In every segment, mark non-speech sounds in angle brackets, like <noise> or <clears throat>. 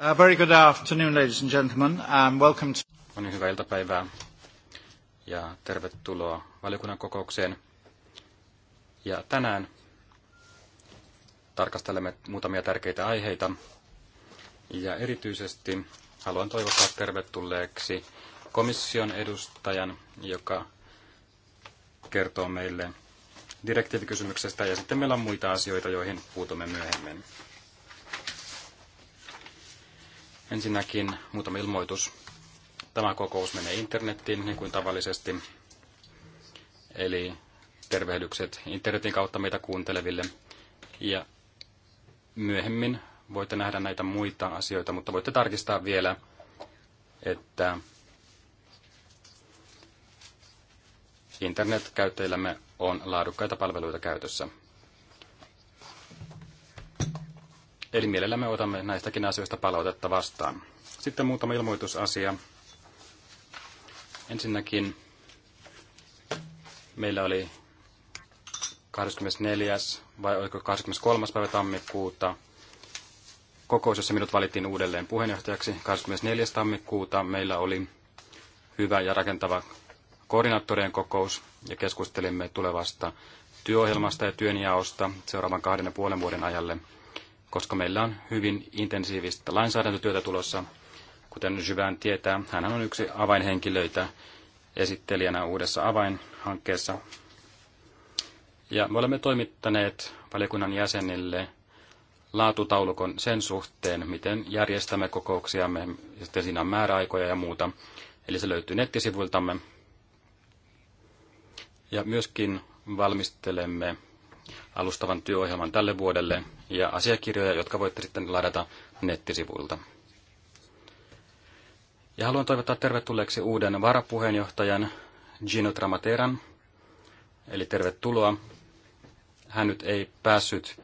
Uh, very good afternoon, ladies and gentlemen. welcome to... No niin, hyvää iltapäivää ja tervetuloa valiokunnan kokoukseen. Ja tänään tarkastelemme muutamia tärkeitä aiheita. Ja erityisesti haluan toivottaa tervetulleeksi komission edustajan, joka kertoo meille direktiivikysymyksestä ja sitten meillä on muita asioita, joihin puutumme myöhemmin. Ensinnäkin muutama ilmoitus. Tämä kokous menee internettiin niin kuin tavallisesti. Eli tervehdykset internetin kautta meitä kuunteleville. Ja myöhemmin voitte nähdä näitä muita asioita, mutta voitte tarkistaa vielä, että internetkäyttäjillämme on laadukkaita palveluita käytössä. Eli mielellämme otamme näistäkin asioista palautetta vastaan. Sitten muutama ilmoitusasia. Ensinnäkin meillä oli 24. vai oliko 23. päivä tammikuuta kokous, jossa minut valittiin uudelleen puheenjohtajaksi. 24. tammikuuta meillä oli hyvä ja rakentava koordinaattorien kokous ja keskustelimme tulevasta työohjelmasta ja työnjaosta seuraavan kahden ja puolen vuoden ajalle – koska meillä on hyvin intensiivistä lainsäädäntötyötä tulossa. Kuten Jyvän tietää, hän on yksi avainhenkilöitä esittelijänä uudessa avainhankkeessa. Ja me olemme toimittaneet valiokunnan jäsenille laatutaulukon sen suhteen, miten järjestämme kokouksiamme, ja sitten siinä on määräaikoja ja muuta. Eli se löytyy nettisivuiltamme. Ja myöskin valmistelemme alustavan työohjelman tälle vuodelle ja asiakirjoja, jotka voitte sitten ladata nettisivuilta. Ja haluan toivottaa tervetulleeksi uuden varapuheenjohtajan Gino Tramateran, eli tervetuloa. Hän nyt ei päässyt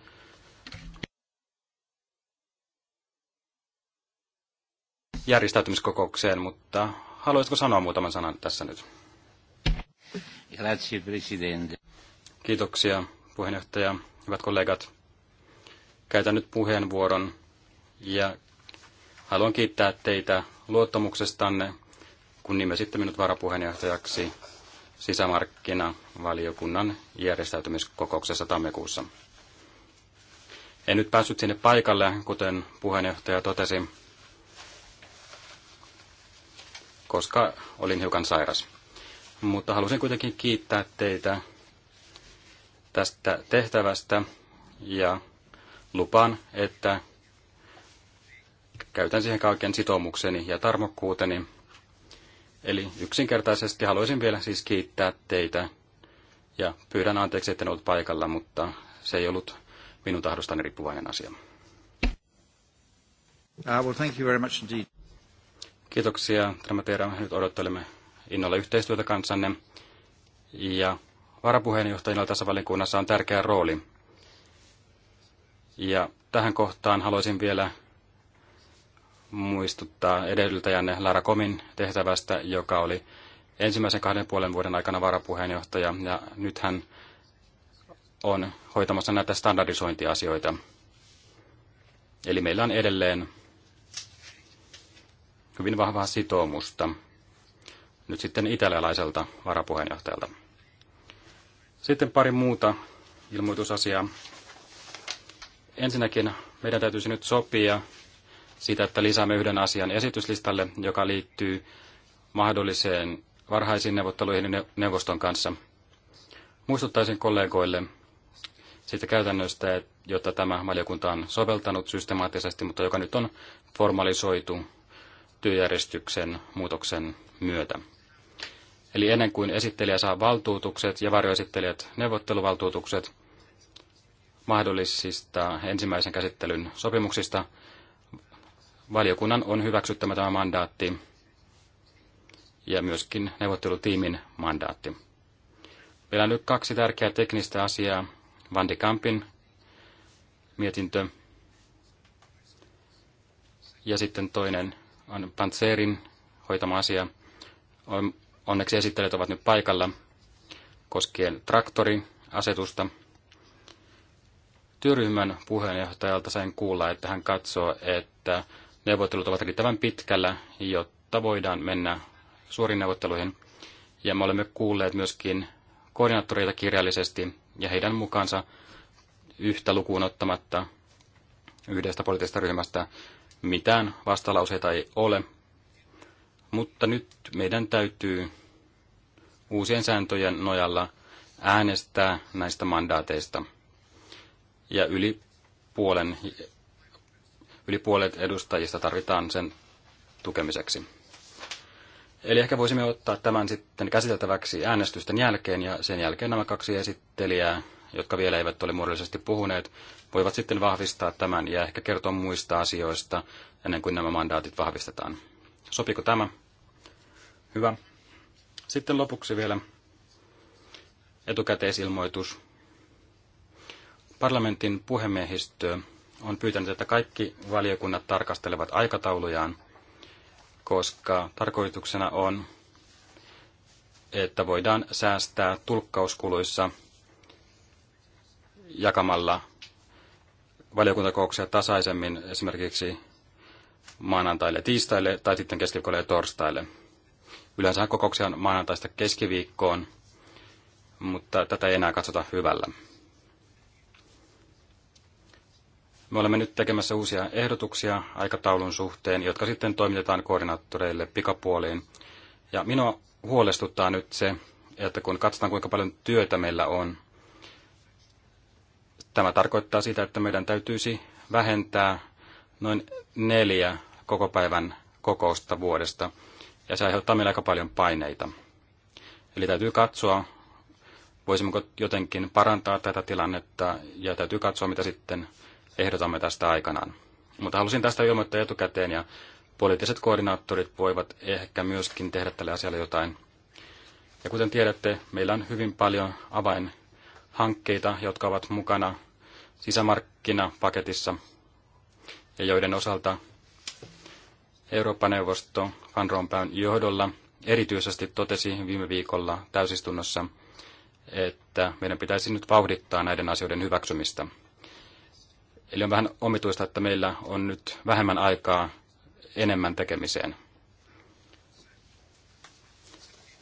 järjestäytymiskokoukseen, mutta haluaisitko sanoa muutaman sanan tässä nyt? Grazie, Presidente. Kiitoksia puheenjohtaja, hyvät kollegat. Käytän nyt puheenvuoron ja haluan kiittää teitä luottamuksestanne, kun nimesitte minut varapuheenjohtajaksi sisämarkkinavaliokunnan järjestäytymiskokouksessa tammikuussa. En nyt päässyt sinne paikalle, kuten puheenjohtaja totesi, koska olin hiukan sairas. Mutta halusin kuitenkin kiittää teitä tästä tehtävästä ja lupaan, että käytän siihen kaiken sitoumukseni ja tarmokkuuteni. Eli yksinkertaisesti haluaisin vielä siis kiittää teitä ja pyydän anteeksi, että en ollut paikalla, mutta se ei ollut minun tahdostani riippuvainen asia. Uh, well, thank you very much indeed. Kiitoksia, Dramateera. Nyt odottelemme innolla yhteistyötä kanssanne. Ja varapuheenjohtajilla tässä valikunnassa on tärkeä rooli. Ja tähän kohtaan haluaisin vielä muistuttaa edeltäjänne Lara Komin tehtävästä, joka oli ensimmäisen kahden puolen vuoden aikana varapuheenjohtaja, ja nyt hän on hoitamassa näitä standardisointiasioita. Eli meillä on edelleen hyvin vahvaa sitoumusta nyt sitten italialaiselta varapuheenjohtajalta. Sitten pari muuta ilmoitusasiaa. Ensinnäkin meidän täytyisi nyt sopia siitä, että lisäämme yhden asian esityslistalle, joka liittyy mahdolliseen varhaisiin neuvotteluihin neuvoston kanssa. Muistuttaisin kollegoille siitä käytännöstä, jota tämä valiokunta on soveltanut systemaattisesti, mutta joka nyt on formalisoitu työjärjestyksen muutoksen myötä. Eli ennen kuin esittelijä saa valtuutukset ja varjoesittelijät neuvotteluvaltuutukset mahdollisista ensimmäisen käsittelyn sopimuksista, valiokunnan on hyväksyttämä tämä mandaatti ja myöskin neuvottelutiimin mandaatti. Meillä on nyt kaksi tärkeää teknistä asiaa. Vandi Kampin mietintö ja sitten toinen on Pantseerin hoitama asia. Onneksi esittelijät ovat nyt paikalla koskien traktoriasetusta. Työryhmän puheenjohtajalta sain kuulla, että hän katsoo, että neuvottelut ovat riittävän pitkällä, jotta voidaan mennä suoriin neuvotteluihin. Ja me olemme kuulleet myöskin koordinaattoreita kirjallisesti ja heidän mukaansa yhtä lukuun ottamatta yhdestä poliittisesta ryhmästä mitään vastalauseita ei ole mutta nyt meidän täytyy uusien sääntöjen nojalla äänestää näistä mandaateista. Ja yli, puolen, yli puolet edustajista tarvitaan sen tukemiseksi. Eli ehkä voisimme ottaa tämän sitten käsiteltäväksi äänestysten jälkeen, ja sen jälkeen nämä kaksi esittelijää, jotka vielä eivät ole muodollisesti puhuneet, voivat sitten vahvistaa tämän ja ehkä kertoa muista asioista ennen kuin nämä mandaatit vahvistetaan. Sopiko tämä? Hyvä. Sitten lopuksi vielä etukäteisilmoitus. Parlamentin puhemiehistö on pyytänyt, että kaikki valiokunnat tarkastelevat aikataulujaan, koska tarkoituksena on, että voidaan säästää tulkkauskuluissa jakamalla valiokuntakokouksia tasaisemmin esimerkiksi maanantaille, tiistaille tai sitten keskiviikolle ja torstaille. Yleensä kokouksia on maanantaista keskiviikkoon, mutta tätä ei enää katsota hyvällä. Me olemme nyt tekemässä uusia ehdotuksia aikataulun suhteen, jotka sitten toimitetaan koordinaattoreille pikapuoliin. Ja minua huolestuttaa nyt se, että kun katsotaan kuinka paljon työtä meillä on, tämä tarkoittaa sitä, että meidän täytyisi vähentää noin neljä koko päivän kokousta vuodesta ja se aiheuttaa meillä aika paljon paineita. Eli täytyy katsoa, voisimmeko jotenkin parantaa tätä tilannetta ja täytyy katsoa, mitä sitten ehdotamme tästä aikanaan. Mutta halusin tästä ilmoittaa etukäteen ja poliittiset koordinaattorit voivat ehkä myöskin tehdä tälle asialle jotain. Ja kuten tiedätte, meillä on hyvin paljon avainhankkeita, jotka ovat mukana sisämarkkinapaketissa ja joiden osalta Eurooppa-neuvosto Van Rompuyn johdolla erityisesti totesi viime viikolla täysistunnossa, että meidän pitäisi nyt vauhdittaa näiden asioiden hyväksymistä. Eli on vähän omituista, että meillä on nyt vähemmän aikaa enemmän tekemiseen.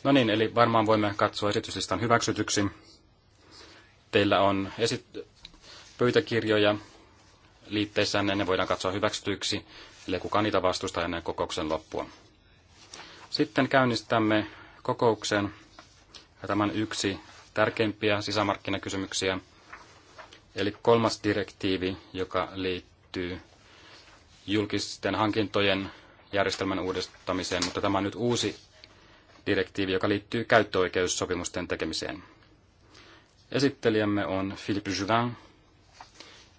No niin, eli varmaan voimme katsoa esityslistan hyväksytyksi. Teillä on esit- pöytäkirjoja liitteissä, ne voidaan katsoa hyväksytyksi ellei kukaan niitä vastusta ennen kokouksen loppua. Sitten käynnistämme kokouksen. Ja tämän yksi tärkeimpiä sisämarkkinakysymyksiä, eli kolmas direktiivi, joka liittyy julkisten hankintojen järjestelmän uudistamiseen, mutta tämä on nyt uusi direktiivi, joka liittyy käyttöoikeussopimusten tekemiseen. Esittelijämme on Philippe Juvin,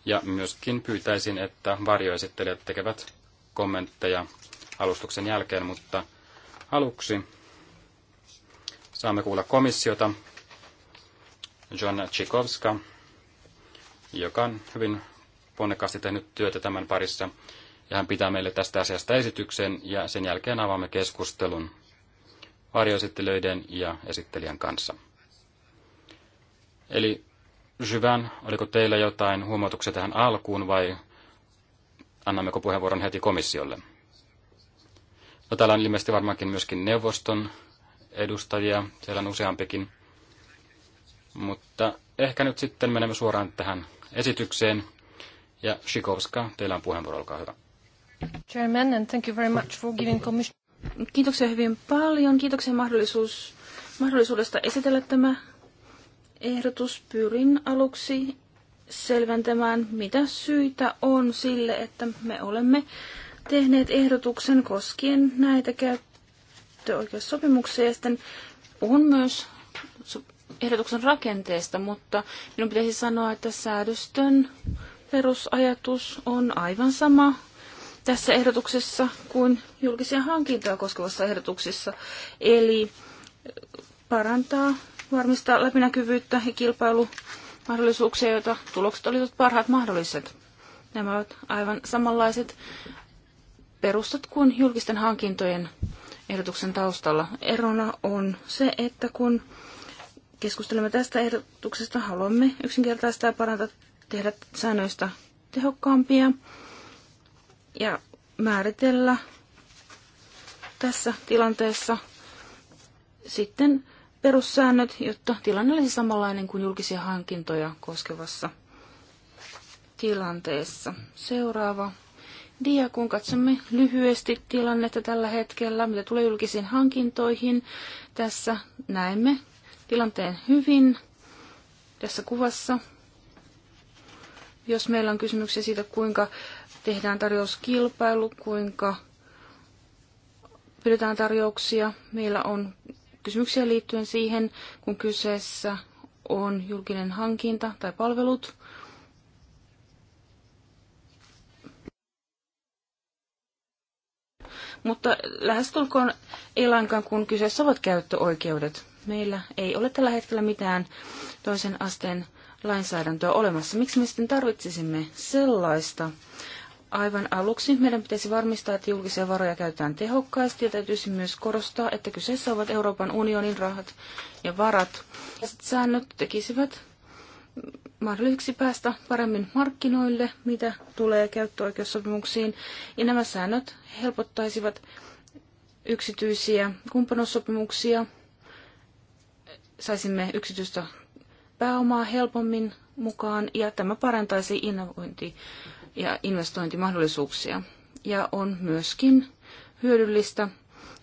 ja myöskin pyytäisin, että varjoesittelijät tekevät kommentteja alustuksen jälkeen, mutta aluksi saamme kuulla komissiota John Tchikovska, joka on hyvin ponnekkaasti tehnyt työtä tämän parissa, ja hän pitää meille tästä asiasta esityksen, ja sen jälkeen avaamme keskustelun varjoesittelyiden ja esittelijän kanssa. Eli Jyvän, oliko teillä jotain huomautuksia tähän alkuun vai annammeko puheenvuoron heti komissiolle. No, täällä on ilmeisesti varmaankin myöskin neuvoston edustajia, siellä on useampikin. Mutta ehkä nyt sitten menemme suoraan tähän esitykseen. Ja Shikovska, teillä on puheenvuoro, olkaa hyvä. Chairman, and thank you very much for giving commission. Kiitoksia hyvin paljon. Kiitoksia mahdollisuus, mahdollisuudesta esitellä tämä ehdotus. Pyrin aluksi selventämään, mitä syitä on sille, että me olemme tehneet ehdotuksen koskien näitä käyttöoikeussopimuksia. Ja sitten puhun myös ehdotuksen rakenteesta, mutta minun pitäisi sanoa, että säädöstön perusajatus on aivan sama tässä ehdotuksessa kuin julkisia hankintoja koskevassa ehdotuksessa. Eli parantaa, varmistaa läpinäkyvyyttä ja kilpailu mahdollisuuksia, joita tulokset olivat parhaat mahdolliset. Nämä ovat aivan samanlaiset perustat kuin julkisten hankintojen ehdotuksen taustalla. Erona on se, että kun keskustelemme tästä ehdotuksesta, haluamme yksinkertaistaa ja parantaa tehdä säännöistä tehokkaampia ja määritellä tässä tilanteessa sitten perussäännöt, jotta tilanne olisi samanlainen kuin julkisia hankintoja koskevassa tilanteessa. Seuraava dia, kun katsomme lyhyesti tilannetta tällä hetkellä, mitä tulee julkisiin hankintoihin. Tässä näemme tilanteen hyvin tässä kuvassa. Jos meillä on kysymyksiä siitä, kuinka tehdään tarjouskilpailu, kuinka pyydetään tarjouksia, meillä on kysymyksiä liittyen siihen, kun kyseessä on julkinen hankinta tai palvelut. Mutta lähestulkoon ei lainkaan, kun kyseessä ovat käyttöoikeudet. Meillä ei ole tällä hetkellä mitään toisen asteen lainsäädäntöä olemassa. Miksi me sitten tarvitsisimme sellaista? Aivan aluksi meidän pitäisi varmistaa, että julkisia varoja käytetään tehokkaasti ja täytyisi myös korostaa, että kyseessä ovat Euroopan unionin rahat ja varat. säännöt tekisivät mahdolliseksi päästä paremmin markkinoille, mitä tulee käyttöoikeussopimuksiin, ja nämä säännöt helpottaisivat yksityisiä kumppanuussopimuksia, saisimme yksityistä pääomaa helpommin mukaan, ja tämä parantaisi innovointi ja investointimahdollisuuksia. Ja on myöskin hyödyllistä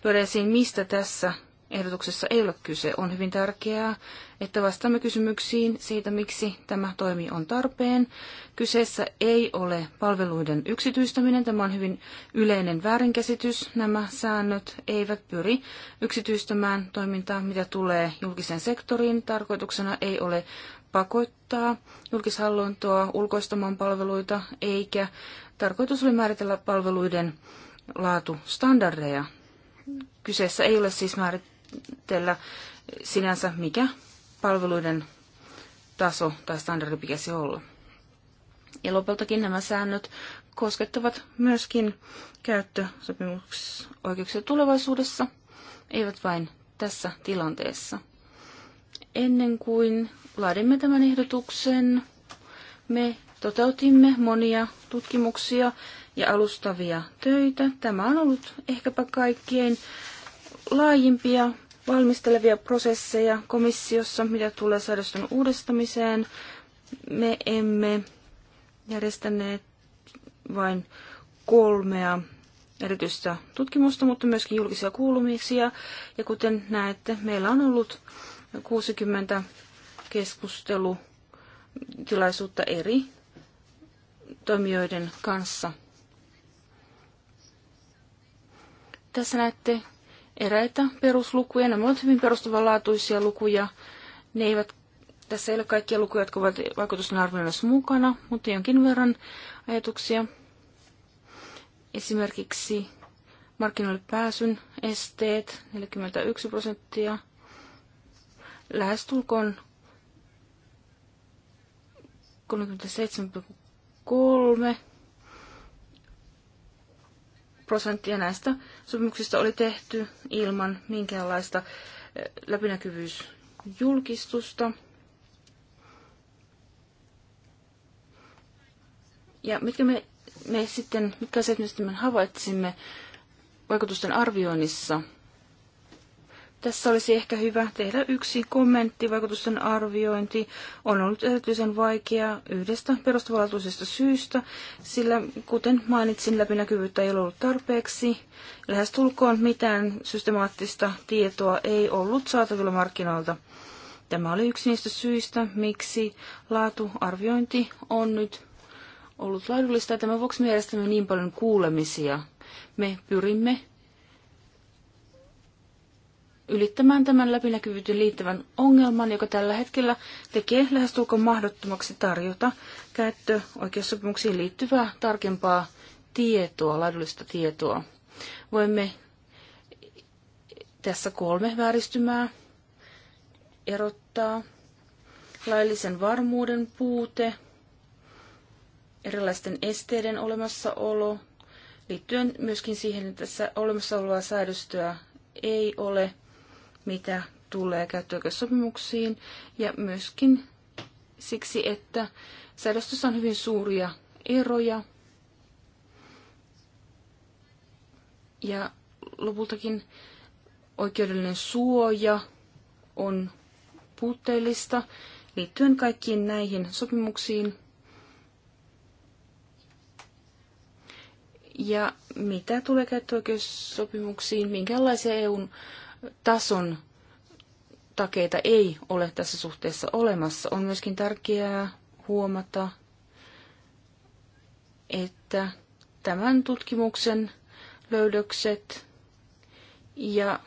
tuoda esiin, mistä tässä ehdotuksessa ei ole kyse. On hyvin tärkeää, että vastaamme kysymyksiin siitä, miksi tämä toimi on tarpeen. Kyseessä ei ole palveluiden yksityistäminen. Tämä on hyvin yleinen väärinkäsitys. Nämä säännöt eivät pyri yksityistämään toimintaa, mitä tulee julkisen sektoriin. Tarkoituksena ei ole pakottaa julkishallintoa ulkoistamaan palveluita, eikä tarkoitus oli määritellä palveluiden laatustandardeja. Kyseessä ei ole siis määritellä sinänsä, mikä palveluiden taso tai standardi pitäisi olla. Ja lopultakin nämä säännöt koskettavat myöskin käyttösopimuksoikeuksia tulevaisuudessa, eivät vain tässä tilanteessa ennen kuin laadimme tämän ehdotuksen, me toteutimme monia tutkimuksia ja alustavia töitä. Tämä on ollut ehkäpä kaikkien laajimpia valmistelevia prosesseja komissiossa, mitä tulee säädöstön uudistamiseen. Me emme järjestäneet vain kolmea erityistä tutkimusta, mutta myöskin julkisia kuulumisia. Ja kuten näette, meillä on ollut 60 keskustelutilaisuutta eri toimijoiden kanssa. Tässä näette eräitä peruslukuja. Nämä ovat hyvin perustavanlaatuisia lukuja. Ne eivät, tässä ei ole kaikkia lukuja, jotka ovat vaikutusten arvioinnissa mukana, mutta jonkin verran ajatuksia. Esimerkiksi markkinoille pääsyn esteet 41 prosenttia – lähestulkoon 37,3 prosenttia näistä sopimuksista oli tehty ilman minkäänlaista eh, läpinäkyvyysjulkistusta. Ja mitkä me, me sitten, mitkä asiat me sitten havaitsimme vaikutusten arvioinnissa – tässä olisi ehkä hyvä tehdä yksi kommentti. Vaikutusten arviointi on ollut erityisen vaikeaa yhdestä perustavaltuisesta syystä, sillä kuten mainitsin, läpinäkyvyyttä ei ollut tarpeeksi. Lähes tulkoon mitään systemaattista tietoa ei ollut saatavilla markkinoilta. Tämä oli yksi niistä syistä, miksi laatuarviointi on nyt ollut laadullista. Tämän vuoksi mielestämme niin paljon kuulemisia. Me pyrimme ylittämään tämän läpinäkyvyyteen liittyvän ongelman, joka tällä hetkellä tekee lähestulkoon mahdottomaksi tarjota käyttöoikeussopimuksiin liittyvää tarkempaa tietoa, laadullista tietoa. Voimme tässä kolme vääristymää erottaa. Laillisen varmuuden puute, erilaisten esteiden olemassaolo, liittyen myöskin siihen, että tässä olemassa olevaa säädöstöä ei ole, mitä tulee käyttöoikeussopimuksiin ja myöskin siksi, että säädöstössä on hyvin suuria eroja ja lopultakin oikeudellinen suoja on puutteellista liittyen kaikkiin näihin sopimuksiin. Ja mitä tulee käyttöoikeussopimuksiin, minkälaisia EUn tason takeita ei ole tässä suhteessa olemassa. On myöskin tärkeää huomata, että tämän tutkimuksen löydökset ja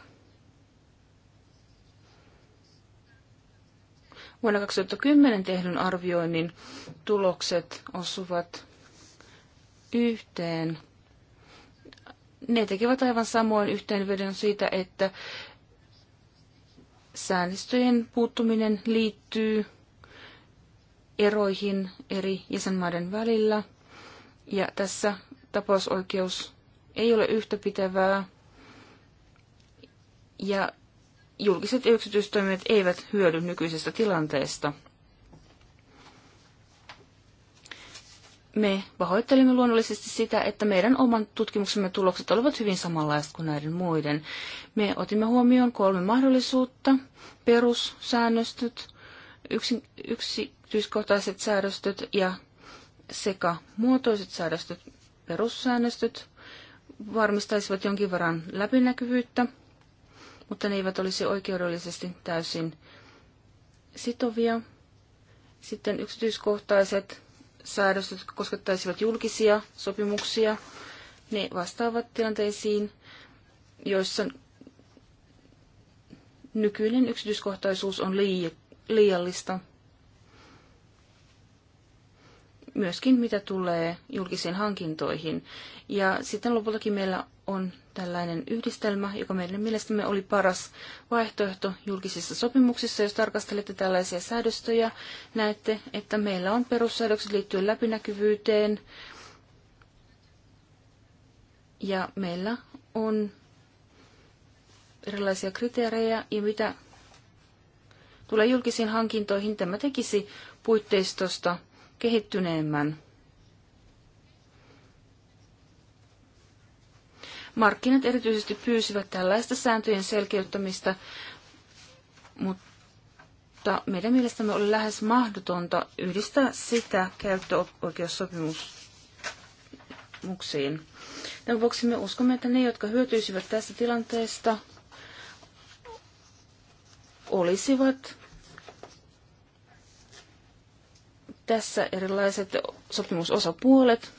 vuonna 2010 tehdyn arvioinnin tulokset osuvat yhteen ne tekevät aivan samoin yhteenvedon siitä, että säännöstöjen puuttuminen liittyy eroihin eri jäsenmaiden välillä. Ja tässä tapausoikeus ei ole yhtäpitävää. Ja julkiset ja yksityistoimijat eivät hyödy nykyisestä tilanteesta. me pahoittelimme luonnollisesti sitä, että meidän oman tutkimuksemme tulokset olivat hyvin samanlaiset kuin näiden muiden. Me otimme huomioon kolme mahdollisuutta, perussäännöstöt, yksi, yksityiskohtaiset säädöstöt ja sekä muotoiset säädöstöt, perussäännöstöt varmistaisivat jonkin verran läpinäkyvyyttä, mutta ne eivät olisi oikeudellisesti täysin sitovia. Sitten yksityiskohtaiset säädöstöt, jotka koskettaisivat julkisia sopimuksia. Ne vastaavat tilanteisiin, joissa nykyinen yksityiskohtaisuus on liiallista. Myöskin mitä tulee julkisiin hankintoihin. Ja sitten lopultakin meillä on tällainen yhdistelmä, joka meidän mielestämme oli paras vaihtoehto julkisissa sopimuksissa. Jos tarkastelette tällaisia säädöstöjä, näette, että meillä on perussäädökset liittyen läpinäkyvyyteen ja meillä on erilaisia kriteerejä ja mitä tulee julkisiin hankintoihin, tämä tekisi puitteistosta kehittyneemmän. Markkinat erityisesti pyysivät tällaista sääntöjen selkeyttämistä, mutta meidän mielestämme oli lähes mahdotonta yhdistää sitä käyttöoikeussopimuksiin. Tämän vuoksi me uskomme, että ne, jotka hyötyisivät tästä tilanteesta, olisivat tässä erilaiset sopimusosapuolet,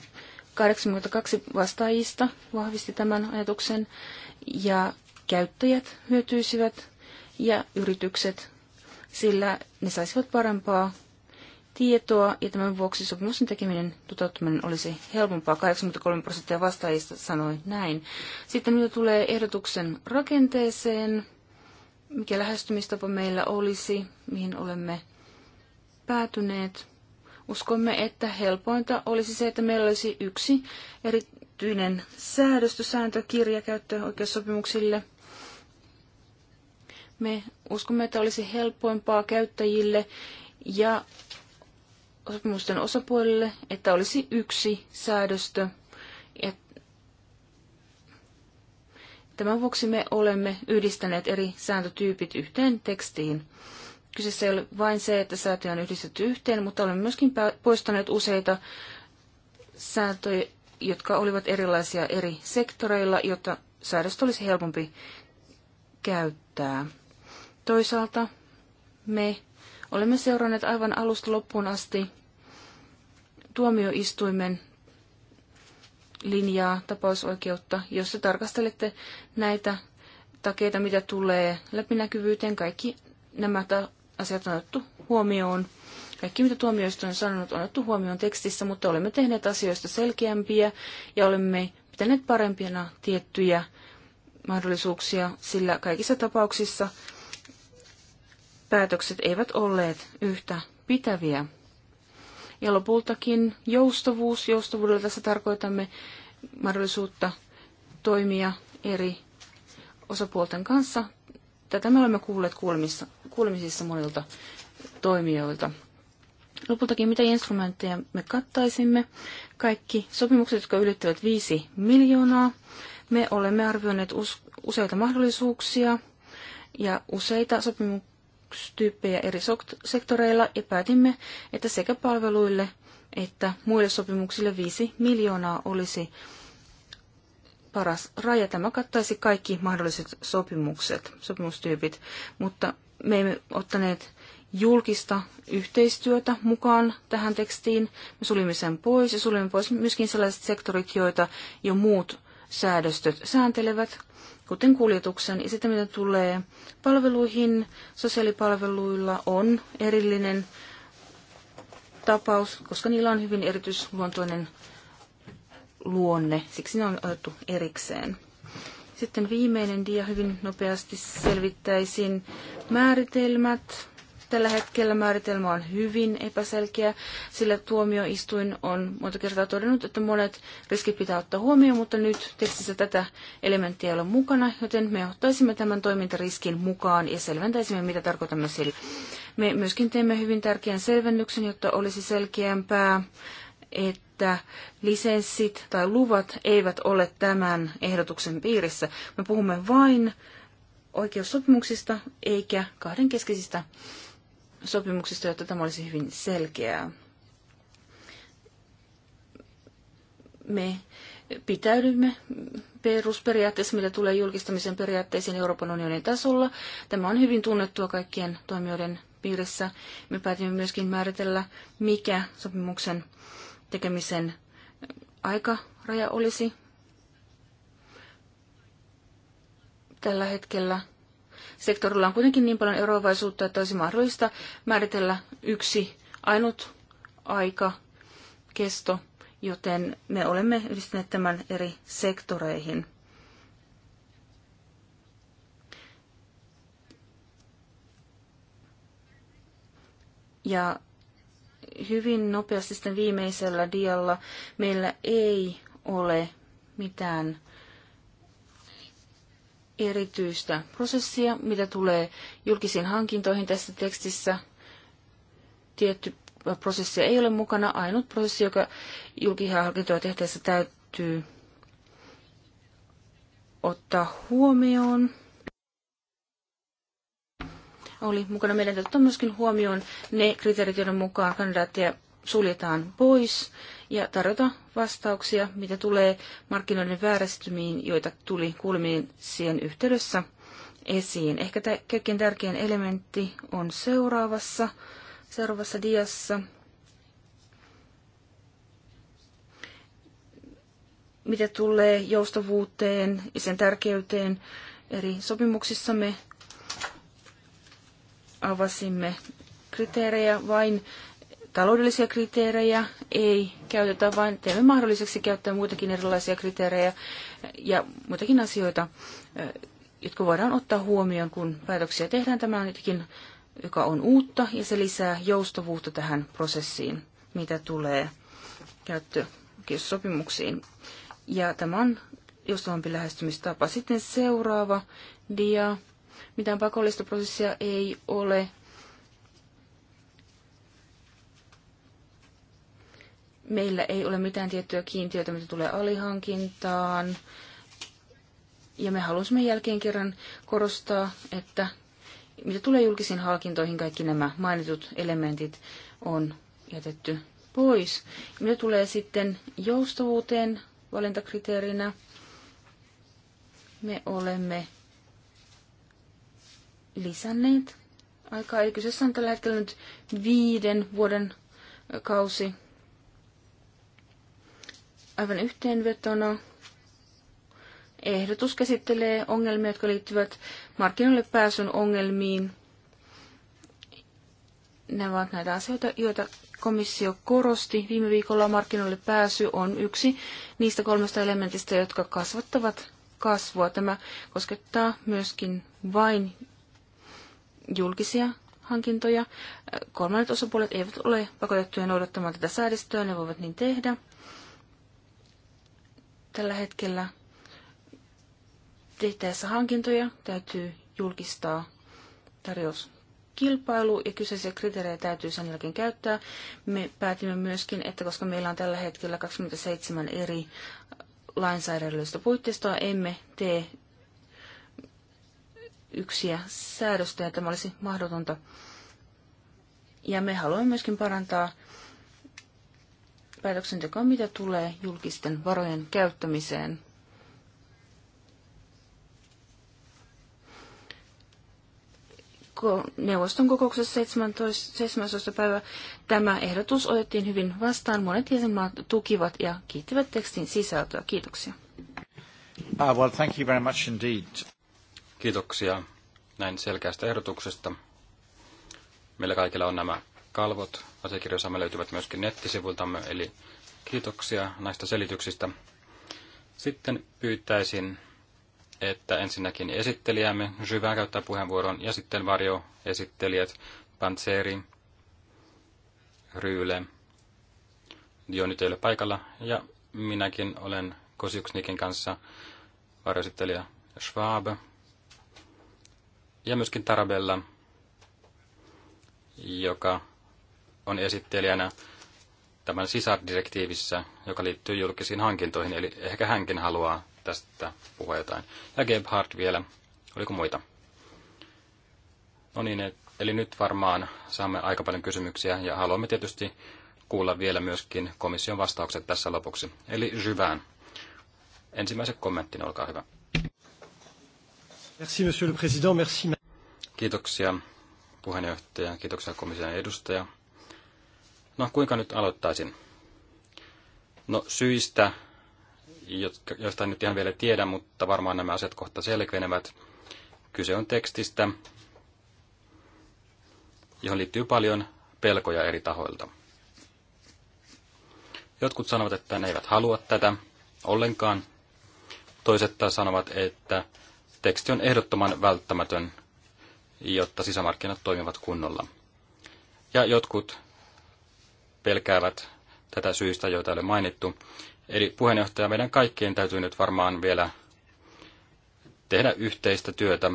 82 vastaajista vahvisti tämän ajatuksen ja käyttäjät hyötyisivät ja yritykset, sillä ne saisivat parempaa tietoa ja tämän vuoksi sopimuksen tekeminen toteuttaminen olisi helpompaa. 83 prosenttia vastaajista sanoi näin. Sitten mitä tulee ehdotuksen rakenteeseen, mikä lähestymistapa meillä olisi, mihin olemme päätyneet. Uskomme, että helpointa olisi se, että meillä olisi yksi erityinen säädöstösääntökirja käyttöoikeussopimuksille. Me uskomme, että olisi helpoimpaa käyttäjille ja sopimusten osapuolille, että olisi yksi säädöstö. Tämän vuoksi me olemme yhdistäneet eri sääntötyypit yhteen tekstiin. Kyseessä ei ole vain se, että säätöjä on yhdistetty yhteen, mutta olemme myöskin poistaneet useita sääntöjä, jotka olivat erilaisia eri sektoreilla, jotta säädöstä olisi helpompi käyttää. Toisaalta me olemme seuranneet aivan alusta loppuun asti tuomioistuimen linjaa, tapausoikeutta, jos te tarkastelette näitä takeita, mitä tulee läpinäkyvyyteen, kaikki nämä ta- asiat on otettu huomioon. Kaikki, mitä tuomioistuin on sanonut, on otettu huomioon tekstissä, mutta olemme tehneet asioista selkeämpiä ja olemme pitäneet parempina tiettyjä mahdollisuuksia, sillä kaikissa tapauksissa päätökset eivät olleet yhtä pitäviä. Ja lopultakin joustavuus. Joustavuudella tässä tarkoitamme mahdollisuutta toimia eri osapuolten kanssa Tätä me olemme kuulleet kuulemissa, kuulemisissa monilta toimijoilta. Lopultakin mitä instrumentteja me kattaisimme? Kaikki sopimukset, jotka ylittävät 5 miljoonaa. Me olemme arvioineet useita mahdollisuuksia ja useita sopimustyyppejä eri sektoreilla ja päätimme, että sekä palveluille että muille sopimuksille 5 miljoonaa olisi paras raja. Tämä kattaisi kaikki mahdolliset sopimukset, sopimustyypit, mutta me emme ottaneet julkista yhteistyötä mukaan tähän tekstiin. Me sulimme sen pois ja sulimme pois myöskin sellaiset sektorit, joita jo muut säädöstöt sääntelevät, kuten kuljetuksen. Ja sitten mitä tulee palveluihin, sosiaalipalveluilla on erillinen tapaus, koska niillä on hyvin erityisluontoinen luonne, siksi ne on otettu erikseen. Sitten viimeinen dia hyvin nopeasti selvittäisin määritelmät. Tällä hetkellä määritelmä on hyvin epäselkeä, sillä tuomioistuin on monta kertaa todennut, että monet riskit pitää ottaa huomioon, mutta nyt tekstissä tätä elementtiä ei ole mukana, joten me ottaisimme tämän toimintariskin mukaan ja selventäisimme, mitä tarkoitamme sillä. Me myöskin teemme hyvin tärkeän selvennyksen, jotta olisi selkeämpää, että että lisenssit tai luvat eivät ole tämän ehdotuksen piirissä. Me puhumme vain oikeussopimuksista eikä kahdenkeskisistä sopimuksista, jotta tämä olisi hyvin selkeää. Me pitäydymme perusperiaatteessa, mitä tulee julkistamisen periaatteisiin Euroopan unionin tasolla. Tämä on hyvin tunnettua kaikkien toimijoiden piirissä. Me päätimme myöskin määritellä, mikä sopimuksen tekemisen aikaraja olisi. Tällä hetkellä sektorilla on kuitenkin niin paljon eroavaisuutta, että olisi mahdollista määritellä yksi ainut aika, kesto, joten me olemme yhdistäneet tämän eri sektoreihin. Ja hyvin nopeasti sitten viimeisellä dialla meillä ei ole mitään erityistä prosessia, mitä tulee julkisiin hankintoihin tässä tekstissä. Tietty prosessi ei ole mukana. Ainut prosessi, joka julkisia hankintoja tehtäessä täytyy ottaa huomioon, oli mukana. Meidän täytyy myöskin huomioon ne kriteerit, joiden mukaan kandidaattia suljetaan pois ja tarjota vastauksia, mitä tulee markkinoiden vääristymiin, joita tuli siihen yhteydessä esiin. Ehkä kaikkein tärkein elementti on seuraavassa, seuraavassa diassa. Mitä tulee joustavuuteen ja sen tärkeyteen eri sopimuksissamme, avasimme kriteerejä, vain taloudellisia kriteerejä ei käytetä, vain teemme mahdolliseksi käyttää muitakin erilaisia kriteerejä ja muitakin asioita, jotka voidaan ottaa huomioon, kun päätöksiä tehdään. Tämä on jotenkin, joka on uutta ja se lisää joustavuutta tähän prosessiin, mitä tulee käyttökiussopimuksiin. Ja tämä on joustavampi lähestymistapa. Sitten seuraava dia. Mitään pakollista prosessia ei ole. Meillä ei ole mitään tiettyä kiintiötä, mitä tulee alihankintaan. Ja me halusimme jälkeen kerran korostaa, että mitä tulee julkisiin hankintoihin, kaikki nämä mainitut elementit on jätetty pois. Mitä tulee sitten joustavuuteen valintakriteerinä, me olemme lisänneet aikaa. Eli kyseessä on tällä hetkellä nyt viiden vuoden kausi. Aivan yhteenvetona ehdotus käsittelee ongelmia, jotka liittyvät markkinoille pääsyn ongelmiin. Nämä ovat näitä asioita, joita komissio korosti viime viikolla. Markkinoille pääsy on yksi niistä kolmesta elementistä, jotka kasvattavat kasvua. Tämä koskettaa myöskin vain julkisia hankintoja. Kolmannet osapuolet eivät ole pakotettuja noudattamaan tätä säädöstöä, ne voivat niin tehdä. Tällä hetkellä tehtäessä hankintoja täytyy julkistaa tarjouskilpailu ja kyseisiä kriteerejä täytyy sen jälkeen käyttää. Me päätimme myöskin, että koska meillä on tällä hetkellä 27 eri lainsäädännöllistä puitteistoa, emme tee yksiä säädöstä ja tämä olisi mahdotonta. Ja me haluamme myöskin parantaa päätöksentekoa, mitä tulee julkisten varojen käyttämiseen. Neuvoston kokouksessa 17, 17. päivä tämä ehdotus otettiin hyvin vastaan. Monet jäsenmaat tukivat ja kiittivät tekstin sisältöä. Kiitoksia. Uh, well, thank you very much indeed. Kiitoksia näin selkeästä ehdotuksesta. Meillä kaikilla on nämä kalvot. Asiakirjoissamme löytyvät myöskin nettisivuiltamme, eli kiitoksia näistä selityksistä. Sitten pyytäisin, että ensinnäkin esittelijämme Jyvää käyttää puheenvuoron ja sitten varjoesittelijät Pantseri, Ryyle, Dioni teille paikalla ja minäkin olen Kosiuksnikin kanssa varjoesittelijä Schwab ja myöskin Tarabella, joka on esittelijänä tämän sisardirektiivissä, joka liittyy julkisiin hankintoihin, eli ehkä hänkin haluaa tästä puhua jotain. Ja Gebhardt vielä, oliko muita? No niin, eli nyt varmaan saamme aika paljon kysymyksiä ja haluamme tietysti kuulla vielä myöskin komission vastaukset tässä lopuksi. Eli Jyvään. Ensimmäisen kommentin, olkaa hyvä. Merci, monsieur le président. Merci, Kiitoksia puheenjohtaja, kiitoksia komission edustaja. No, kuinka nyt aloittaisin? No, syistä, joista en nyt ihan vielä tiedä, mutta varmaan nämä asiat kohta selkeenevät. Kyse on tekstistä, johon liittyy paljon pelkoja eri tahoilta. Jotkut sanovat, että ne eivät halua tätä ollenkaan. Toiset taas sanovat, että teksti on ehdottoman välttämätön jotta sisämarkkinat toimivat kunnolla. Ja jotkut pelkäävät tätä syistä, joita ei ole mainittu. Eli puheenjohtaja, meidän kaikkien täytyy nyt varmaan vielä tehdä yhteistä työtä,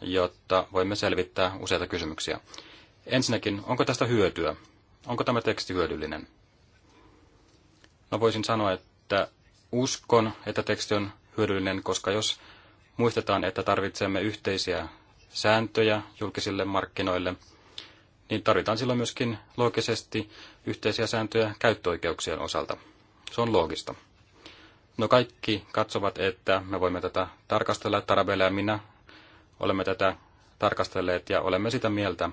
jotta voimme selvittää useita kysymyksiä. Ensinnäkin, onko tästä hyötyä? Onko tämä teksti hyödyllinen? No voisin sanoa, että uskon, että teksti on hyödyllinen, koska jos muistetaan, että tarvitsemme yhteisiä sääntöjä julkisille markkinoille, niin tarvitaan silloin myöskin loogisesti yhteisiä sääntöjä käyttöoikeuksien osalta. Se on loogista. No kaikki katsovat, että me voimme tätä tarkastella. Tarabella ja minä olemme tätä tarkastelleet ja olemme sitä mieltä,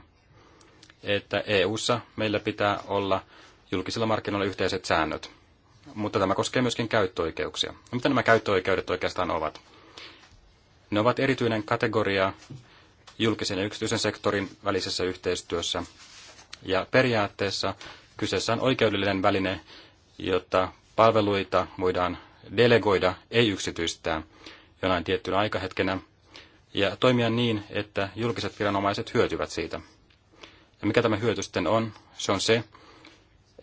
että EU:ssa meillä pitää olla julkisilla markkinoilla yhteiset säännöt. Mutta tämä koskee myöskin käyttöoikeuksia. Mitä nämä käyttöoikeudet oikeastaan ovat? Ne ovat erityinen kategoria julkisen ja yksityisen sektorin välisessä yhteistyössä. Ja periaatteessa kyseessä on oikeudellinen väline, jotta palveluita voidaan delegoida, ei yksityistää jonain tiettynä aikahetkenä, ja toimia niin, että julkiset viranomaiset hyötyvät siitä. Ja mikä tämä hyöty sitten on? Se on se,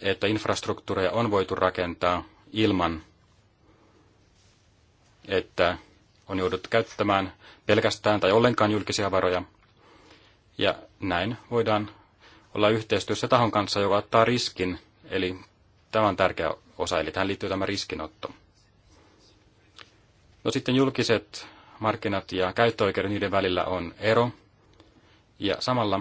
että infrastruktuureja on voitu rakentaa ilman, että on jouduttu käyttämään pelkästään tai ollenkaan julkisia varoja. Ja näin voidaan olla yhteistyössä tahon kanssa, joka ottaa riskin. Eli tämä on tärkeä osa, eli tähän liittyy tämä riskinotto. No sitten julkiset markkinat ja käyttöoikeudet, niiden välillä on ero. Ja samalla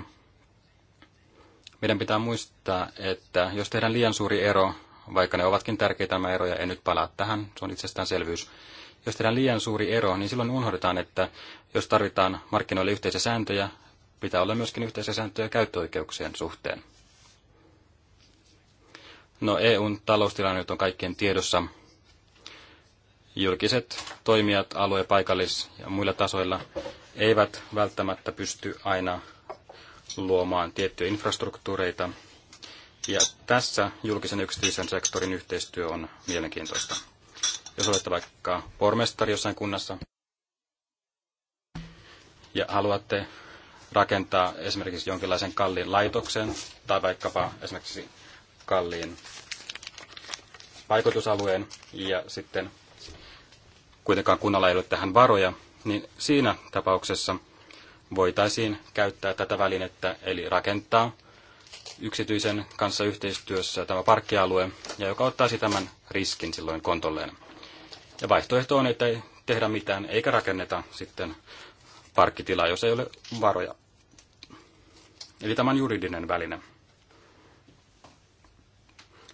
meidän pitää muistaa, että jos tehdään liian suuri ero, vaikka ne ovatkin tärkeitä nämä eroja, en nyt palaa tähän, se on itsestäänselvyys, jos tehdään liian suuri ero, niin silloin unohdetaan, että jos tarvitaan markkinoille yhteisiä sääntöjä, pitää olla myöskin yhteisiä sääntöjä käyttöoikeuksien suhteen. No EUn taloustilanne nyt on kaikkien tiedossa. Julkiset toimijat alue-, paikallis- ja muilla tasoilla eivät välttämättä pysty aina luomaan tiettyjä infrastruktuureita. Ja tässä julkisen yksityisen sektorin yhteistyö on mielenkiintoista. Jos olette vaikka pormestari jossain kunnassa ja haluatte rakentaa esimerkiksi jonkinlaisen kalliin laitoksen tai vaikkapa esimerkiksi kalliin vaikutusalueen ja sitten kuitenkaan kunnalla ei ole tähän varoja, niin siinä tapauksessa voitaisiin käyttää tätä välinettä, eli rakentaa yksityisen kanssa yhteistyössä tämä parkkialue, ja joka ottaisi tämän riskin silloin kontolleen. Ja vaihtoehto on, että ei tehdä mitään eikä rakenneta sitten parkkitilaa, jos ei ole varoja. Eli tämä on juridinen väline.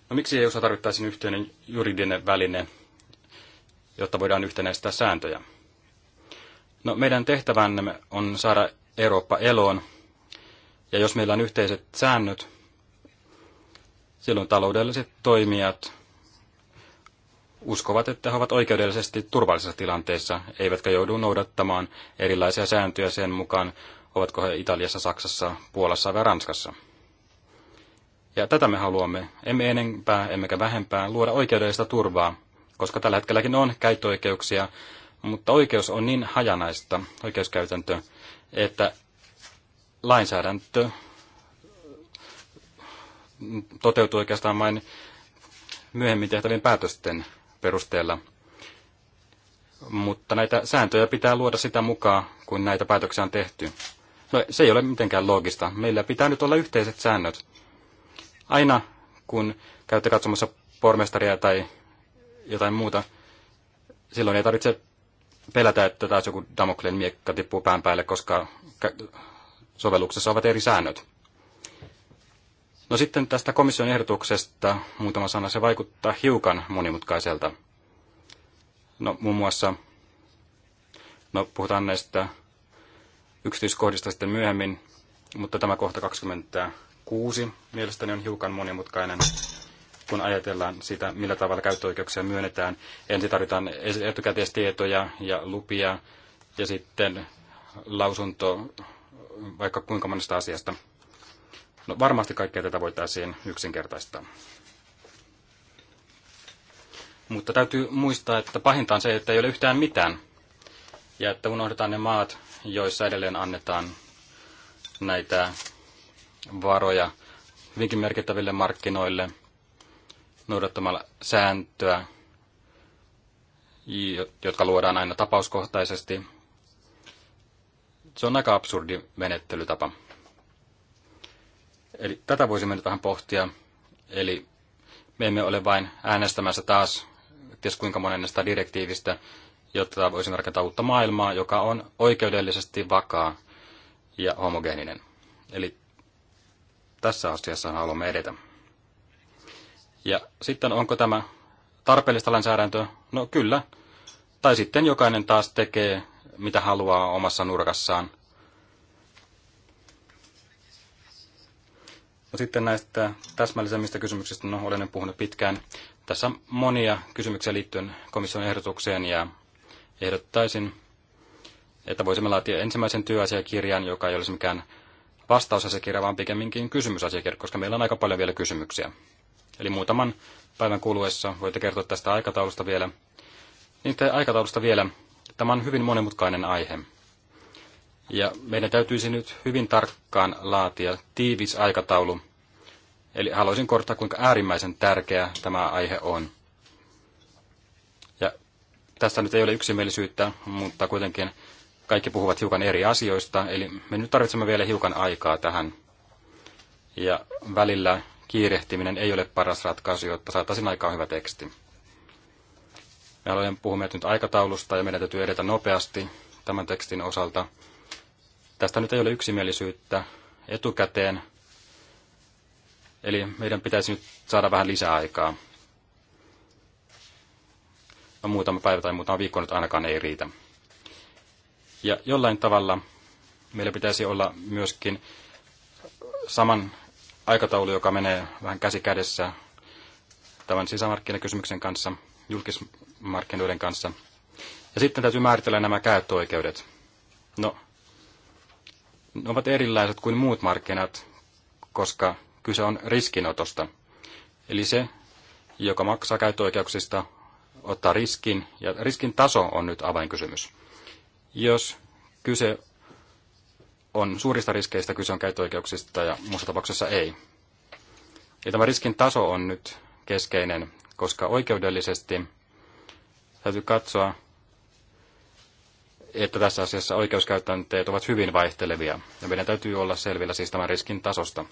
No miksi ei osa tarvittaisiin yhteinen juridinen väline, jotta voidaan yhtenäistää sääntöjä? No meidän tehtävänne on saada Eurooppa eloon, ja jos meillä on yhteiset säännöt, silloin taloudelliset toimijat uskovat, että he ovat oikeudellisesti turvallisessa tilanteessa, eivätkä joudu noudattamaan erilaisia sääntöjä sen mukaan, ovatko he Italiassa, Saksassa, Puolassa vai Ranskassa. Ja tätä me haluamme, emme enempää emmekä vähempää, luoda oikeudellista turvaa, koska tällä hetkelläkin on käyttöoikeuksia, mutta oikeus on niin hajanaista, oikeuskäytäntö, että lainsäädäntö toteutuu oikeastaan vain myöhemmin tehtävien päätösten perusteella. Mutta näitä sääntöjä pitää luoda sitä mukaan, kun näitä päätöksiä on tehty. No se ei ole mitenkään loogista. Meillä pitää nyt olla yhteiset säännöt. Aina kun käytte katsomassa pormestaria tai jotain muuta, silloin ei tarvitse pelätä, että taas joku Damoklen miekka tippuu pään päälle, koska sovelluksessa ovat eri säännöt. No sitten tästä komission ehdotuksesta muutama sana. Se vaikuttaa hiukan monimutkaiselta. No muun muassa, no puhutaan näistä yksityiskohdista sitten myöhemmin, mutta tämä kohta 26 mielestäni on hiukan monimutkainen, kun ajatellaan sitä, millä tavalla käyttöoikeuksia myönnetään. Ensin tarvitaan etukäteistietoja ja lupia ja sitten lausunto vaikka kuinka monesta asiasta. No, varmasti kaikkea tätä voitaisiin yksinkertaistaa. Mutta täytyy muistaa, että pahinta on se, että ei ole yhtään mitään. Ja että unohdetaan ne maat, joissa edelleen annetaan näitä varoja hyvinkin merkittäville markkinoille noudattamalla sääntöä, jotka luodaan aina tapauskohtaisesti. Se on aika absurdi menettelytapa. Eli tätä voisimme nyt vähän pohtia. Eli me emme ole vain äänestämässä taas ties kuinka näistä direktiivistä, jotta voisimme rakentaa uutta maailmaa, joka on oikeudellisesti vakaa ja homogeeninen. Eli tässä asiassa haluamme edetä. Ja sitten onko tämä tarpeellista lainsäädäntöä? No kyllä. Tai sitten jokainen taas tekee, mitä haluaa omassa nurkassaan. No sitten näistä täsmällisemmistä kysymyksistä, no olen puhunut pitkään. Tässä on monia kysymyksiä liittyen komission ehdotukseen ja ehdottaisin, että voisimme laatia ensimmäisen työasiakirjan, joka ei olisi mikään vastausasiakirja, vaan pikemminkin kysymysasiakirja, koska meillä on aika paljon vielä kysymyksiä. Eli muutaman päivän kuluessa voitte kertoa tästä aikataulusta vielä. Niin aikataulusta vielä. Tämä on hyvin monimutkainen aihe. Ja meidän täytyisi nyt hyvin tarkkaan laatia tiivis aikataulu. Eli haluaisin korostaa, kuinka äärimmäisen tärkeä tämä aihe on. Ja tästä nyt ei ole yksimielisyyttä, mutta kuitenkin kaikki puhuvat hiukan eri asioista, eli me nyt tarvitsemme vielä hiukan aikaa tähän. Ja välillä kiirehtiminen ei ole paras ratkaisu, jotta saataisiin aikaan hyvä teksti. Me haluamme puhumme nyt aikataulusta ja meidän täytyy edetä nopeasti tämän tekstin osalta – Tästä nyt ei ole yksimielisyyttä etukäteen, eli meidän pitäisi nyt saada vähän lisää aikaa. No, muutama päivä tai muutama viikko nyt ainakaan ei riitä. Ja jollain tavalla meillä pitäisi olla myöskin saman aikataulu, joka menee vähän käsi kädessä tämän sisämarkkinakysymyksen kanssa, julkismarkkinoiden kanssa. Ja sitten täytyy määritellä nämä käyttöoikeudet. No, ovat erilaiset kuin muut markkinat, koska kyse on riskinotosta. Eli se, joka maksaa käyttöoikeuksista, ottaa riskin, ja riskin taso on nyt avainkysymys. Jos kyse on suurista riskeistä, kyse on käyttöoikeuksista ja muussa tapauksessa ei. Ja tämä riskin taso on nyt keskeinen, koska oikeudellisesti täytyy katsoa, että tässä asiassa oikeuskäytänteet ovat hyvin vaihtelevia, ja meidän täytyy olla selvillä siis tämän riskin tasosta.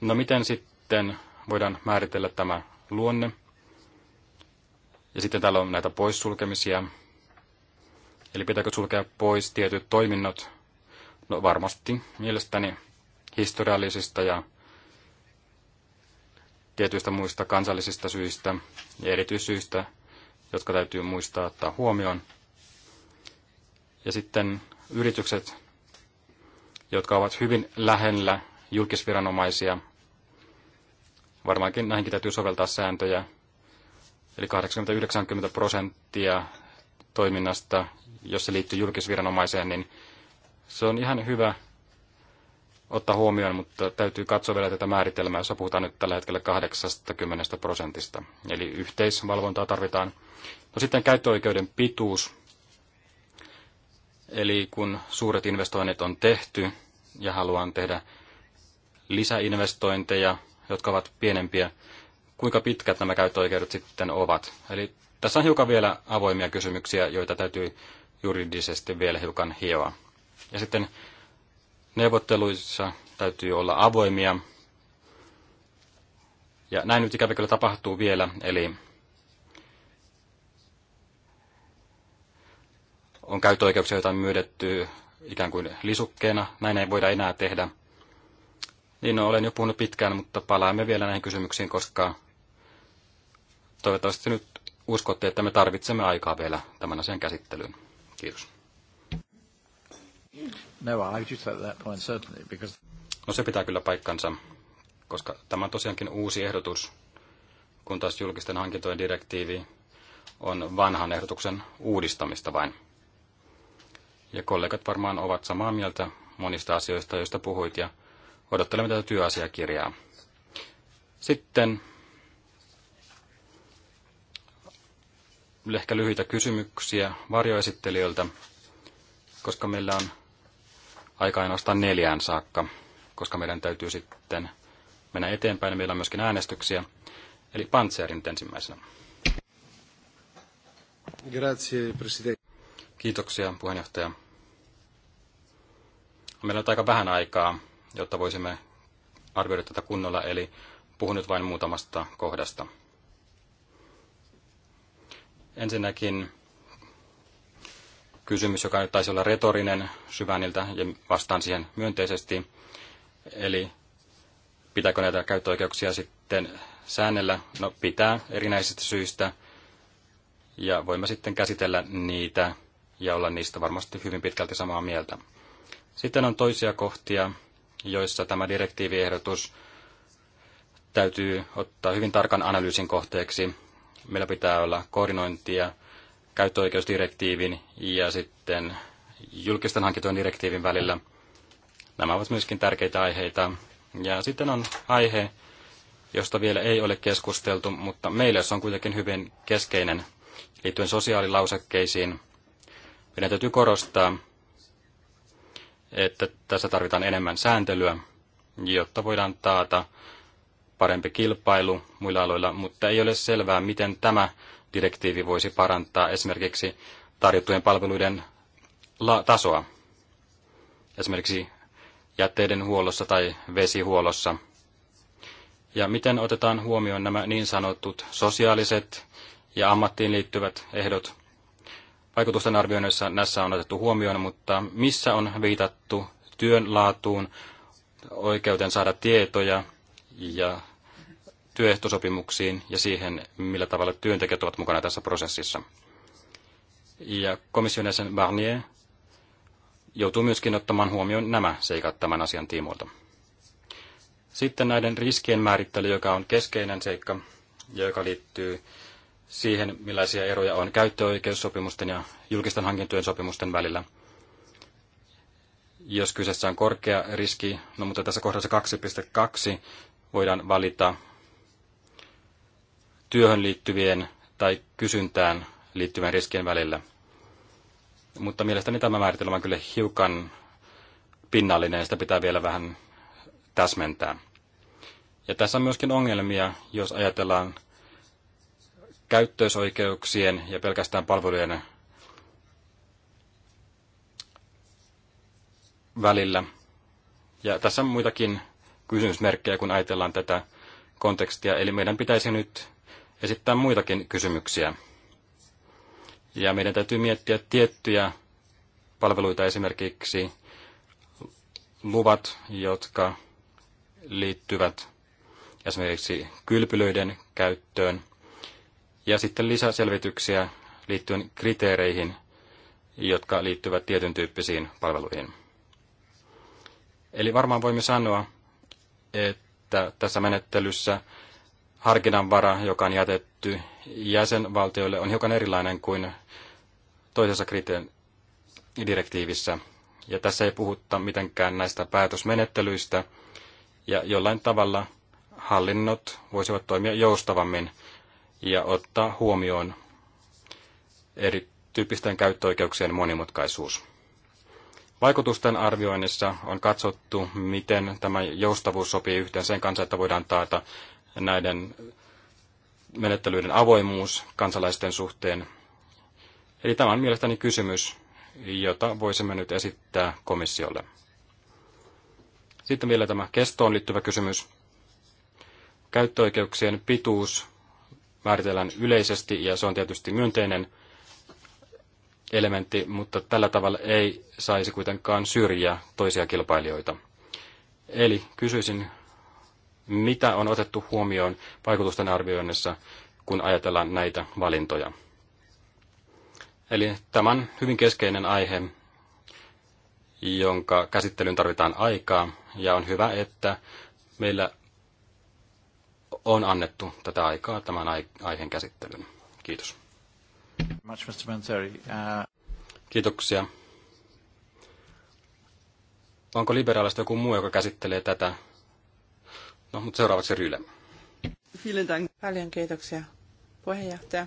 No miten sitten voidaan määritellä tämä luonne? Ja sitten täällä on näitä poissulkemisia. Eli pitääkö sulkea pois tietyt toiminnot? No varmasti mielestäni historiallisista ja tietyistä muista kansallisista syistä ja erityissyistä, jotka täytyy muistaa ottaa huomioon – ja sitten yritykset, jotka ovat hyvin lähellä julkisviranomaisia, varmaankin näihinkin täytyy soveltaa sääntöjä. Eli 80-90 prosenttia toiminnasta, jos se liittyy julkisviranomaiseen, niin se on ihan hyvä ottaa huomioon, mutta täytyy katsoa vielä tätä määritelmää, jossa puhutaan nyt tällä hetkellä 80 prosentista. Eli yhteisvalvontaa tarvitaan. No sitten käyttöoikeuden pituus. Eli kun suuret investoinnit on tehty ja haluan tehdä lisäinvestointeja, jotka ovat pienempiä, kuinka pitkät nämä käyttöoikeudet sitten ovat? Eli tässä on hiukan vielä avoimia kysymyksiä, joita täytyy juridisesti vielä hiukan hioa. Ja sitten neuvotteluissa täytyy olla avoimia. Ja näin nyt ikävä kyllä tapahtuu vielä, eli on käyttöoikeuksia, joita on myydetty ikään kuin lisukkeena. Näin ei voida enää tehdä. Niin no, olen jo puhunut pitkään, mutta palaamme vielä näihin kysymyksiin, koska toivottavasti nyt uskotte, että me tarvitsemme aikaa vielä tämän asian käsittelyyn. Kiitos. No, no se pitää kyllä paikkansa, koska tämä on tosiaankin uusi ehdotus, kun taas julkisten hankintojen direktiivi on vanhan ehdotuksen uudistamista vain ja kollegat varmaan ovat samaa mieltä monista asioista, joista puhuit, ja odottelemme tätä työasiakirjaa. Sitten ehkä lyhyitä kysymyksiä varjoesittelijöiltä, koska meillä on aika ainoastaan neljään saakka, koska meidän täytyy sitten mennä eteenpäin. Meillä on myöskin äänestyksiä. Eli Pantseerin ensimmäisenä. Grazie, presidente. Kiitoksia, puheenjohtaja. Meillä on aika vähän aikaa, jotta voisimme arvioida tätä kunnolla, eli puhun nyt vain muutamasta kohdasta. Ensinnäkin kysymys, joka nyt taisi olla retorinen syväniltä, ja vastaan siihen myönteisesti. Eli pitääkö näitä käyttöoikeuksia sitten säännellä? No pitää erinäisistä syistä, ja voimme sitten käsitellä niitä ja olla niistä varmasti hyvin pitkälti samaa mieltä. Sitten on toisia kohtia, joissa tämä direktiiviehdotus täytyy ottaa hyvin tarkan analyysin kohteeksi. Meillä pitää olla koordinointia käyttöoikeusdirektiivin ja sitten julkisten hankintojen direktiivin välillä. Nämä ovat myöskin tärkeitä aiheita. Ja sitten on aihe, josta vielä ei ole keskusteltu, mutta meille se on kuitenkin hyvin keskeinen liittyen sosiaalilausekkeisiin. Meidän täytyy korostaa, että tässä tarvitaan enemmän sääntelyä, jotta voidaan taata parempi kilpailu muilla aloilla, mutta ei ole selvää, miten tämä direktiivi voisi parantaa esimerkiksi tarjottujen palveluiden tasoa, esimerkiksi jätteiden huollossa tai vesihuollossa. Ja miten otetaan huomioon nämä niin sanotut sosiaaliset ja ammattiin liittyvät ehdot, vaikutusten arvioinnissa näissä on otettu huomioon, mutta missä on viitattu työn laatuun, oikeuteen saada tietoja ja työehtosopimuksiin ja siihen, millä tavalla työntekijät ovat mukana tässä prosessissa. Ja komission jäsen Barnier joutuu myöskin ottamaan huomioon nämä seikat tämän asian tiimoilta. Sitten näiden riskien määrittely, joka on keskeinen seikka ja joka liittyy siihen, millaisia eroja on käyttöoikeussopimusten ja julkisten hankintojen sopimusten välillä. Jos kyseessä on korkea riski, no mutta tässä kohdassa 2.2 voidaan valita työhön liittyvien tai kysyntään liittyvien riskien välillä. Mutta mielestäni tämä määritelmä on kyllä hiukan pinnallinen ja sitä pitää vielä vähän täsmentää. Ja tässä on myöskin ongelmia, jos ajatellaan käyttöisoikeuksien ja pelkästään palvelujen välillä. Ja tässä on muitakin kysymysmerkkejä, kun ajatellaan tätä kontekstia. Eli meidän pitäisi nyt esittää muitakin kysymyksiä. Ja meidän täytyy miettiä tiettyjä palveluita, esimerkiksi luvat, jotka liittyvät esimerkiksi kylpylöiden käyttöön ja sitten lisäselvityksiä liittyen kriteereihin, jotka liittyvät tietyn tyyppisiin palveluihin. Eli varmaan voimme sanoa, että tässä menettelyssä harkinnanvara, joka on jätetty jäsenvaltioille, on hiukan erilainen kuin toisessa kriteen direktiivissä. Ja tässä ei puhuta mitenkään näistä päätösmenettelyistä, ja jollain tavalla hallinnot voisivat toimia joustavammin ja ottaa huomioon erityyppisten käyttöoikeuksien monimutkaisuus. Vaikutusten arvioinnissa on katsottu, miten tämä joustavuus sopii yhteen sen kanssa, että voidaan taata näiden menettelyiden avoimuus kansalaisten suhteen. Eli tämä on mielestäni kysymys, jota voisimme nyt esittää komissiolle. Sitten vielä tämä kestoon liittyvä kysymys. Käyttöoikeuksien pituus määritellään yleisesti ja se on tietysti myönteinen elementti, mutta tällä tavalla ei saisi kuitenkaan syrjiä toisia kilpailijoita. Eli kysyisin, mitä on otettu huomioon vaikutusten arvioinnissa, kun ajatellaan näitä valintoja. Eli tämän hyvin keskeinen aihe, jonka käsittelyyn tarvitaan aikaa, ja on hyvä, että meillä on annettu tätä aikaa tämän aiheen käsittelyyn. Kiitos. Much, Mr. Uh, kiitoksia. Onko liberaalista joku muu, joka käsittelee tätä? No, mutta seuraavaksi Ryle. Paljon kiitoksia, puheenjohtaja.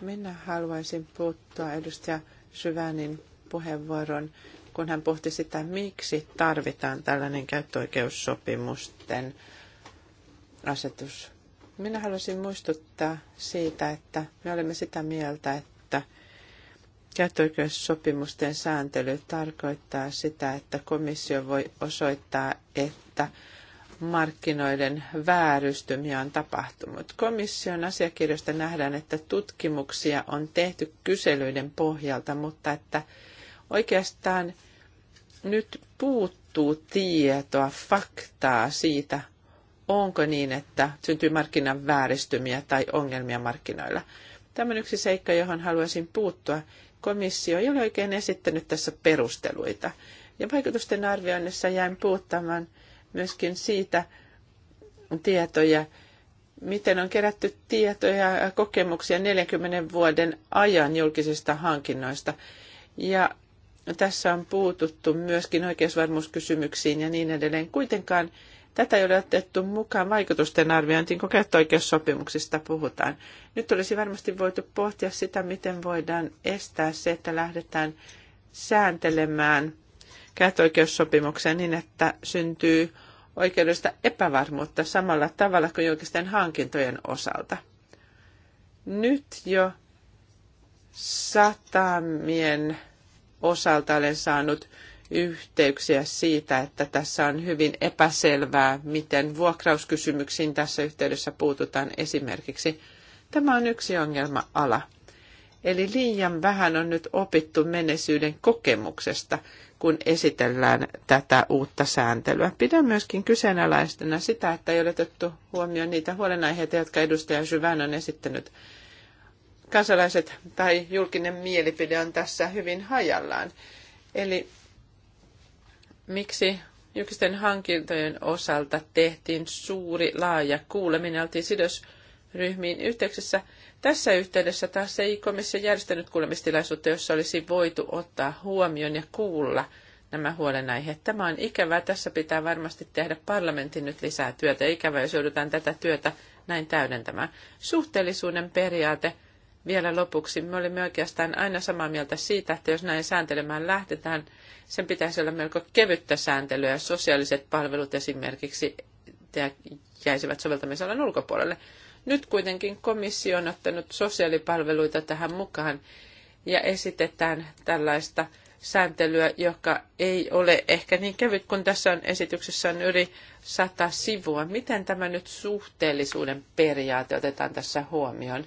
Minä haluaisin puuttua edustaja Syvänin puheenvuoron, kun hän pohti sitä, miksi tarvitaan tällainen käyttöoikeussopimusten asetus. Minä haluaisin muistuttaa siitä, että me olemme sitä mieltä, että käyttöoikeussopimusten sääntely tarkoittaa sitä, että komissio voi osoittaa, että markkinoiden vääristymiä on tapahtunut. Komission asiakirjoista nähdään, että tutkimuksia on tehty kyselyiden pohjalta, mutta että oikeastaan nyt puuttuu tietoa, faktaa siitä, onko niin, että syntyy markkinan vääristymiä tai ongelmia markkinoilla. Tämä on yksi seikka, johon haluaisin puuttua. Komissio ei ole oikein esittänyt tässä perusteluita. Ja vaikutusten arvioinnissa jäin puuttamaan myöskin siitä tietoja, miten on kerätty tietoja ja kokemuksia 40 vuoden ajan julkisista hankinnoista. Ja tässä on puututtu myöskin oikeusvarmuuskysymyksiin ja niin edelleen. Kuitenkaan Tätä ei ole otettu mukaan vaikutusten arviointiin, kun käyttöoikeussopimuksista puhutaan. Nyt olisi varmasti voitu pohtia sitä, miten voidaan estää se, että lähdetään sääntelemään käyttöoikeussopimuksia niin, että syntyy oikeudesta epävarmuutta samalla tavalla kuin julkisten hankintojen osalta. Nyt jo satamien osalta olen saanut yhteyksiä siitä, että tässä on hyvin epäselvää, miten vuokrauskysymyksiin tässä yhteydessä puututaan esimerkiksi. Tämä on yksi ongelma-ala. Eli liian vähän on nyt opittu menneisyyden kokemuksesta, kun esitellään tätä uutta sääntelyä. Pidän myöskin kyseenalaistena sitä, että ei ole otettu huomioon niitä huolenaiheita, jotka edustaja Syvän on esittänyt. Kansalaiset tai julkinen mielipide on tässä hyvin hajallaan. Eli miksi julkisten hankintojen osalta tehtiin suuri laaja kuuleminen, oltiin sidosryhmiin yhteyksissä. Tässä yhteydessä taas ei komissio järjestänyt kuulemistilaisuutta, jossa olisi voitu ottaa huomioon ja kuulla nämä huolenaiheet. Tämä on ikävää. Tässä pitää varmasti tehdä parlamentin nyt lisää työtä. Ikävää, jos joudutaan tätä työtä näin täydentämään. Suhteellisuuden periaate – vielä lopuksi. Me olimme oikeastaan aina samaa mieltä siitä, että jos näin sääntelemään lähtetään, sen pitäisi olla melko kevyttä sääntelyä. Sosiaaliset palvelut esimerkiksi jäisivät soveltamisalan ulkopuolelle. Nyt kuitenkin komissio on ottanut sosiaalipalveluita tähän mukaan ja esitetään tällaista sääntelyä, joka ei ole ehkä niin kevyt kuin tässä on esityksessä on yli sata sivua. Miten tämä nyt suhteellisuuden periaate otetaan tässä huomioon?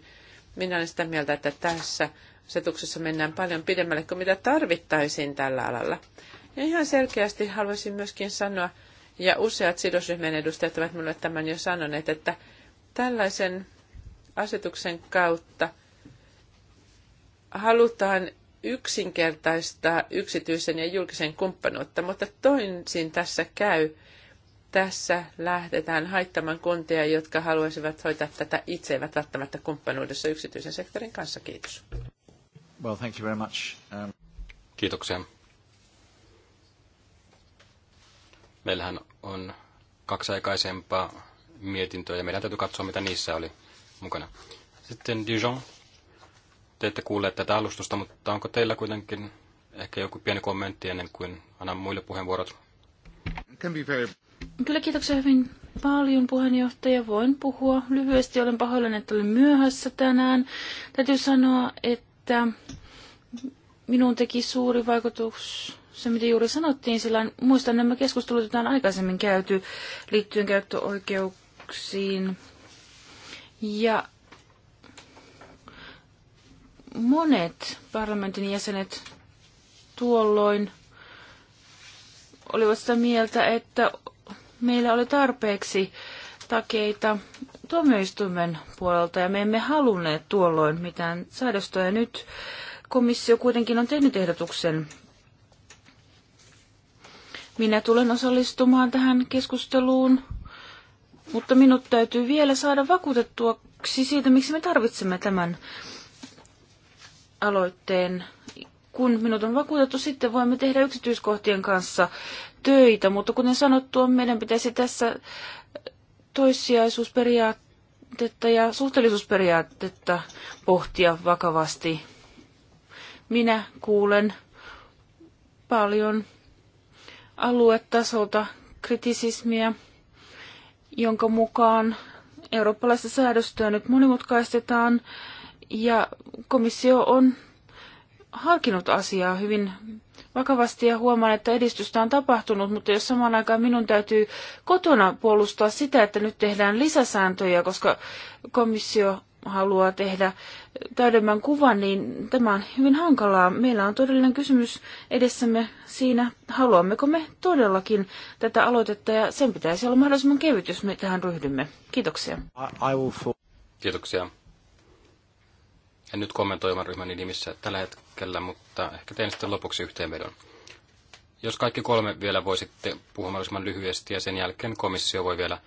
Minä olen sitä mieltä, että tässä asetuksessa mennään paljon pidemmälle kuin mitä tarvittaisiin tällä alalla. Ja ihan selkeästi haluaisin myöskin sanoa, ja useat sidosryhmien edustajat ovat minulle tämän jo sanoneet, että tällaisen asetuksen kautta halutaan yksinkertaistaa yksityisen ja julkisen kumppanuutta, mutta toisin tässä käy, tässä lähdetään haittamaan kuntia, jotka haluaisivat hoitaa tätä itse, eivät välttämättä kumppanuudessa yksityisen sektorin kanssa. Kiitos. Well, thank you very much. Um... Kiitoksia. Meillähän on kaksi aikaisempaa mietintöä ja meidän täytyy katsoa, mitä niissä oli mukana. Sitten Dijon. Te ette kuulleet tätä alustusta, mutta onko teillä kuitenkin ehkä joku pieni kommentti ennen kuin annan muille puheenvuorot? Can be very... Kyllä kiitoksia hyvin paljon puheenjohtaja. Voin puhua lyhyesti. Olen pahoillani, että olen myöhässä tänään. Täytyy sanoa, että minun teki suuri vaikutus se, mitä juuri sanottiin, sillä muistan nämä keskustelut, joita on aikaisemmin käyty liittyen käyttöoikeuksiin. Ja monet parlamentin jäsenet tuolloin olivat sitä mieltä, että meillä oli tarpeeksi takeita tuomioistuimen puolelta ja me emme halunneet tuolloin mitään säädöstöä. Nyt komissio kuitenkin on tehnyt ehdotuksen. Minä tulen osallistumaan tähän keskusteluun, mutta minut täytyy vielä saada vakuutettuaksi siitä, miksi me tarvitsemme tämän aloitteen kun minut on vakuutettu, sitten voimme tehdä yksityiskohtien kanssa töitä, mutta kuten sanottu, meidän pitäisi tässä toissijaisuusperiaatetta ja suhteellisuusperiaatetta pohtia vakavasti. Minä kuulen paljon aluetasolta kritisismiä, jonka mukaan eurooppalaista säädöstöä nyt monimutkaistetaan ja komissio on harkinnut asiaa hyvin vakavasti ja huomaan, että edistystä on tapahtunut, mutta jos samaan aikaan minun täytyy kotona puolustaa sitä, että nyt tehdään lisäsääntöjä, koska komissio haluaa tehdä täydemmän kuvan, niin tämä on hyvin hankalaa. Meillä on todellinen kysymys edessämme siinä, haluammeko me todellakin tätä aloitetta, ja sen pitäisi olla mahdollisimman kevyt, jos me tähän ryhdymme. Kiitoksia. Kiitoksia. En nyt kommentoi oman ryhmäni nimissä tällä hetkellä, mutta ehkä teen sitten lopuksi yhteenvedon. Jos kaikki kolme vielä voisitte puhua mahdollisimman lyhyesti ja sen jälkeen komissio voi vielä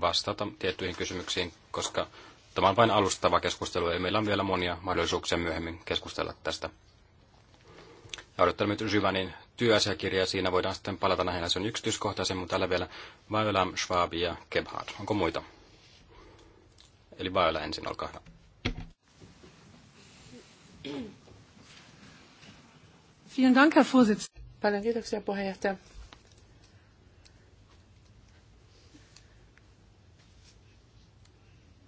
vastata tiettyihin kysymyksiin, koska tämä on vain alustava keskustelu ja meillä on vielä monia mahdollisuuksia myöhemmin keskustella tästä. Ja odottelemme Syvänin työasiakirjaa, siinä voidaan sitten palata näihin asioihin yksityiskohtaisen, mutta täällä vielä Väylä, Schwab ja Gebhard. Onko muita? Eli Väylä ensin, olkaa hyvä. Vielen Dank, Herr Vorsitzender.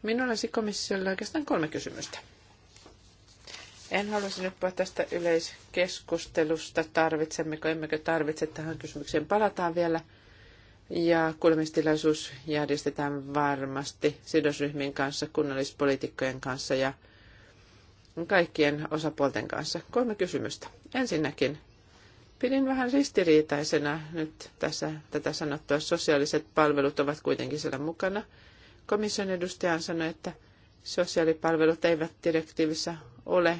Minulla olisi komissiolle oikeastaan kolme kysymystä. En haluaisi nyt puhua tästä yleiskeskustelusta, tarvitsemmeko, emmekö tarvitse tähän kysymykseen. Palataan vielä. Ja kuulemistilaisuus järjestetään varmasti sidosryhmien kanssa, kunnallispoliitikkojen kanssa ja kaikkien osapuolten kanssa. Kolme kysymystä. Ensinnäkin, pidin vähän ristiriitaisena nyt tässä tätä sanottua. Sosiaaliset palvelut ovat kuitenkin siellä mukana. Komission edustaja sanoi, että sosiaalipalvelut eivät direktiivissä ole.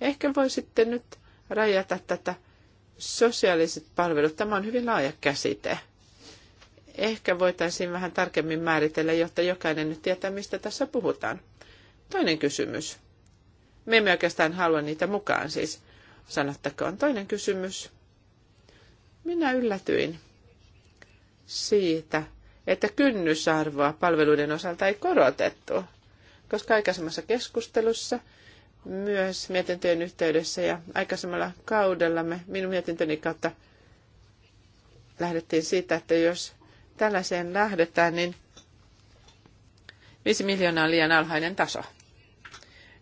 Ehkä voisitte nyt rajata tätä sosiaaliset palvelut. Tämä on hyvin laaja käsite. Ehkä voitaisiin vähän tarkemmin määritellä, jotta jokainen nyt tietää, mistä tässä puhutaan. Toinen kysymys. Me emme oikeastaan halua niitä mukaan siis, sanottakoon. Toinen kysymys. Minä yllätyin siitä, että kynnysarvoa palveluiden osalta ei korotettu, koska aikaisemmassa keskustelussa myös mietintöjen yhteydessä ja aikaisemmalla kaudella me minun mietintöni kautta lähdettiin siitä, että jos tällaiseen lähdetään, niin 5 miljoonaa on liian alhainen taso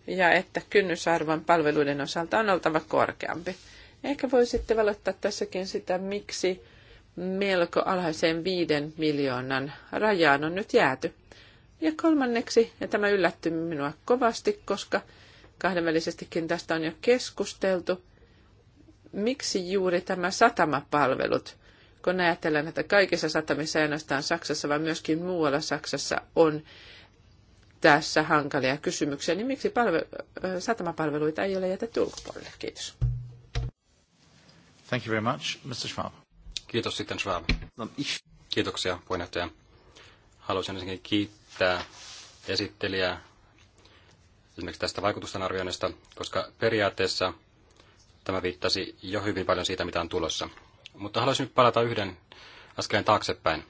ja että kynnysarvon palveluiden osalta on oltava korkeampi. Ehkä voisitte valottaa tässäkin sitä, miksi melko alhaiseen viiden miljoonan rajaan on nyt jääty. Ja kolmanneksi, ja tämä yllätti minua kovasti, koska kahdenvälisestikin tästä on jo keskusteltu, miksi juuri tämä satamapalvelut, kun ajatellaan, että kaikissa satamissa ei ainoastaan Saksassa, vaan myöskin muualla Saksassa on tässä hankalia kysymyksiä, niin miksi palve- satamapalveluita ei ole jätetty ulkopuolelle? Kiitos. Thank you very much. Mr. Schwab. Kiitos sitten Schwab. No, Kiitoksia puheenjohtaja. Haluaisin ensinnäkin kiittää esittelijää esimerkiksi tästä vaikutusten arvioinnista, koska periaatteessa tämä viittasi jo hyvin paljon siitä, mitä on tulossa. Mutta haluaisin nyt palata yhden askeleen taaksepäin.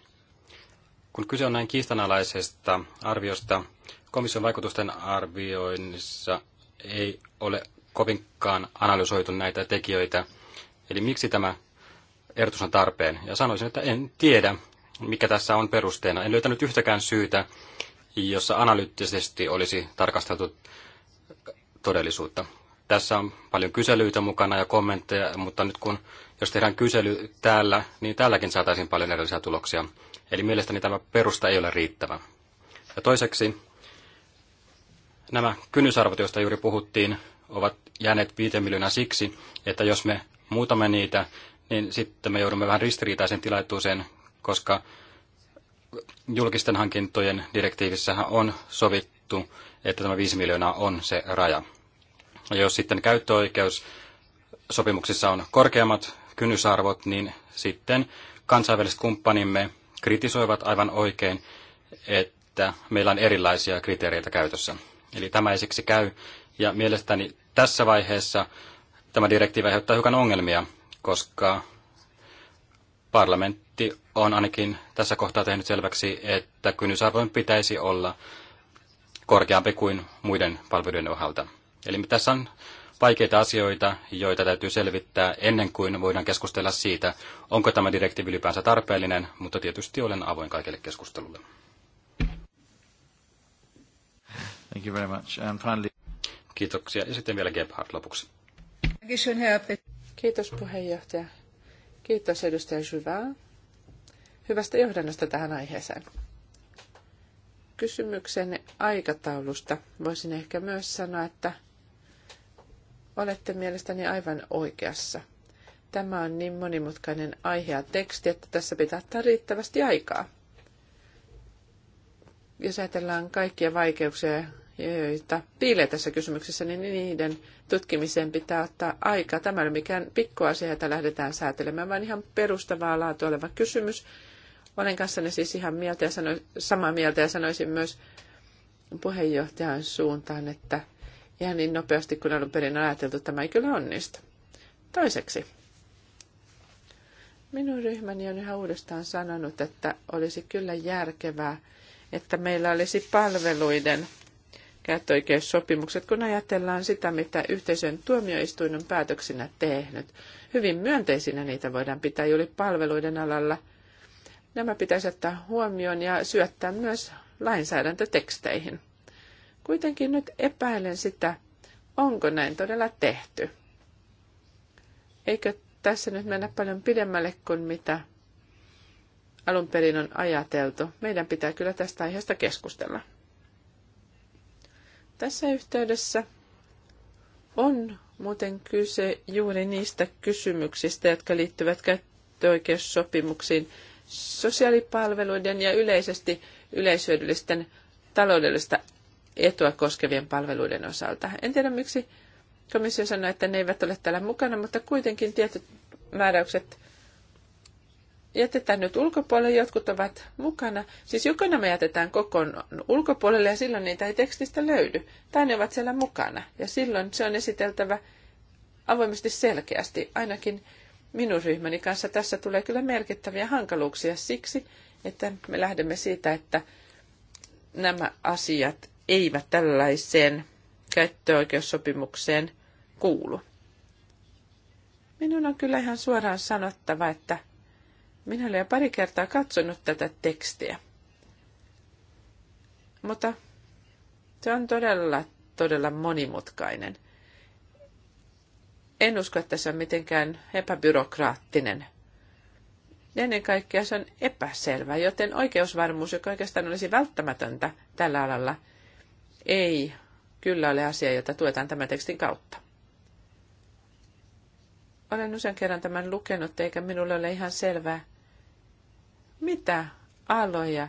Kun kyse on näin kiistanalaisesta arviosta, komission vaikutusten arvioinnissa ei ole kovinkaan analysoitu näitä tekijöitä. Eli miksi tämä ehdotus on tarpeen? Ja sanoisin, että en tiedä, mikä tässä on perusteena. En löytänyt yhtäkään syytä, jossa analyyttisesti olisi tarkasteltu todellisuutta. Tässä on paljon kyselyitä mukana ja kommentteja, mutta nyt kun jos tehdään kysely täällä, niin täälläkin saataisiin paljon erilaisia tuloksia. Eli mielestäni tämä perusta ei ole riittävä. Ja toiseksi nämä kynnysarvot, joista juuri puhuttiin, ovat jääneet 5 miljoonaa siksi, että jos me muutamme niitä, niin sitten me joudumme vähän ristiriitaisen tilaisuuteen, koska julkisten hankintojen direktiivissähän on sovittu, että tämä 5 miljoonaa on se raja. Ja jos sitten käyttöoikeus sopimuksissa on korkeammat kynnysarvot, niin sitten kansainväliset kumppanimme kritisoivat aivan oikein, että meillä on erilaisia kriteereitä käytössä. Eli tämä ei siksi käy. Ja mielestäni tässä vaiheessa tämä direktiivi aiheuttaa hiukan ongelmia, koska parlamentti on ainakin tässä kohtaa tehnyt selväksi, että kynnysarvojen pitäisi olla korkeampi kuin muiden palveluiden osalta. Eli tässä on vaikeita asioita, joita täytyy selvittää ennen kuin voidaan keskustella siitä, onko tämä direktiivi ylipäänsä tarpeellinen, mutta tietysti olen avoin kaikille keskustelulle. Thank you very much. And finally... Kiitoksia. Ja sitten vielä Gebhardt lopuksi. Kiitos puheenjohtaja. Kiitos edustaja Jyvää hyvästä johdannosta tähän aiheeseen. Kysymyksenne aikataulusta voisin ehkä myös sanoa, että olette mielestäni aivan oikeassa. Tämä on niin monimutkainen aihe ja teksti, että tässä pitää ottaa riittävästi aikaa. Jos ajatellaan kaikkia vaikeuksia, joita piilee tässä kysymyksessä, niin niiden tutkimiseen pitää ottaa aikaa. Tämä ei ole mikään pikkuasia, jota lähdetään säätelemään, vaan ihan perustavaa laatua oleva kysymys. Olen kanssanne siis ihan mieltä ja sano, samaa mieltä ja sanoisin myös puheenjohtajan suuntaan, että ihan niin nopeasti kuin alun perin ajateltu, tämä ei kyllä onnistu. Toiseksi, minun ryhmäni on yhä uudestaan sanonut, että olisi kyllä järkevää, että meillä olisi palveluiden – käyttöoikeussopimukset, kun ajatellaan sitä, mitä yhteisön tuomioistuin on päätöksinä tehnyt. Hyvin myönteisinä niitä voidaan pitää juuri palveluiden alalla. Nämä pitäisi ottaa huomioon ja syöttää myös lainsäädäntöteksteihin. Kuitenkin nyt epäilen sitä, onko näin todella tehty. Eikö tässä nyt mennä paljon pidemmälle kuin mitä alun perin on ajateltu? Meidän pitää kyllä tästä aiheesta keskustella. Tässä yhteydessä on muuten kyse juuri niistä kysymyksistä, jotka liittyvät käyttöoikeussopimuksiin sosiaalipalveluiden ja yleisesti yleishyödyllisten taloudellista etua koskevien palveluiden osalta. En tiedä miksi komissio sanoi, että ne eivät ole täällä mukana, mutta kuitenkin tietyt määräykset jätetään nyt ulkopuolelle, jotkut ovat mukana. Siis jokainen, me jätetään kokonaan ulkopuolelle ja silloin niitä ei tekstistä löydy, tai ne ovat siellä mukana. Ja silloin se on esiteltävä avoimesti selkeästi, ainakin minun ryhmäni kanssa tässä tulee kyllä merkittäviä hankaluuksia siksi, että me lähdemme siitä, että nämä asiat eivät tällaiseen käyttöoikeussopimukseen kuulu. Minun on kyllä ihan suoraan sanottava, että minä olen pari kertaa katsonut tätä tekstiä. Mutta se on todella, todella monimutkainen. En usko, että se on mitenkään epäbyrokraattinen. ennen kaikkea se on epäselvä, joten oikeusvarmuus, joka oikeastaan olisi välttämätöntä tällä alalla, ei kyllä ole asia, jota tuetaan tämän tekstin kautta. Olen usean kerran tämän lukenut, eikä minulle ole ihan selvää, mitä aloja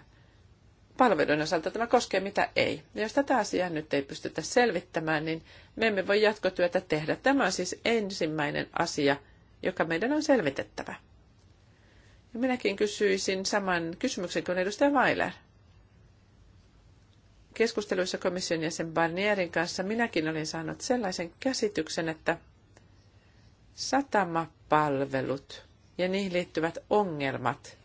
palveluiden osalta tämä koskee, mitä ei. Ja jos tätä asiaa nyt ei pystytä selvittämään, niin me emme voi jatkotyötä tehdä. Tämä on siis ensimmäinen asia, joka meidän on selvitettävä. Ja minäkin kysyisin saman kysymyksen kuin edustaja Weiler. Keskusteluissa komission jäsen Barnierin kanssa minäkin olin saanut sellaisen käsityksen, että – satamapalvelut ja niihin liittyvät ongelmat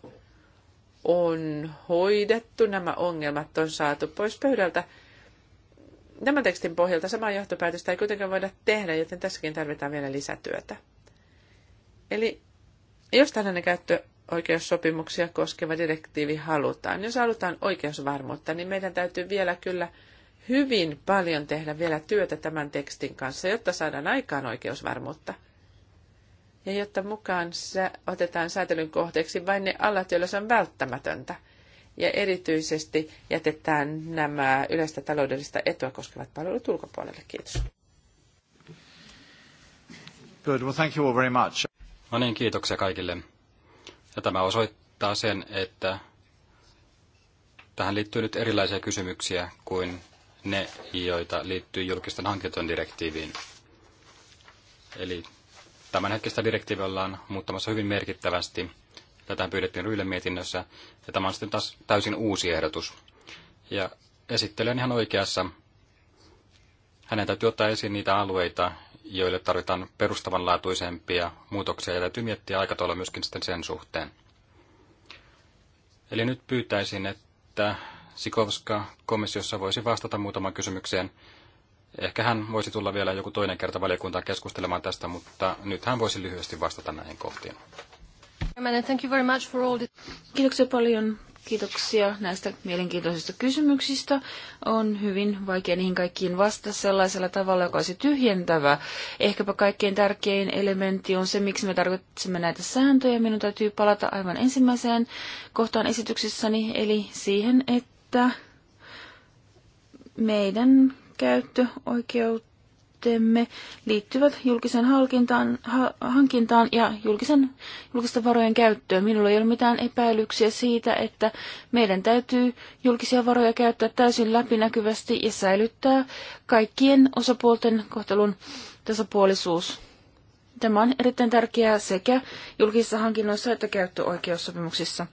on hoidettu, nämä ongelmat on saatu pois pöydältä. Tämän tekstin pohjalta samaa johtopäätöstä ei kuitenkaan voida tehdä, joten tässäkin tarvitaan vielä lisätyötä. Eli jos tällainen käyttöoikeussopimuksia koskeva direktiivi halutaan, jos halutaan oikeusvarmuutta, niin meidän täytyy vielä kyllä hyvin paljon tehdä vielä työtä tämän tekstin kanssa, jotta saadaan aikaan oikeusvarmuutta – ja jotta mukaan otetaan säätelyn kohteeksi vain ne alat, joilla se on välttämätöntä. Ja erityisesti jätetään nämä yleistä taloudellista etua koskevat palvelut ulkopuolelle. Kiitos. Good. Well, thank you all very much. No niin, kiitoksia kaikille. Ja tämä osoittaa sen, että tähän liittyy nyt erilaisia kysymyksiä kuin ne, joita liittyy julkisten hankintojen direktiiviin. Eli tämänhetkistä direktiiviä ollaan muuttamassa hyvin merkittävästi. Tätä pyydettiin Ryylle mietinnössä, ja tämä on sitten taas täysin uusi ehdotus. Ja esittelen ihan oikeassa. Hänen täytyy ottaa esiin niitä alueita, joille tarvitaan perustavanlaatuisempia muutoksia, ja täytyy miettiä aikataulua myöskin sitten sen suhteen. Eli nyt pyytäisin, että Sikovska komissiossa voisi vastata muutamaan kysymykseen, Ehkä hän voisi tulla vielä joku toinen kerta valiokuntaan keskustelemaan tästä, mutta nyt hän voisi lyhyesti vastata näihin kohtiin. Kiitoksia paljon. Kiitoksia näistä mielenkiintoisista kysymyksistä. On hyvin vaikea niihin kaikkiin vastata sellaisella tavalla, joka olisi tyhjentävä. Ehkäpä kaikkein tärkein elementti on se, miksi me tarvitsemme näitä sääntöjä. Minun täytyy palata aivan ensimmäiseen kohtaan esityksessäni, eli siihen, että meidän käyttöoikeutemme liittyvät julkisen hankintaan, ha, hankintaan ja julkisen, julkisten varojen käyttöön. Minulla ei ole mitään epäilyksiä siitä, että meidän täytyy julkisia varoja käyttää täysin läpinäkyvästi ja säilyttää kaikkien osapuolten kohtelun tasapuolisuus. Tämä on erittäin tärkeää sekä julkisissa hankinnoissa että käyttöoikeussopimuksissa.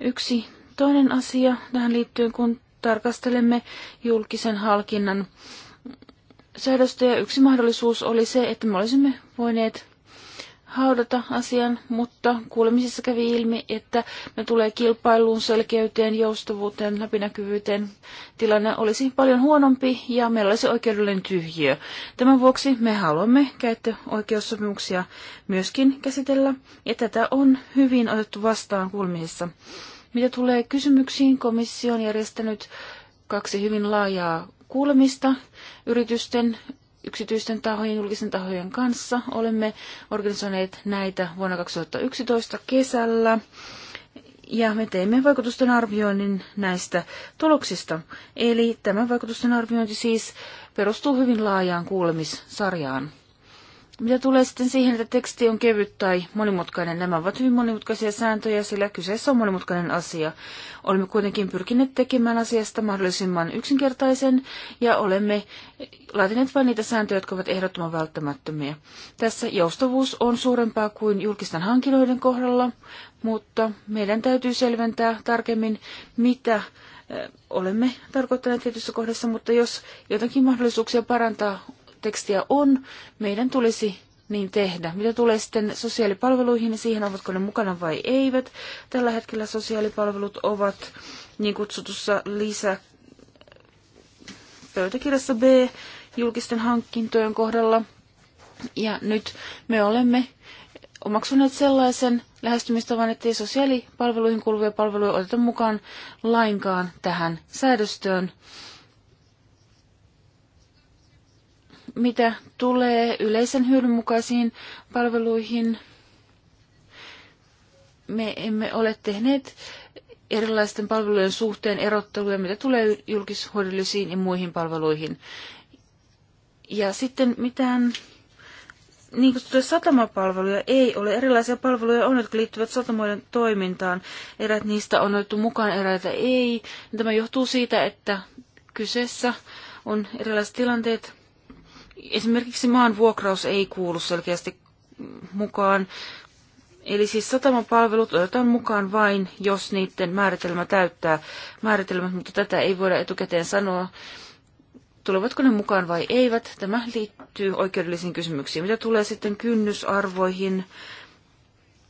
Yksi toinen asia tähän liittyen, kun tarkastelemme julkisen halkinnan säädöstä ja yksi mahdollisuus oli se, että me olisimme voineet haudata asian, mutta kuulemisissa kävi ilmi, että me tulee kilpailuun, selkeyteen, joustavuuteen, läpinäkyvyyteen. Tilanne olisi paljon huonompi ja meillä olisi oikeudellinen tyhjiö. Tämän vuoksi me haluamme käyttöoikeussopimuksia myöskin käsitellä ja tätä on hyvin otettu vastaan kuulemisissa. Mitä tulee kysymyksiin, komissio on järjestänyt kaksi hyvin laajaa kuulemista yritysten, yksityisten tahojen, julkisen tahojen kanssa. Olemme organisoineet näitä vuonna 2011 kesällä. Ja me teimme vaikutusten arvioinnin näistä tuloksista. Eli tämä vaikutusten arviointi siis perustuu hyvin laajaan kuulemissarjaan. Mitä tulee sitten siihen, että teksti on kevyt tai monimutkainen, nämä ovat hyvin monimutkaisia sääntöjä, sillä kyseessä on monimutkainen asia. Olemme kuitenkin pyrkineet tekemään asiasta mahdollisimman yksinkertaisen ja olemme laatineet vain niitä sääntöjä, jotka ovat ehdottoman välttämättömiä. Tässä joustavuus on suurempaa kuin julkisten hankinoiden kohdalla, mutta meidän täytyy selventää tarkemmin, mitä eh, olemme tarkoittaneet tietyssä kohdassa, mutta jos jotakin mahdollisuuksia parantaa tekstiä on, meidän tulisi niin tehdä. Mitä tulee sitten sosiaalipalveluihin ja niin siihen, ovatko ne mukana vai eivät. Tällä hetkellä sosiaalipalvelut ovat niin kutsutussa lisä pöytäkirjassa B julkisten hankintojen kohdalla. Ja nyt me olemme omaksuneet sellaisen lähestymistavan, ettei sosiaalipalveluihin kuuluvia palveluja oteta mukaan lainkaan tähän säädöstöön. mitä tulee yleisen hyödyn mukaisiin palveluihin, me emme ole tehneet erilaisten palvelujen suhteen erotteluja, mitä tulee julkishoidollisiin ja muihin palveluihin. Ja sitten mitään niin kutsuttuja satamapalveluja ei ole. Erilaisia palveluja on, jotka liittyvät satamoiden toimintaan. Erät niistä on otettu mukaan, eräitä ei. Tämä johtuu siitä, että kyseessä on erilaiset tilanteet Esimerkiksi maan vuokraus ei kuulu selkeästi mukaan. Eli siis satamapalvelut otetaan mukaan vain, jos niiden määritelmä täyttää määritelmät, mutta tätä ei voida etukäteen sanoa, tulevatko ne mukaan vai eivät. Tämä liittyy oikeudellisiin kysymyksiin. Mitä tulee sitten kynnysarvoihin?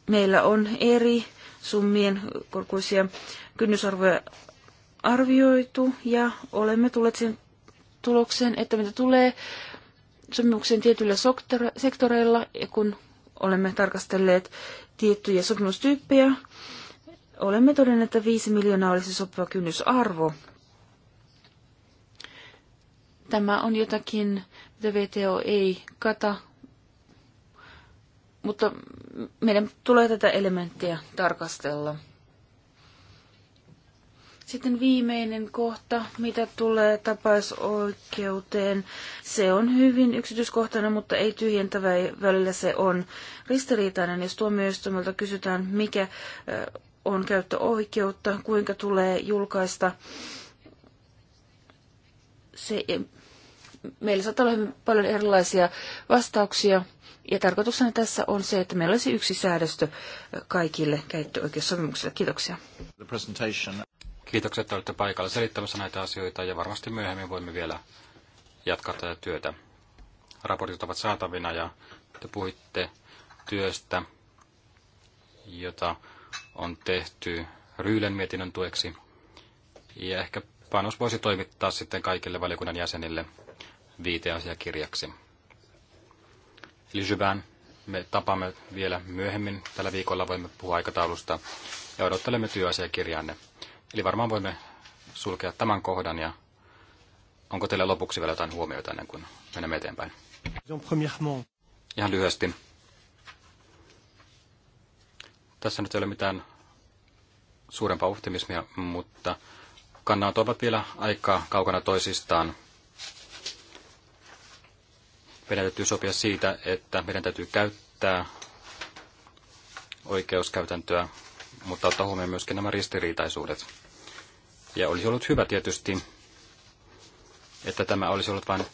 Meillä on eri summien korkuisia kynnysarvoja arvioitu ja olemme tulleet sen tulokseen, että mitä tulee Sopimuksen tietyillä sektoreilla ja kun olemme tarkastelleet tiettyjä sopimustyyppejä, olemme todenneet, että 5 miljoonaa olisi sopiva kynnysarvo. Tämä on jotakin, mitä VTO ei kata, mutta meidän tulee tätä elementtiä tarkastella. Sitten viimeinen kohta, mitä tulee tapaisoikeuteen. Se on hyvin yksityiskohtainen, mutta ei tyhjentävä. Välillä se on ristiriitainen, jos tuomioistuimelta kysytään, mikä on käyttöoikeutta, kuinka tulee julkaista se, meillä saattaa olla hyvin paljon erilaisia vastauksia. Ja tarkoituksena tässä on se, että meillä olisi yksi säädöstö kaikille käyttöoikeussopimuksille. Kiitoksia. Kiitokset, että olette paikalla selittämässä näitä asioita ja varmasti myöhemmin voimme vielä jatkaa tätä työtä. Raportit ovat saatavina ja te puhuitte työstä, jota on tehty Ryylen mietinnön tueksi. Ja ehkä panos voisi toimittaa sitten kaikille valiokunnan jäsenille viiteasiakirjaksi. Eli Jyvän, me tapaamme vielä myöhemmin. Tällä viikolla voimme puhua aikataulusta ja odottelemme työasiakirjanne. Eli varmaan voimme sulkea tämän kohdan ja onko teillä lopuksi vielä jotain huomioita ennen kuin menemme eteenpäin? Ihan lyhyesti. Tässä nyt ei ole mitään suurempaa optimismia, mutta kannat ovat vielä aika kaukana toisistaan. Meidän täytyy sopia siitä, että meidän täytyy käyttää oikeuskäytäntöä mutta ottaa huomioon myöskin nämä ristiriitaisuudet. Ja olisi ollut hyvä tietysti, että tämä olisi ollut vain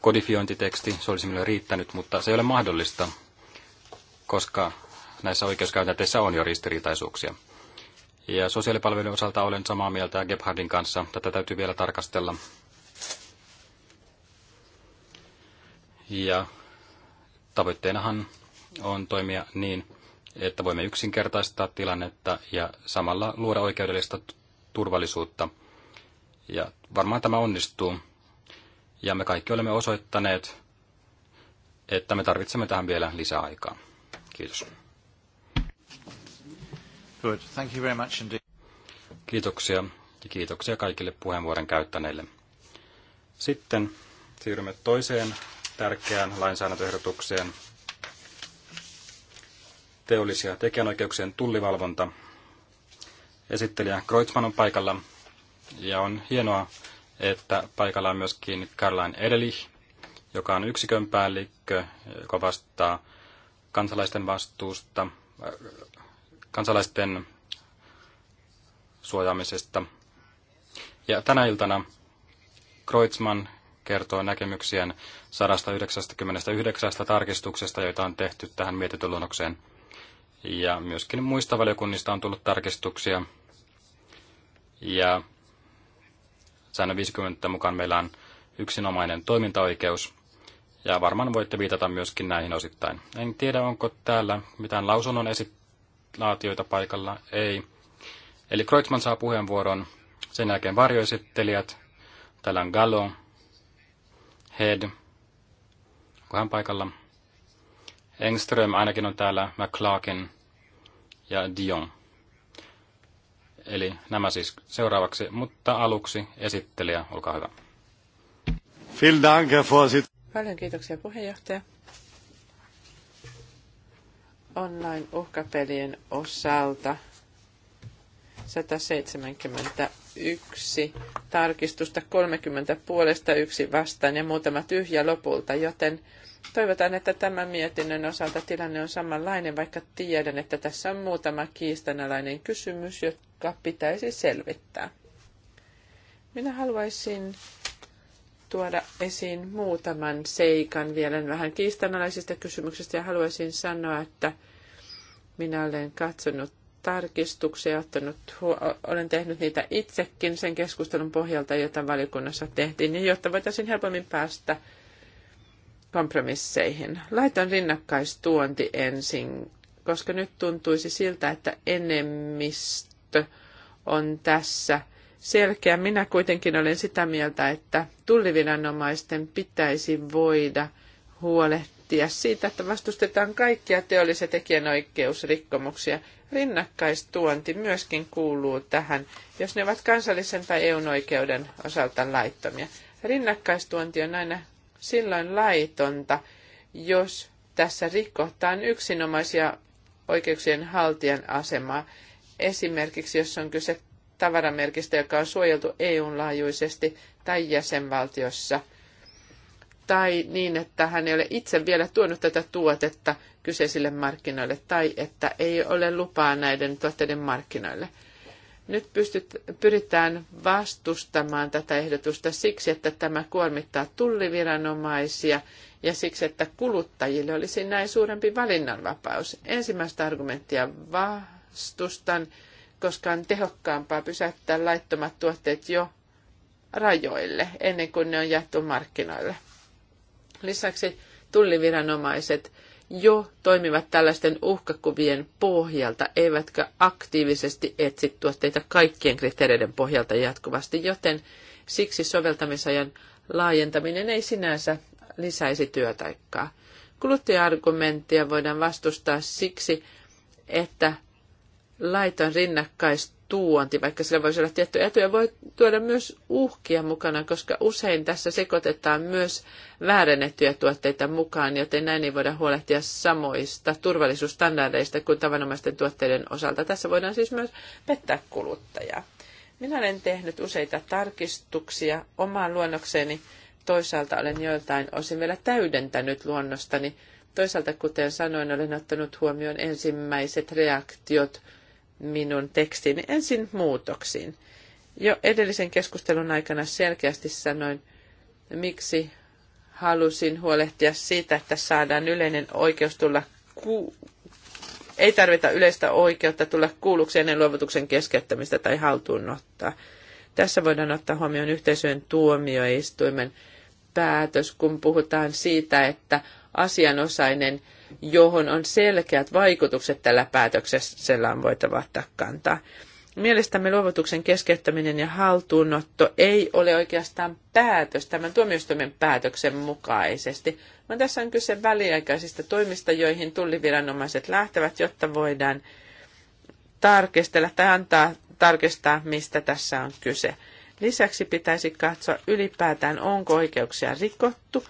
kodifiointiteksti, se olisi minulle riittänyt, mutta se ei ole mahdollista, koska näissä oikeuskäytänteissä on jo ristiriitaisuuksia. Ja sosiaalipalvelujen osalta olen samaa mieltä Gebhardin kanssa. Tätä täytyy vielä tarkastella. Ja tavoitteenahan on toimia niin, että voimme yksinkertaistaa tilannetta ja samalla luoda oikeudellista turvallisuutta. Ja varmaan tämä onnistuu. Ja me kaikki olemme osoittaneet, että me tarvitsemme tähän vielä lisää aikaa. Kiitos. Good. Thank you very much indeed. Kiitoksia ja kiitoksia kaikille puheenvuoron käyttäneille. Sitten siirrymme toiseen tärkeään lainsäädäntöehdotukseen, teollisia tekijänoikeuksien tullivalvonta. Esittelijä Kreutzmann on paikalla ja on hienoa, että paikalla on myöskin Karlain Edelich, joka on yksikön päällikkö, joka vastaa kansalaisten vastuusta, äh, kansalaisten suojaamisesta. Ja tänä iltana Kreutzmann kertoo näkemyksien 199 tarkistuksesta, joita on tehty tähän mietityluonnokseen. Ja myöskin muista valiokunnista on tullut tarkistuksia. Ja säännön 50 mukaan meillä on yksinomainen toimintaoikeus. Ja varmaan voitte viitata myöskin näihin osittain. En tiedä, onko täällä mitään lausunnon esilaatioita paikalla. Ei. Eli Kreutzmann saa puheenvuoron. Sen jälkeen varjoesittelijät. Täällä on Gallo, Head. Onko hän paikalla? Engström ainakin on täällä, McClarkin ja Dion. Eli nämä siis seuraavaksi, mutta aluksi esittelijä, olkaa hyvä. Paljon kiitoksia puheenjohtaja. Online-uhkapelien osalta 171 tarkistusta 30 puolesta yksi vastaan ja muutama tyhjä lopulta, joten Toivotaan, että tämän mietinnön osalta tilanne on samanlainen, vaikka tiedän, että tässä on muutama kiistanalainen kysymys, jotka pitäisi selvittää. Minä haluaisin tuoda esiin muutaman seikan vielä vähän kiistanalaisista kysymyksistä ja haluaisin sanoa, että minä olen katsonut tarkistuksia, ottanut, olen tehnyt niitä itsekin sen keskustelun pohjalta, jota valiokunnassa tehtiin, niin jotta voitaisiin helpommin päästä kompromisseihin. Laitan rinnakkaistuonti ensin, koska nyt tuntuisi siltä, että enemmistö on tässä selkeä. Minä kuitenkin olen sitä mieltä, että tulliviranomaisten pitäisi voida huolehtia siitä, että vastustetaan kaikkia ja tekijänoikeusrikkomuksia. Rinnakkaistuonti myöskin kuuluu tähän, jos ne ovat kansallisen tai EU- oikeuden osalta laittomia. Rinnakkaistuonti on aina silloin laitonta, jos tässä rikotaan yksinomaisia oikeuksien haltijan asemaa. Esimerkiksi jos on kyse tavaramerkistä, joka on suojeltu EUn laajuisesti tai jäsenvaltiossa, tai niin, että hän ei ole itse vielä tuonut tätä tuotetta kyseisille markkinoille, tai että ei ole lupaa näiden tuotteiden markkinoille – nyt pystyt, pyritään vastustamaan tätä ehdotusta siksi, että tämä kuormittaa tulliviranomaisia ja siksi, että kuluttajille olisi näin suurempi valinnanvapaus. Ensimmäistä argumenttia vastustan, koska on tehokkaampaa pysäyttää laittomat tuotteet jo rajoille ennen kuin ne on jaettu markkinoille. Lisäksi tulliviranomaiset jo toimivat tällaisten uhkakuvien pohjalta, eivätkä aktiivisesti etsi tuotteita kaikkien kriteereiden pohjalta jatkuvasti, joten siksi soveltamisajan laajentaminen ei sinänsä lisäisi työtaikkaa. Kuluttaja-argumenttia voidaan vastustaa siksi, että laiton rinnakkais tuonti, vaikka sillä voisi olla tietty etu, ja voi tuoda myös uhkia mukana, koska usein tässä sekoitetaan myös väärennettyjä tuotteita mukaan, joten näin ei voida huolehtia samoista turvallisuusstandardeista kuin tavanomaisten tuotteiden osalta. Tässä voidaan siis myös pettää kuluttajaa. Minä olen tehnyt useita tarkistuksia omaan luonnokseeni, toisaalta olen joiltain osin vielä täydentänyt luonnostani, toisaalta kuten sanoin, olen ottanut huomioon ensimmäiset reaktiot – minun tekstini Ensin muutoksiin. Jo edellisen keskustelun aikana selkeästi sanoin, miksi halusin huolehtia siitä, että saadaan yleinen oikeus tulla ku- ei tarvita yleistä oikeutta tulla kuulluksi ennen luovutuksen keskeyttämistä tai haltuunottaa. Tässä voidaan ottaa huomioon yhteisöjen tuomioistuimen päätös, kun puhutaan siitä, että asianosainen – johon on selkeät vaikutukset tällä päätöksellä on voitava ottaa kantaa. Mielestämme luovutuksen keskeyttäminen ja haltuunotto ei ole oikeastaan päätös tämän tuomioistuimen päätöksen mukaisesti, vaan tässä on kyse väliaikaisista toimista, joihin tulliviranomaiset lähtevät, jotta voidaan tarkistella tai antaa tarkistaa, mistä tässä on kyse. Lisäksi pitäisi katsoa ylipäätään, onko oikeuksia rikottu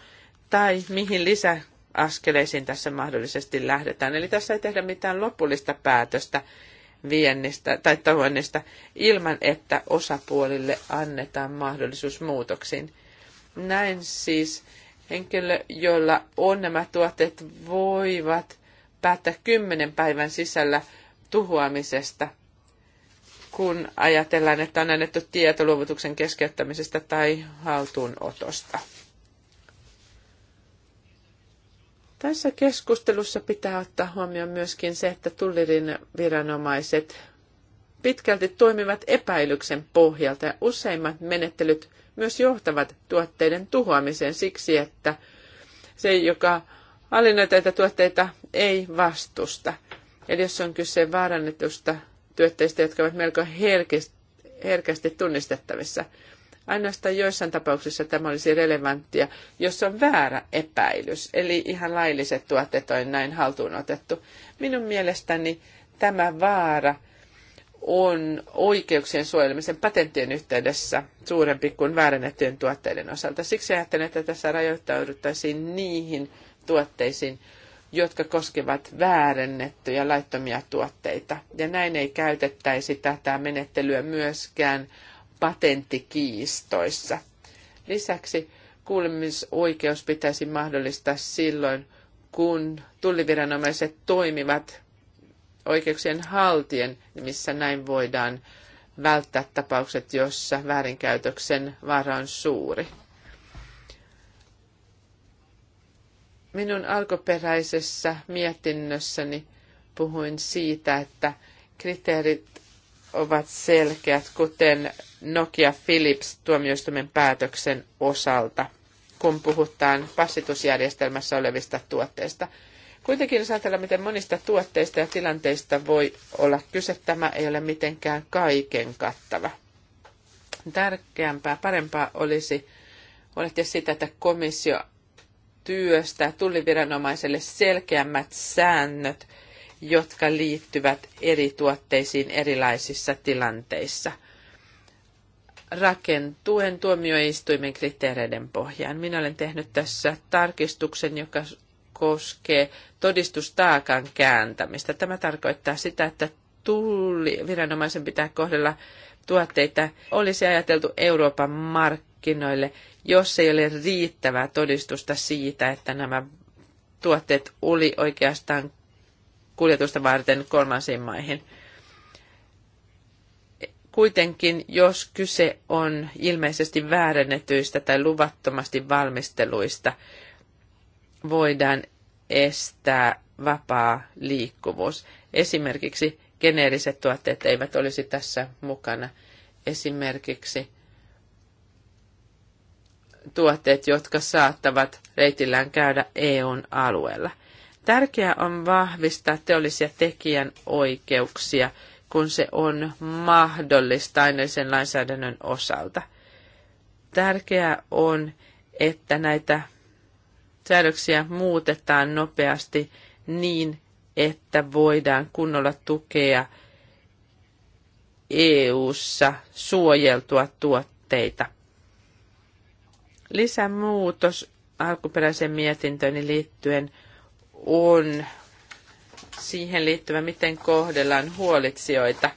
tai mihin lisä askeleisiin tässä mahdollisesti lähdetään. Eli tässä ei tehdä mitään lopullista päätöstä viennistä tai tuonnista ilman, että osapuolille annetaan mahdollisuus muutoksiin. Näin siis henkilö, jolla on nämä tuotteet, voivat päättää kymmenen päivän sisällä tuhoamisesta, kun ajatellaan, että on annettu tieto luovutuksen keskeyttämisestä tai haltuunotosta. Tässä keskustelussa pitää ottaa huomioon myöskin se, että tullirin viranomaiset pitkälti toimivat epäilyksen pohjalta ja useimmat menettelyt myös johtavat tuotteiden tuhoamiseen siksi, että se, joka hallinnoi tuotteita, ei vastusta. Eli jos on kyse vaarannetusta tuotteista, jotka ovat melko herkist, herkästi tunnistettavissa. Ainoastaan joissain tapauksissa tämä olisi relevanttia, jos on väärä epäilys, eli ihan lailliset tuotteet on näin haltuun otettu. Minun mielestäni tämä vaara on oikeuksien suojelemisen patenttien yhteydessä suurempi kuin väärennettyjen tuotteiden osalta. Siksi ajattelen, että tässä rajoittauduttaisiin niihin tuotteisiin, jotka koskevat väärennettyjä laittomia tuotteita. Ja näin ei käytettäisi tätä menettelyä myöskään patenttikiistoissa. Lisäksi kuulemisoikeus pitäisi mahdollistaa silloin, kun tulliviranomaiset toimivat oikeuksien haltien, missä näin voidaan välttää tapaukset, joissa väärinkäytöksen vaara on suuri. Minun alkuperäisessä mietinnössäni puhuin siitä, että kriteerit ovat selkeät, kuten Nokia Philips tuomioistuimen päätöksen osalta, kun puhutaan passitusjärjestelmässä olevista tuotteista. Kuitenkin jos ajatellaan, miten monista tuotteista ja tilanteista voi olla kyse, tämä ei ole mitenkään kaiken kattava. Tärkeämpää, parempaa olisi huolehtia sitä, että komissio työstää tulliviranomaiselle selkeämmät säännöt – jotka liittyvät eri tuotteisiin erilaisissa tilanteissa rakentuen tuomioistuimen kriteereiden pohjaan. Minä olen tehnyt tässä tarkistuksen, joka koskee todistustaakan kääntämistä. Tämä tarkoittaa sitä, että viranomaisen pitää kohdella tuotteita olisi ajateltu Euroopan markkinoille, jos ei ole riittävää todistusta siitä, että nämä tuotteet oli oikeastaan kuljetusta varten kolmansiin maihin. Kuitenkin, jos kyse on ilmeisesti väärennetyistä tai luvattomasti valmisteluista, voidaan estää vapaa liikkuvuus. Esimerkiksi geneeriset tuotteet eivät olisi tässä mukana. Esimerkiksi tuotteet, jotka saattavat reitillään käydä EUn alueella – Tärkeää on vahvistaa teollisia tekijän oikeuksia, kun se on mahdollista aineellisen lainsäädännön osalta. Tärkeää on, että näitä säädöksiä muutetaan nopeasti niin, että voidaan kunnolla tukea EU-ssa suojeltua tuotteita. Lisämuutos alkuperäiseen mietintöni liittyen – on siihen liittyvä, miten kohdellaan huolitsijoita.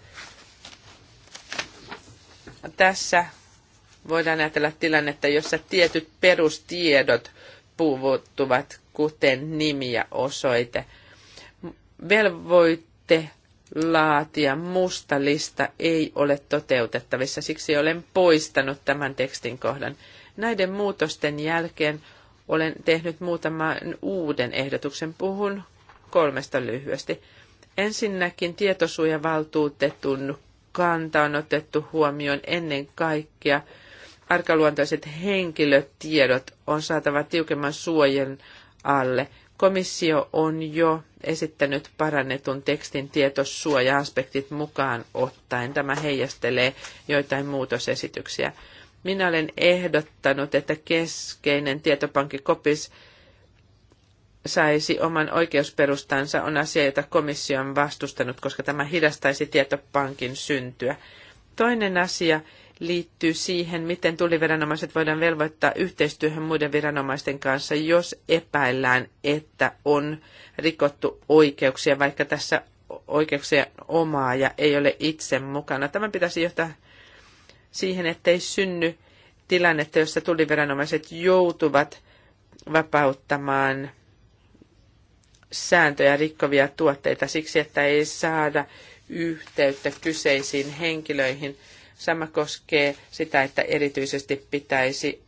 Tässä voidaan ajatella tilannetta, jossa tietyt perustiedot puuttuvat, kuten nimi ja osoite. Velvoitte laatia musta lista ei ole toteutettavissa, siksi olen poistanut tämän tekstin kohdan. Näiden muutosten jälkeen olen tehnyt muutaman uuden ehdotuksen. Puhun kolmesta lyhyesti. Ensinnäkin tietosuojavaltuutetun kanta on otettu huomioon ennen kaikkea. Arkaluontoiset henkilötiedot on saatava tiukemman suojan alle. Komissio on jo esittänyt parannetun tekstin tietosuoja-aspektit mukaan ottaen. Tämä heijastelee joitain muutosesityksiä. Minä olen ehdottanut, että keskeinen tietopankki kopis saisi oman oikeusperustansa on asia, jota komissio on vastustanut, koska tämä hidastaisi tietopankin syntyä. Toinen asia liittyy siihen, miten tulliviranomaiset voidaan velvoittaa yhteistyöhön muiden viranomaisten kanssa, jos epäillään, että on rikottu oikeuksia, vaikka tässä oikeuksien omaa ja ei ole itse mukana. Tämä pitäisi johtaa siihen, ettei synny tilannetta, jossa tuliviranomaiset joutuvat vapauttamaan sääntöjä rikkovia tuotteita siksi, että ei saada yhteyttä kyseisiin henkilöihin. Sama koskee sitä, että erityisesti pitäisi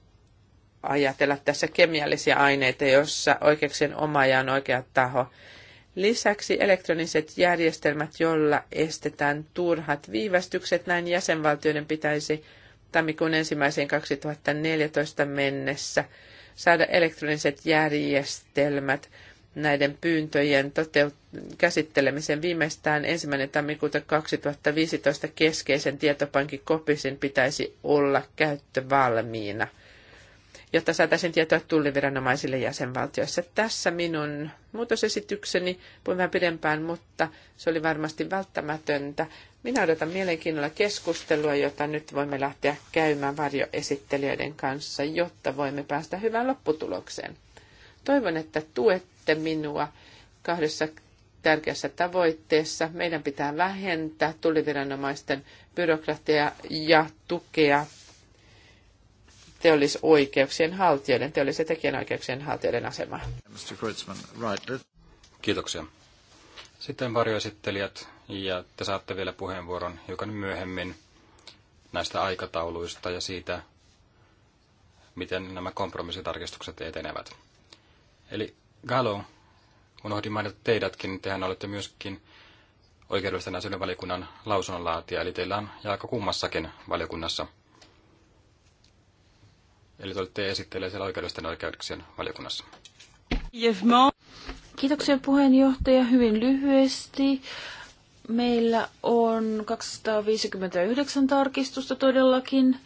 ajatella tässä kemiallisia aineita, jossa oikeuksien omaja on oikea taho Lisäksi elektroniset järjestelmät, joilla estetään turhat viivästykset, näin jäsenvaltioiden pitäisi tammikuun ensimmäiseen 2014 mennessä saada elektroniset järjestelmät näiden pyyntöjen toteut- käsittelemisen viimeistään ensimmäinen tammikuuta 2015 keskeisen tietopankin kopisin pitäisi olla käyttövalmiina – jotta saataisiin tietoa tulliviranomaisille jäsenvaltioissa. Tässä minun muutosesitykseni, puhuin vähän pidempään, mutta se oli varmasti välttämätöntä. Minä odotan mielenkiinnolla keskustelua, jota nyt voimme lähteä käymään varjoesittelijöiden kanssa, jotta voimme päästä hyvään lopputulokseen. Toivon, että tuette minua kahdessa tärkeässä tavoitteessa. Meidän pitää vähentää tulliviranomaisten byrokratiaa ja tukea teollisoikeuksien haltijoiden, teollis- tekijänoikeuksien haltijoiden asemaa. Kiitoksia. Sitten varjoesittelijät, ja te saatte vielä puheenvuoron hiukan myöhemmin näistä aikatauluista ja siitä, miten nämä kompromissitarkistukset etenevät. Eli Galo, unohdin mainita teidätkin, tehän olette myöskin oikeudellisten asioiden valiokunnan lausunnonlaatija, eli teillä on jalka kummassakin valiokunnassa – Eli te olette esittelee siellä oikeudellisten oikeuksien valiokunnassa. Kiitoksia puheenjohtaja. Hyvin lyhyesti. Meillä on 259 tarkistusta todellakin.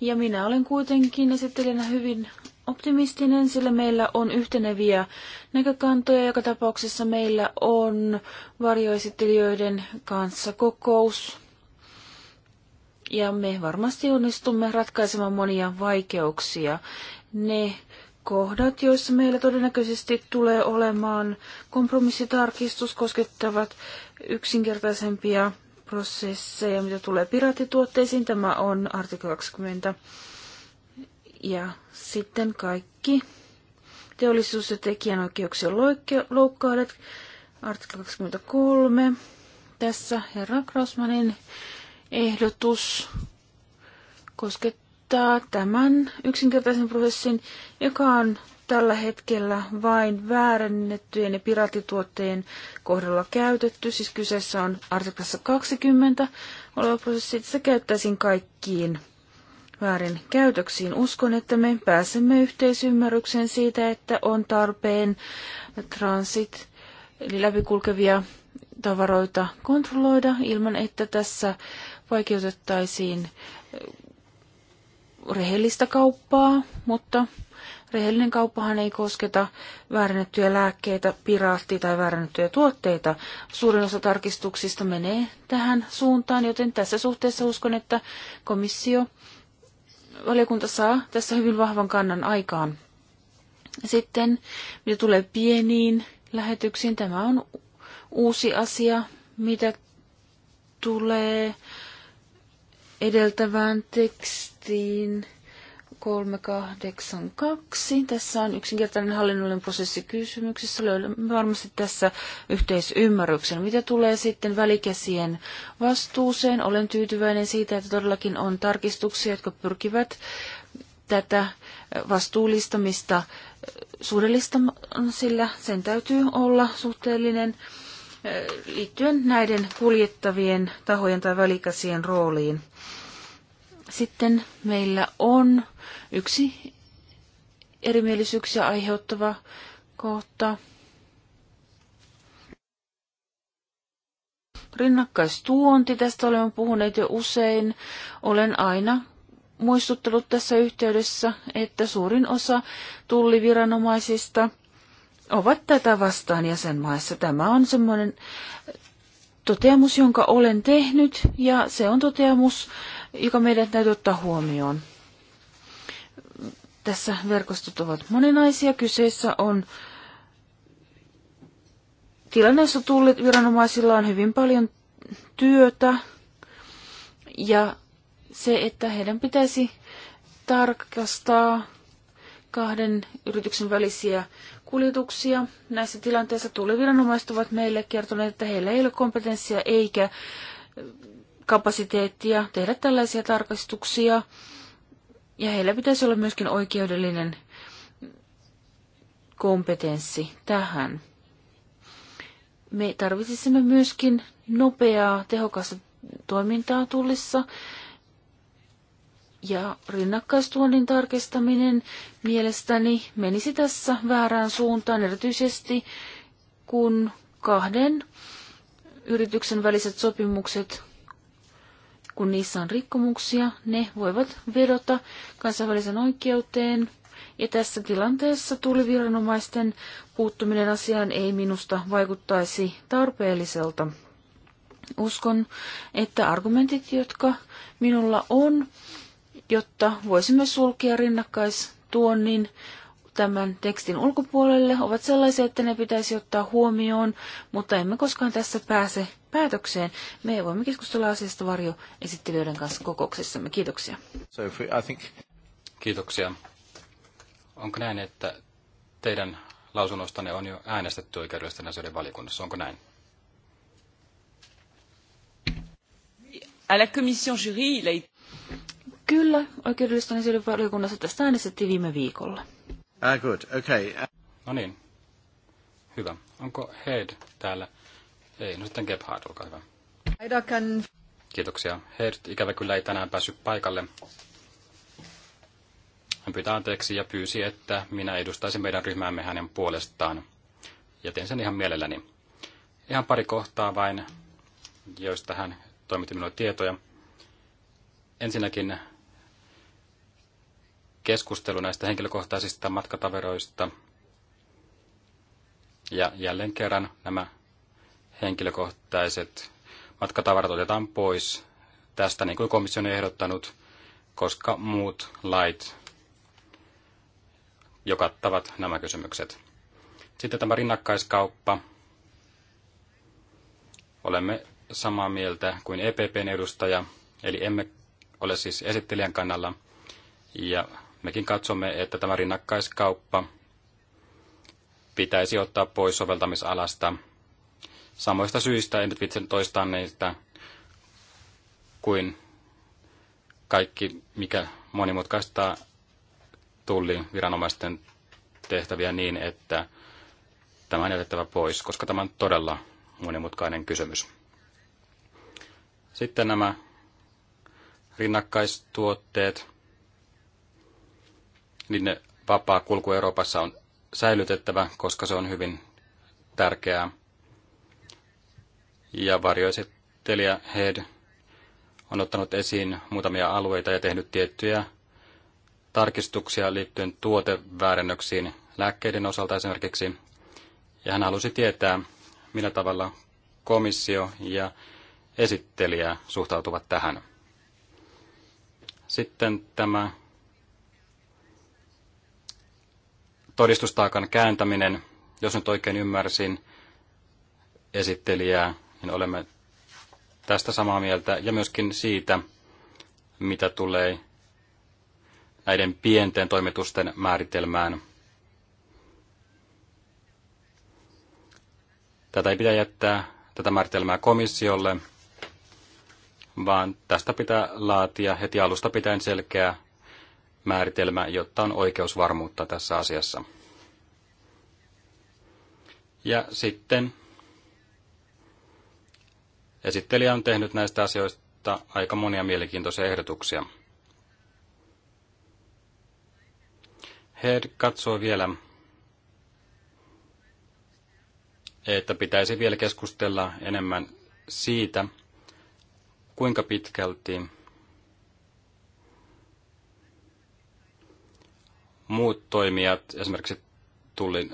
Ja minä olen kuitenkin esittelijänä hyvin optimistinen, sillä meillä on yhteneviä näkökantoja. Joka tapauksessa meillä on varjoesittelijöiden kanssa kokous ja me varmasti onnistumme ratkaisemaan monia vaikeuksia. Ne kohdat, joissa meillä todennäköisesti tulee olemaan kompromissitarkistus koskettavat yksinkertaisempia prosesseja, mitä tulee piraattituotteisiin. Tämä on artikla 20. Ja sitten kaikki teollisuus- ja tekijänoikeuksien loukkaudet, artikla 23. Tässä herra Grossmanin ehdotus koskettaa tämän yksinkertaisen prosessin, joka on tällä hetkellä vain väärennettyjen ja piraattituotteen kohdalla käytetty. Siis kyseessä on artiklassa 20 oleva prosessi, että se käyttäisiin kaikkiin väärin käytöksiin. Uskon, että me pääsemme yhteisymmärrykseen siitä, että on tarpeen transit, eli läpikulkevia tavaroita kontrolloida ilman, että tässä vaikeutettaisiin eh, rehellistä kauppaa, mutta rehellinen kauppahan ei kosketa väärennettyjä lääkkeitä, piraattia tai väärennettyjä tuotteita. Suurin osa tarkistuksista menee tähän suuntaan, joten tässä suhteessa uskon, että komissio, valiokunta saa tässä hyvin vahvan kannan aikaan. Sitten, mitä tulee pieniin lähetyksiin, tämä on uusi asia, mitä tulee edeltävään tekstiin 382. Tässä on yksinkertainen hallinnollinen prosessi kysymyksessä. Löydämme varmasti tässä yhteisymmärryksen. Mitä tulee sitten välikäsien vastuuseen? Olen tyytyväinen siitä, että todellakin on tarkistuksia, jotka pyrkivät tätä vastuullistamista suhdellista, sillä sen täytyy olla suhteellinen liittyen näiden kuljettavien tahojen tai välikäsien rooliin. Sitten meillä on yksi erimielisyyksiä aiheuttava kohta. Rinnakkaistuonti, tästä olemme puhuneet jo usein. Olen aina muistuttanut tässä yhteydessä, että suurin osa tulliviranomaisista – ovat tätä vastaan jäsenmaissa. Tämä on semmoinen toteamus, jonka olen tehnyt, ja se on toteamus, joka meidän täytyy ottaa huomioon. Tässä verkostot ovat moninaisia. Kyseessä on tilanne, jossa tullit viranomaisilla on hyvin paljon työtä, ja se, että heidän pitäisi tarkastaa kahden yrityksen välisiä kuljetuksia. Näissä tilanteissa tulliviranomaiset ovat meille kertoneet, että heillä ei ole kompetenssia eikä kapasiteettia tehdä tällaisia tarkastuksia. Ja heillä pitäisi olla myöskin oikeudellinen kompetenssi tähän. Me tarvitsisimme myöskin nopeaa, tehokasta toimintaa tullissa ja rinnakkaistuonnin tarkistaminen mielestäni menisi tässä väärään suuntaan, erityisesti kun kahden yrityksen väliset sopimukset, kun niissä on rikkomuksia, ne voivat vedota kansainvälisen oikeuteen. Ja tässä tilanteessa tuliviranomaisten puuttuminen asiaan ei minusta vaikuttaisi tarpeelliselta. Uskon, että argumentit, jotka minulla on, jotta voisimme sulkea rinnakkaistuonnin tämän tekstin ulkopuolelle, ovat sellaisia, että ne pitäisi ottaa huomioon, mutta emme koskaan tässä pääse päätökseen. Me voimme keskustella asiasta varjoesittelijöiden kanssa kokouksessamme. Kiitoksia. So we, I think... Kiitoksia. Onko näin, että teidän lausunnostanne on jo äänestetty oikeudellisten asioiden valiokunnassa? Onko näin? À la commission jury, il a Kyllä, oikeudellisten asioiden valiokunnassa tästä äänestettiin viime viikolla. Ah good, okay. Uh... No niin, hyvä. Onko Head täällä? Ei, no sitten Gebhard, olkaa hyvä. Can... Kiitoksia. Head ikävä kyllä ei tänään päässyt paikalle. Hän pyytää anteeksi ja pyysi, että minä edustaisin meidän ryhmäämme hänen puolestaan. Ja teen sen ihan mielelläni. Ihan pari kohtaa vain, joista hän toimitti minulle tietoja. Ensinnäkin keskustelu näistä henkilökohtaisista matkataveroista. Ja jälleen kerran nämä henkilökohtaiset matkatavarat otetaan pois tästä, niin kuin komissio on ehdottanut, koska muut lait jo kattavat nämä kysymykset. Sitten tämä rinnakkaiskauppa. Olemme samaa mieltä kuin EPPn edustaja, eli emme ole siis esittelijän kannalla. Ja Mekin katsomme, että tämä rinnakkaiskauppa pitäisi ottaa pois soveltamisalasta. Samoista syistä, en nyt vitsi toistaa niitä, kuin kaikki, mikä monimutkaistaa viranomaisten tehtäviä niin, että tämä on jätettävä pois, koska tämä on todella monimutkainen kysymys. Sitten nämä rinnakkaistuotteet niin ne vapaa kulku Euroopassa on säilytettävä, koska se on hyvin tärkeää. Ja varjoesittelijä Head on ottanut esiin muutamia alueita ja tehnyt tiettyjä tarkistuksia liittyen tuoteväärennöksiin lääkkeiden osalta esimerkiksi. Ja hän halusi tietää, millä tavalla komissio ja esittelijä suhtautuvat tähän. Sitten tämä todistustaakan kääntäminen, jos nyt oikein ymmärsin esittelijää, niin olemme tästä samaa mieltä ja myöskin siitä, mitä tulee näiden pienten toimitusten määritelmään. Tätä ei pidä jättää tätä määritelmää komissiolle, vaan tästä pitää laatia heti alusta pitäen selkeä määritelmä, jotta on oikeusvarmuutta tässä asiassa. Ja sitten esittelijä on tehnyt näistä asioista aika monia mielenkiintoisia ehdotuksia. Head katsoo vielä, että pitäisi vielä keskustella enemmän siitä, kuinka pitkälti muut toimijat, esimerkiksi tullin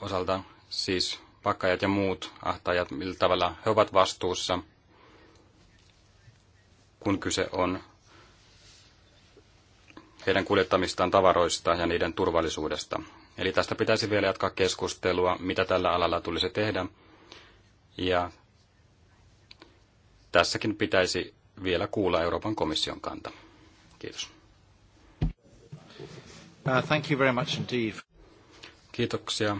osalta, siis pakkajat ja muut ahtajat millä tavalla he ovat vastuussa, kun kyse on heidän kuljettamistaan tavaroista ja niiden turvallisuudesta. Eli tästä pitäisi vielä jatkaa keskustelua, mitä tällä alalla tulisi tehdä. Ja tässäkin pitäisi vielä kuulla Euroopan komission kanta. Kiitos. Uh, thank you very much indeed. Kiitoksia.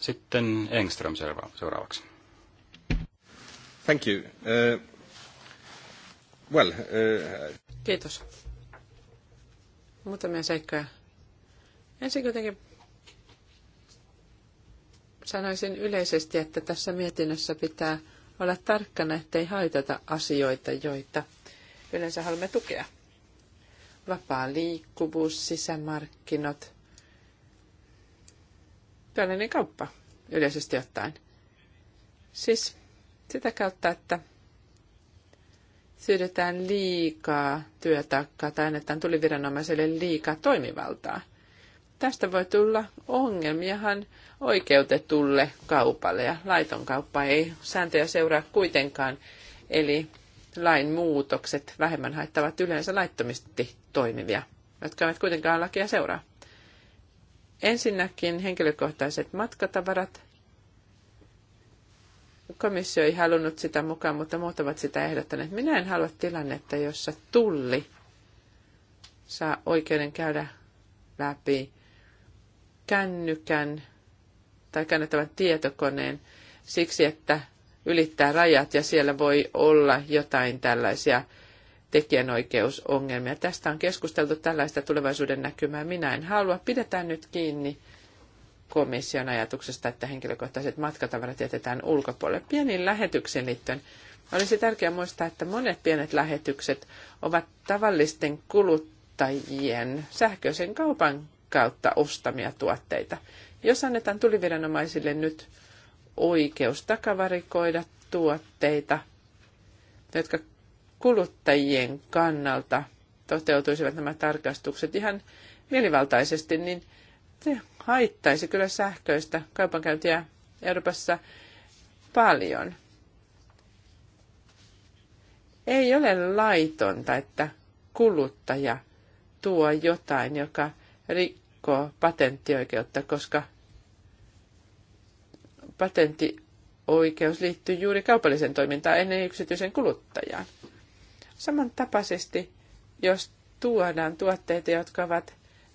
Sitten Engström seuraavaksi. Thank you. Uh, well, uh... Kiitos. Muutamia seikkoja. Ensin kuitenkin sanoisin yleisesti, että tässä mietinnössä pitää olla tarkkana, ettei haitata asioita, joita yleensä haluamme tukea vapaa liikkuvuus, sisämarkkinat, tällainen kauppa yleisesti ottaen. Siis sitä kautta, että syydetään liikaa työtaakkaa tai annetaan tuliviranomaiselle liikaa toimivaltaa. Tästä voi tulla ongelmiahan oikeutetulle kaupalle ja laiton kauppa ei sääntöjä seuraa kuitenkaan. Eli lain muutokset vähemmän haittavat yleensä laittomasti toimivia, jotka eivät kuitenkaan lakia seuraa. Ensinnäkin henkilökohtaiset matkatavarat. Komissio ei halunnut sitä mukaan, mutta muut ovat sitä ehdottaneet. Minä en halua tilannetta, jossa tulli saa oikeuden käydä läpi kännykän tai kannettavan tietokoneen siksi, että ylittää rajat ja siellä voi olla jotain tällaisia tekijänoikeusongelmia. Tästä on keskusteltu tällaista tulevaisuuden näkymää. Minä en halua. Pidetään nyt kiinni komission ajatuksesta, että henkilökohtaiset matkatavarat jätetään ulkopuolelle. Pieniin lähetyksiin liittyen olisi tärkeää muistaa, että monet pienet lähetykset ovat tavallisten kuluttajien sähköisen kaupan kautta ostamia tuotteita. Jos annetaan tuliviranomaisille nyt oikeus takavarikoida tuotteita, jotka kuluttajien kannalta toteutuisivat nämä tarkastukset ihan mielivaltaisesti, niin se haittaisi kyllä sähköistä kaupankäyntiä Euroopassa paljon. Ei ole laitonta, että kuluttaja tuo jotain, joka rikkoo patenttioikeutta, koska patenttioikeus liittyy juuri kaupalliseen toimintaan, ennen yksityisen kuluttajaan. Samantapaisesti, jos tuodaan tuotteita, jotka ovat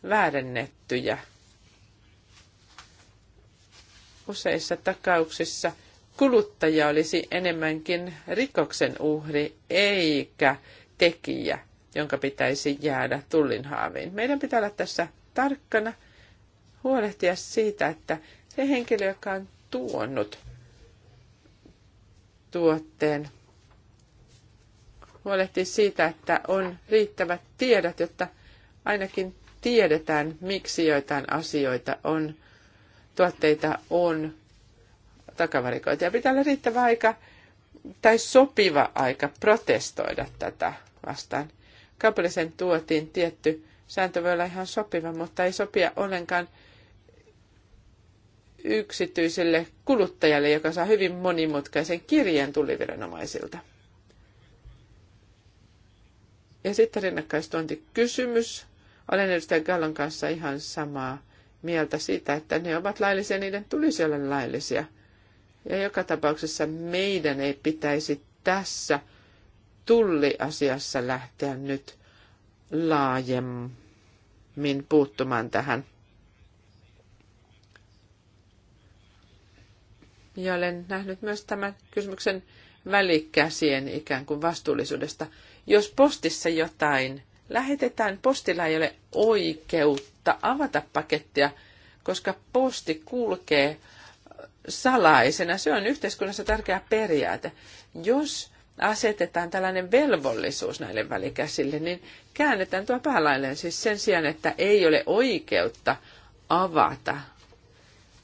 väärennettyjä, useissa takauksissa kuluttaja olisi enemmänkin rikoksen uhri eikä tekijä, jonka pitäisi jäädä tullin haaviin. Meidän pitää olla tässä tarkkana, huolehtia siitä, että se henkilö, joka on tuonut tuotteen. Huolehtii siitä, että on riittävät tiedot, jotta ainakin tiedetään, miksi joitain asioita on, tuotteita on takavarikoita. Ja pitää olla riittävä aika tai sopiva aika protestoida tätä vastaan. Kaupallisen tuotiin tietty sääntö voi olla ihan sopiva, mutta ei sopia ollenkaan yksityiselle kuluttajalle, joka saa hyvin monimutkaisen kirjeen tulliviranomaisilta. Ja sitten rinnakkaistuontikysymys. Olen edustaja Gallon kanssa ihan samaa mieltä siitä, että ne ovat laillisia, niiden tulisi olla laillisia. Ja joka tapauksessa meidän ei pitäisi tässä tulliasiassa lähteä nyt laajemmin puuttumaan tähän Ja olen nähnyt myös tämän kysymyksen välikäsien ikään kuin vastuullisuudesta. Jos postissa jotain lähetetään, postilla ei ole oikeutta avata pakettia, koska posti kulkee salaisena. Se on yhteiskunnassa tärkeä periaate. Jos asetetaan tällainen velvollisuus näille välikäsille, niin käännetään tuo päälailleen siis sen sijaan, että ei ole oikeutta avata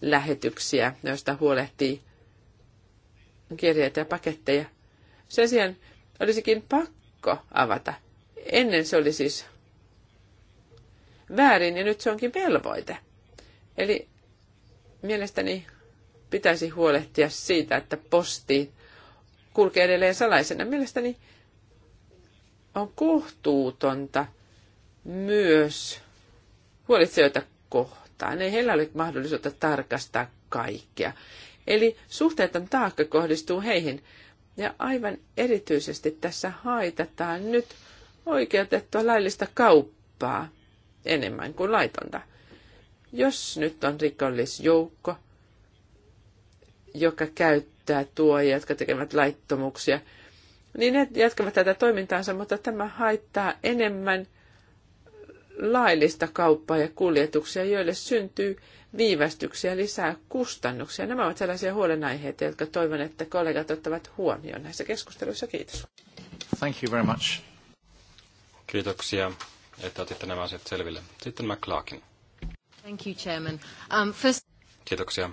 lähetyksiä, joista huolehtii kirjeitä ja paketteja. Sen sijaan olisikin pakko avata. Ennen se oli siis väärin ja nyt se onkin velvoite. Eli mielestäni pitäisi huolehtia siitä, että posti kulkee edelleen salaisena. Mielestäni on kohtuutonta myös huolitsijoita kohtaan kohtaan. Ei heillä ole mahdollisuutta tarkastaa kaikkea. Eli suhteeton taakka kohdistuu heihin. Ja aivan erityisesti tässä haitataan nyt oikeutettua laillista kauppaa enemmän kuin laitonta. Jos nyt on rikollisjoukko, joka käyttää tuoja, jotka tekevät laittomuksia, niin ne jatkavat tätä toimintaansa, mutta tämä haittaa enemmän laillista kauppaa ja kuljetuksia, joille syntyy viivästyksiä, lisää kustannuksia. Nämä ovat sellaisia huolenaiheita, jotka toivon, että kollegat ottavat huomioon näissä keskusteluissa. Kiitos. Thank you very much. Kiitoksia, että otitte nämä asiat selville. Sitten McClarkin. Thank you, Chairman. Um, first... Kiitoksia.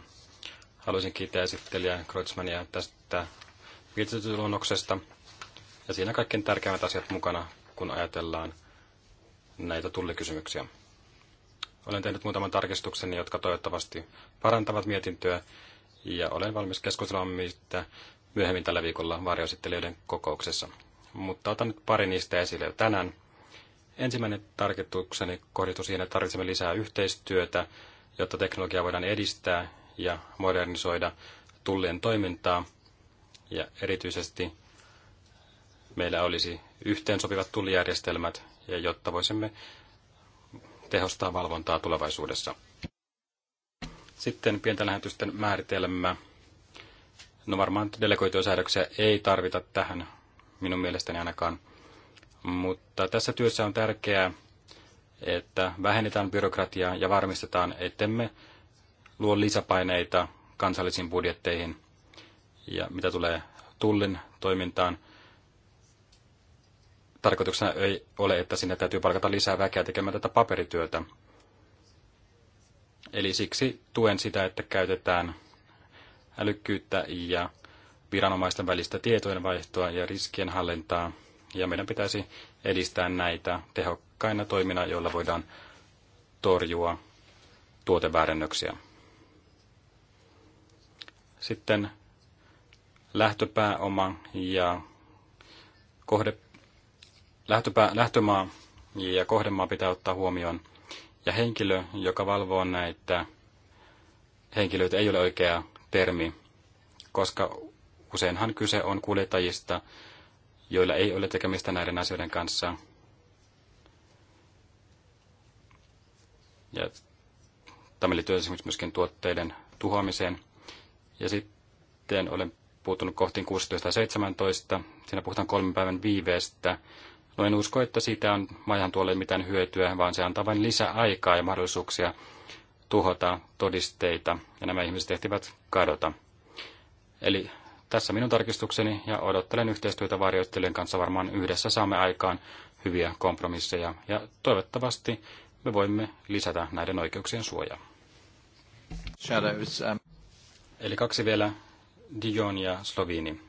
Haluaisin kiittää esittelijää Kreutzmania tästä viitetysluonnoksesta. Ja siinä kaikkein tärkeimmät asiat mukana, kun ajatellaan näitä tullikysymyksiä. Olen tehnyt muutaman tarkistuksen, jotka toivottavasti parantavat mietintöä, ja olen valmis keskustelemaan niistä myöhemmin tällä viikolla varjoesittelijöiden kokouksessa. Mutta otan nyt pari niistä esille jo tänään. Ensimmäinen tarkistukseni kohdistuu siihen, että tarvitsemme lisää yhteistyötä, jotta teknologiaa voidaan edistää ja modernisoida tullien toimintaa, ja erityisesti meillä olisi yhteensopivat tullijärjestelmät ja jotta voisimme tehostaa valvontaa tulevaisuudessa. Sitten pienten lähetysten määritelmä. No varmaan delegoituja säädöksiä ei tarvita tähän, minun mielestäni ainakaan. Mutta tässä työssä on tärkeää, että vähennetään byrokratiaa ja varmistetaan, ettemme luo lisäpaineita kansallisiin budjetteihin. Ja mitä tulee tullin toimintaan, tarkoituksena ei ole, että sinne täytyy palkata lisää väkeä tekemään tätä paperityötä. Eli siksi tuen sitä, että käytetään älykkyyttä ja viranomaisten välistä tietojen vaihtoa ja riskien hallintaa ja meidän pitäisi edistää näitä tehokkaina toimina, joilla voidaan torjua tuoteväärennöksiä. Sitten lähtöpääoma ja kohde lähtöpä, lähtömaa ja kohdemaa pitää ottaa huomioon. Ja henkilö, joka valvoo näitä henkilöitä, ei ole oikea termi, koska useinhan kyse on kuljettajista, joilla ei ole tekemistä näiden asioiden kanssa. Ja tämä liittyy esimerkiksi myöskin tuotteiden tuhoamiseen. Ja sitten olen puuttunut kohtiin 16.17. Siinä puhutaan kolmen päivän viiveestä No en usko, että siitä on tuolle mitään hyötyä, vaan se antaa vain lisäaikaa ja mahdollisuuksia tuhota todisteita, ja nämä ihmiset tehtivät kadota. Eli tässä minun tarkistukseni, ja odottelen yhteistyötä varjoittelijan kanssa varmaan yhdessä saamme aikaan hyviä kompromisseja, ja toivottavasti me voimme lisätä näiden oikeuksien suojaa. Shadows, um... Eli kaksi vielä, Dion ja Slovini.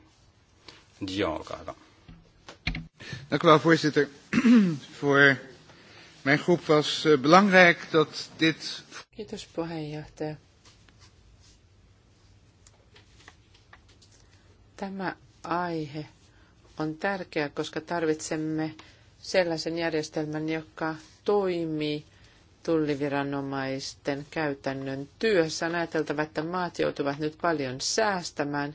Dion, olkaa hyvä. Dank u wel, voorzitter. <clears throat> Voor mijn groep was eh, belangrijk dat dit... Kiitos puheenjohtaja. Tämä aihe on tärkeä, koska tarvitsemme sellaisen järjestelmän, joka toimii tulliviranomaisten käytännön työssä. On ajateltava, että maat joutuvat nyt paljon säästämään,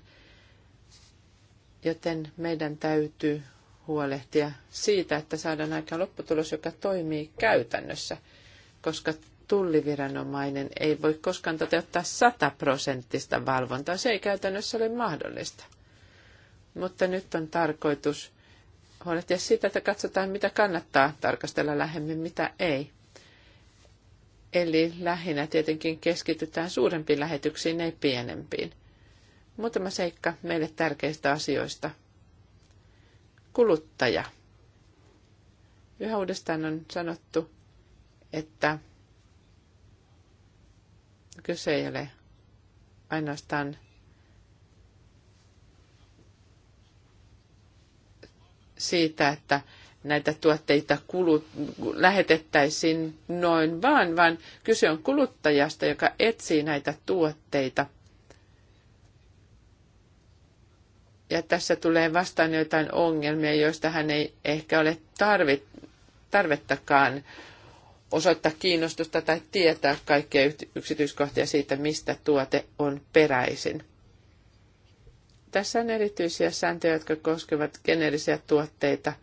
joten meidän täytyy huolehtia siitä, että saadaan aika lopputulos, joka toimii käytännössä, koska tulliviranomainen ei voi koskaan toteuttaa sataprosenttista valvontaa. Se ei käytännössä ole mahdollista. Mutta nyt on tarkoitus huolehtia siitä, että katsotaan, mitä kannattaa tarkastella lähemmin, mitä ei. Eli lähinnä tietenkin keskitytään suurempiin lähetyksiin, ei pienempiin. Muutama seikka meille tärkeistä asioista – kuluttaja. Yhä uudestaan on sanottu, että kyse ei ole ainoastaan siitä, että näitä tuotteita kulut, lähetettäisiin noin vaan, vaan kyse on kuluttajasta, joka etsii näitä tuotteita – ja tässä tulee vastaan jotain ongelmia, joista hän ei ehkä ole tarvit, tarvettakaan osoittaa kiinnostusta tai tietää kaikkia yksityiskohtia siitä, mistä tuote on peräisin. Tässä on erityisiä sääntöjä, jotka koskevat geneerisiä tuotteita,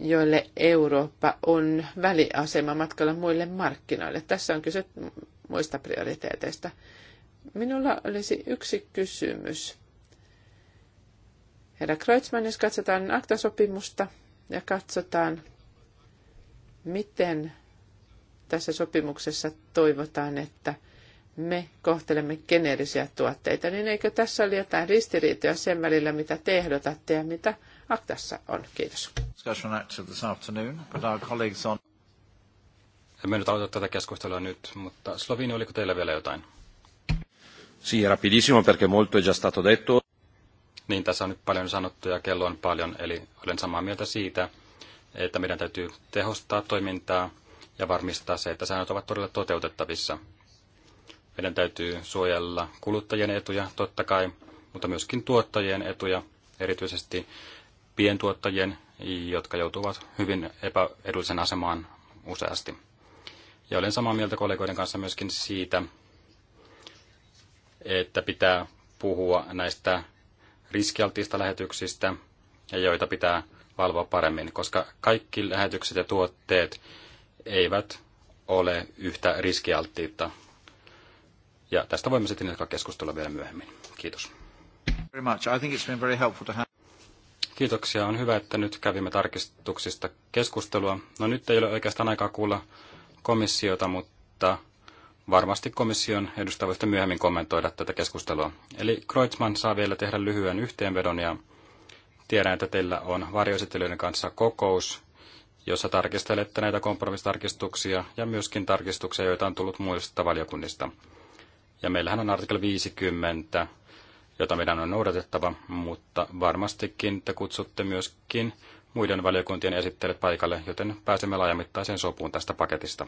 joille Eurooppa on väliasema matkalla muille markkinoille. Tässä on kyse muista prioriteeteista. Minulla olisi yksi kysymys herra Kreutzmann, jos katsotaan aktasopimusta ja katsotaan, miten tässä sopimuksessa toivotaan, että me kohtelemme geneerisiä tuotteita, niin eikö tässä ole jotain ristiriitoja sen välillä, mitä te ehdotatte ja mitä aktassa on? Kiitos. Emme nyt aloita tätä keskustelua nyt, mutta Slovini, oliko teillä vielä jotain? Sì, rapidissimo perché molto è già stato detto. Niin, tässä on nyt paljon sanottu ja kello on paljon, eli olen samaa mieltä siitä, että meidän täytyy tehostaa toimintaa ja varmistaa se, että säännöt ovat todella toteutettavissa. Meidän täytyy suojella kuluttajien etuja, totta kai, mutta myöskin tuottajien etuja, erityisesti pientuottajien, jotka joutuvat hyvin epäedullisen asemaan useasti. Ja olen samaa mieltä kollegoiden kanssa myöskin siitä, että pitää puhua näistä riskialtiista lähetyksistä ja joita pitää valvoa paremmin, koska kaikki lähetykset ja tuotteet eivät ole yhtä riskialttiita. Ja tästä voimme sitten jatkaa keskustella vielä myöhemmin. Kiitos. Kiitoksia. On hyvä, että nyt kävimme tarkistuksista keskustelua. No nyt ei ole oikeastaan aikaa kuulla komissiota, mutta Varmasti komission edustaja voi myöhemmin kommentoida tätä keskustelua. Eli Kreutzmann saa vielä tehdä lyhyen yhteenvedon ja tiedän, että teillä on varjoesittelyiden kanssa kokous, jossa tarkistelette näitä kompromissitarkistuksia ja myöskin tarkistuksia, joita on tullut muista valiokunnista. Ja meillähän on artikla 50, jota meidän on noudatettava, mutta varmastikin te kutsutte myöskin muiden valiokuntien esittelyt paikalle, joten pääsemme laajamittaiseen sopuun tästä paketista.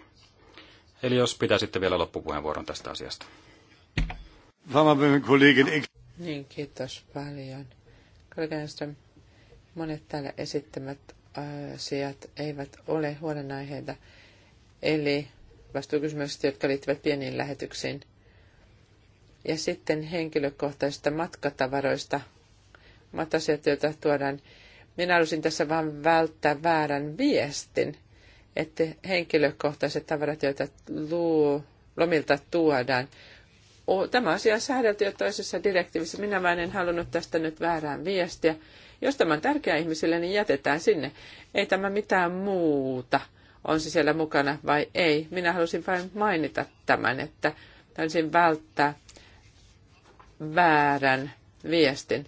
Eli jos pitäisitte vielä loppupuheenvuoron tästä asiasta. Niin, kiitos paljon. Kolleganström, monet täällä esittämät äh, asiat eivät ole huolenaiheita, eli vastuukysymykset, jotka liittyvät pieniin lähetyksiin. Ja sitten henkilökohtaisista matkatavaroista, matasiat, joita tuodaan. Minä halusin tässä vain välttää väärän viestin – että henkilökohtaiset tavarat, joita luu, lomilta tuodaan, tämä asia on säädelty jo toisessa direktiivissä. Minä vain en halunnut tästä nyt väärään viestiä. Jos tämä on tärkeä ihmisille, niin jätetään sinne. Ei tämä mitään muuta, on se siellä mukana vai ei. Minä halusin vain mainita tämän, että halusin välttää väärän viestin.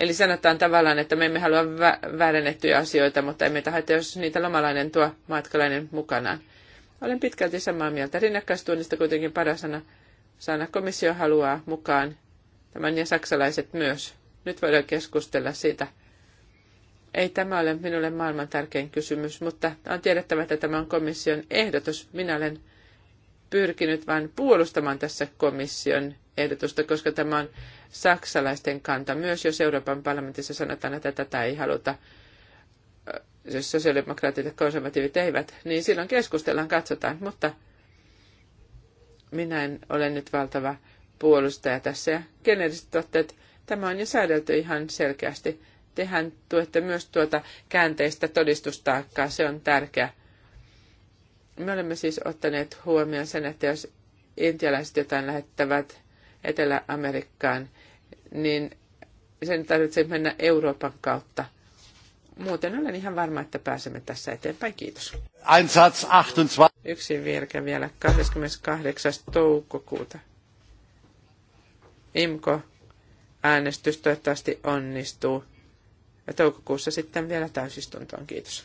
Eli sanotaan tavallaan, että me emme halua vä- väärennettyjä asioita, mutta emme tahdo, jos niitä lomalainen tuo matkalainen mukanaan. Olen pitkälti samaa mieltä. Rinnakkaistuunnista kuitenkin paras sana, sana komissio haluaa mukaan tämän ja saksalaiset myös. Nyt voidaan keskustella siitä. Ei tämä ole minulle maailman tärkein kysymys, mutta on tiedettävä, että tämä on komission ehdotus. Minä olen pyrkinyt vain puolustamaan tässä komission ehdotusta, koska tämä on saksalaisten kanta. Myös jos Euroopan parlamentissa sanotaan, että tätä ei haluta, äh, jos sosiaalidemokraatit ja konservatiivit eivät, niin silloin keskustellaan, katsotaan. Mutta minä en ole nyt valtava puolustaja tässä. Ja geneeriset tuotteet, tämä on jo säädelty ihan selkeästi. Tehän tuette myös tuota käänteistä todistustaakkaa, se on tärkeä me olemme siis ottaneet huomioon sen, että jos intialaiset jotain lähettävät Etelä-Amerikkaan, niin sen tarvitsee mennä Euroopan kautta. Muuten olen ihan varma, että pääsemme tässä eteenpäin. Kiitos. 28. Yksi virke vielä 28. toukokuuta. IMKO äänestys toivottavasti onnistuu. Ja toukokuussa sitten vielä täysistuntoon. Kiitos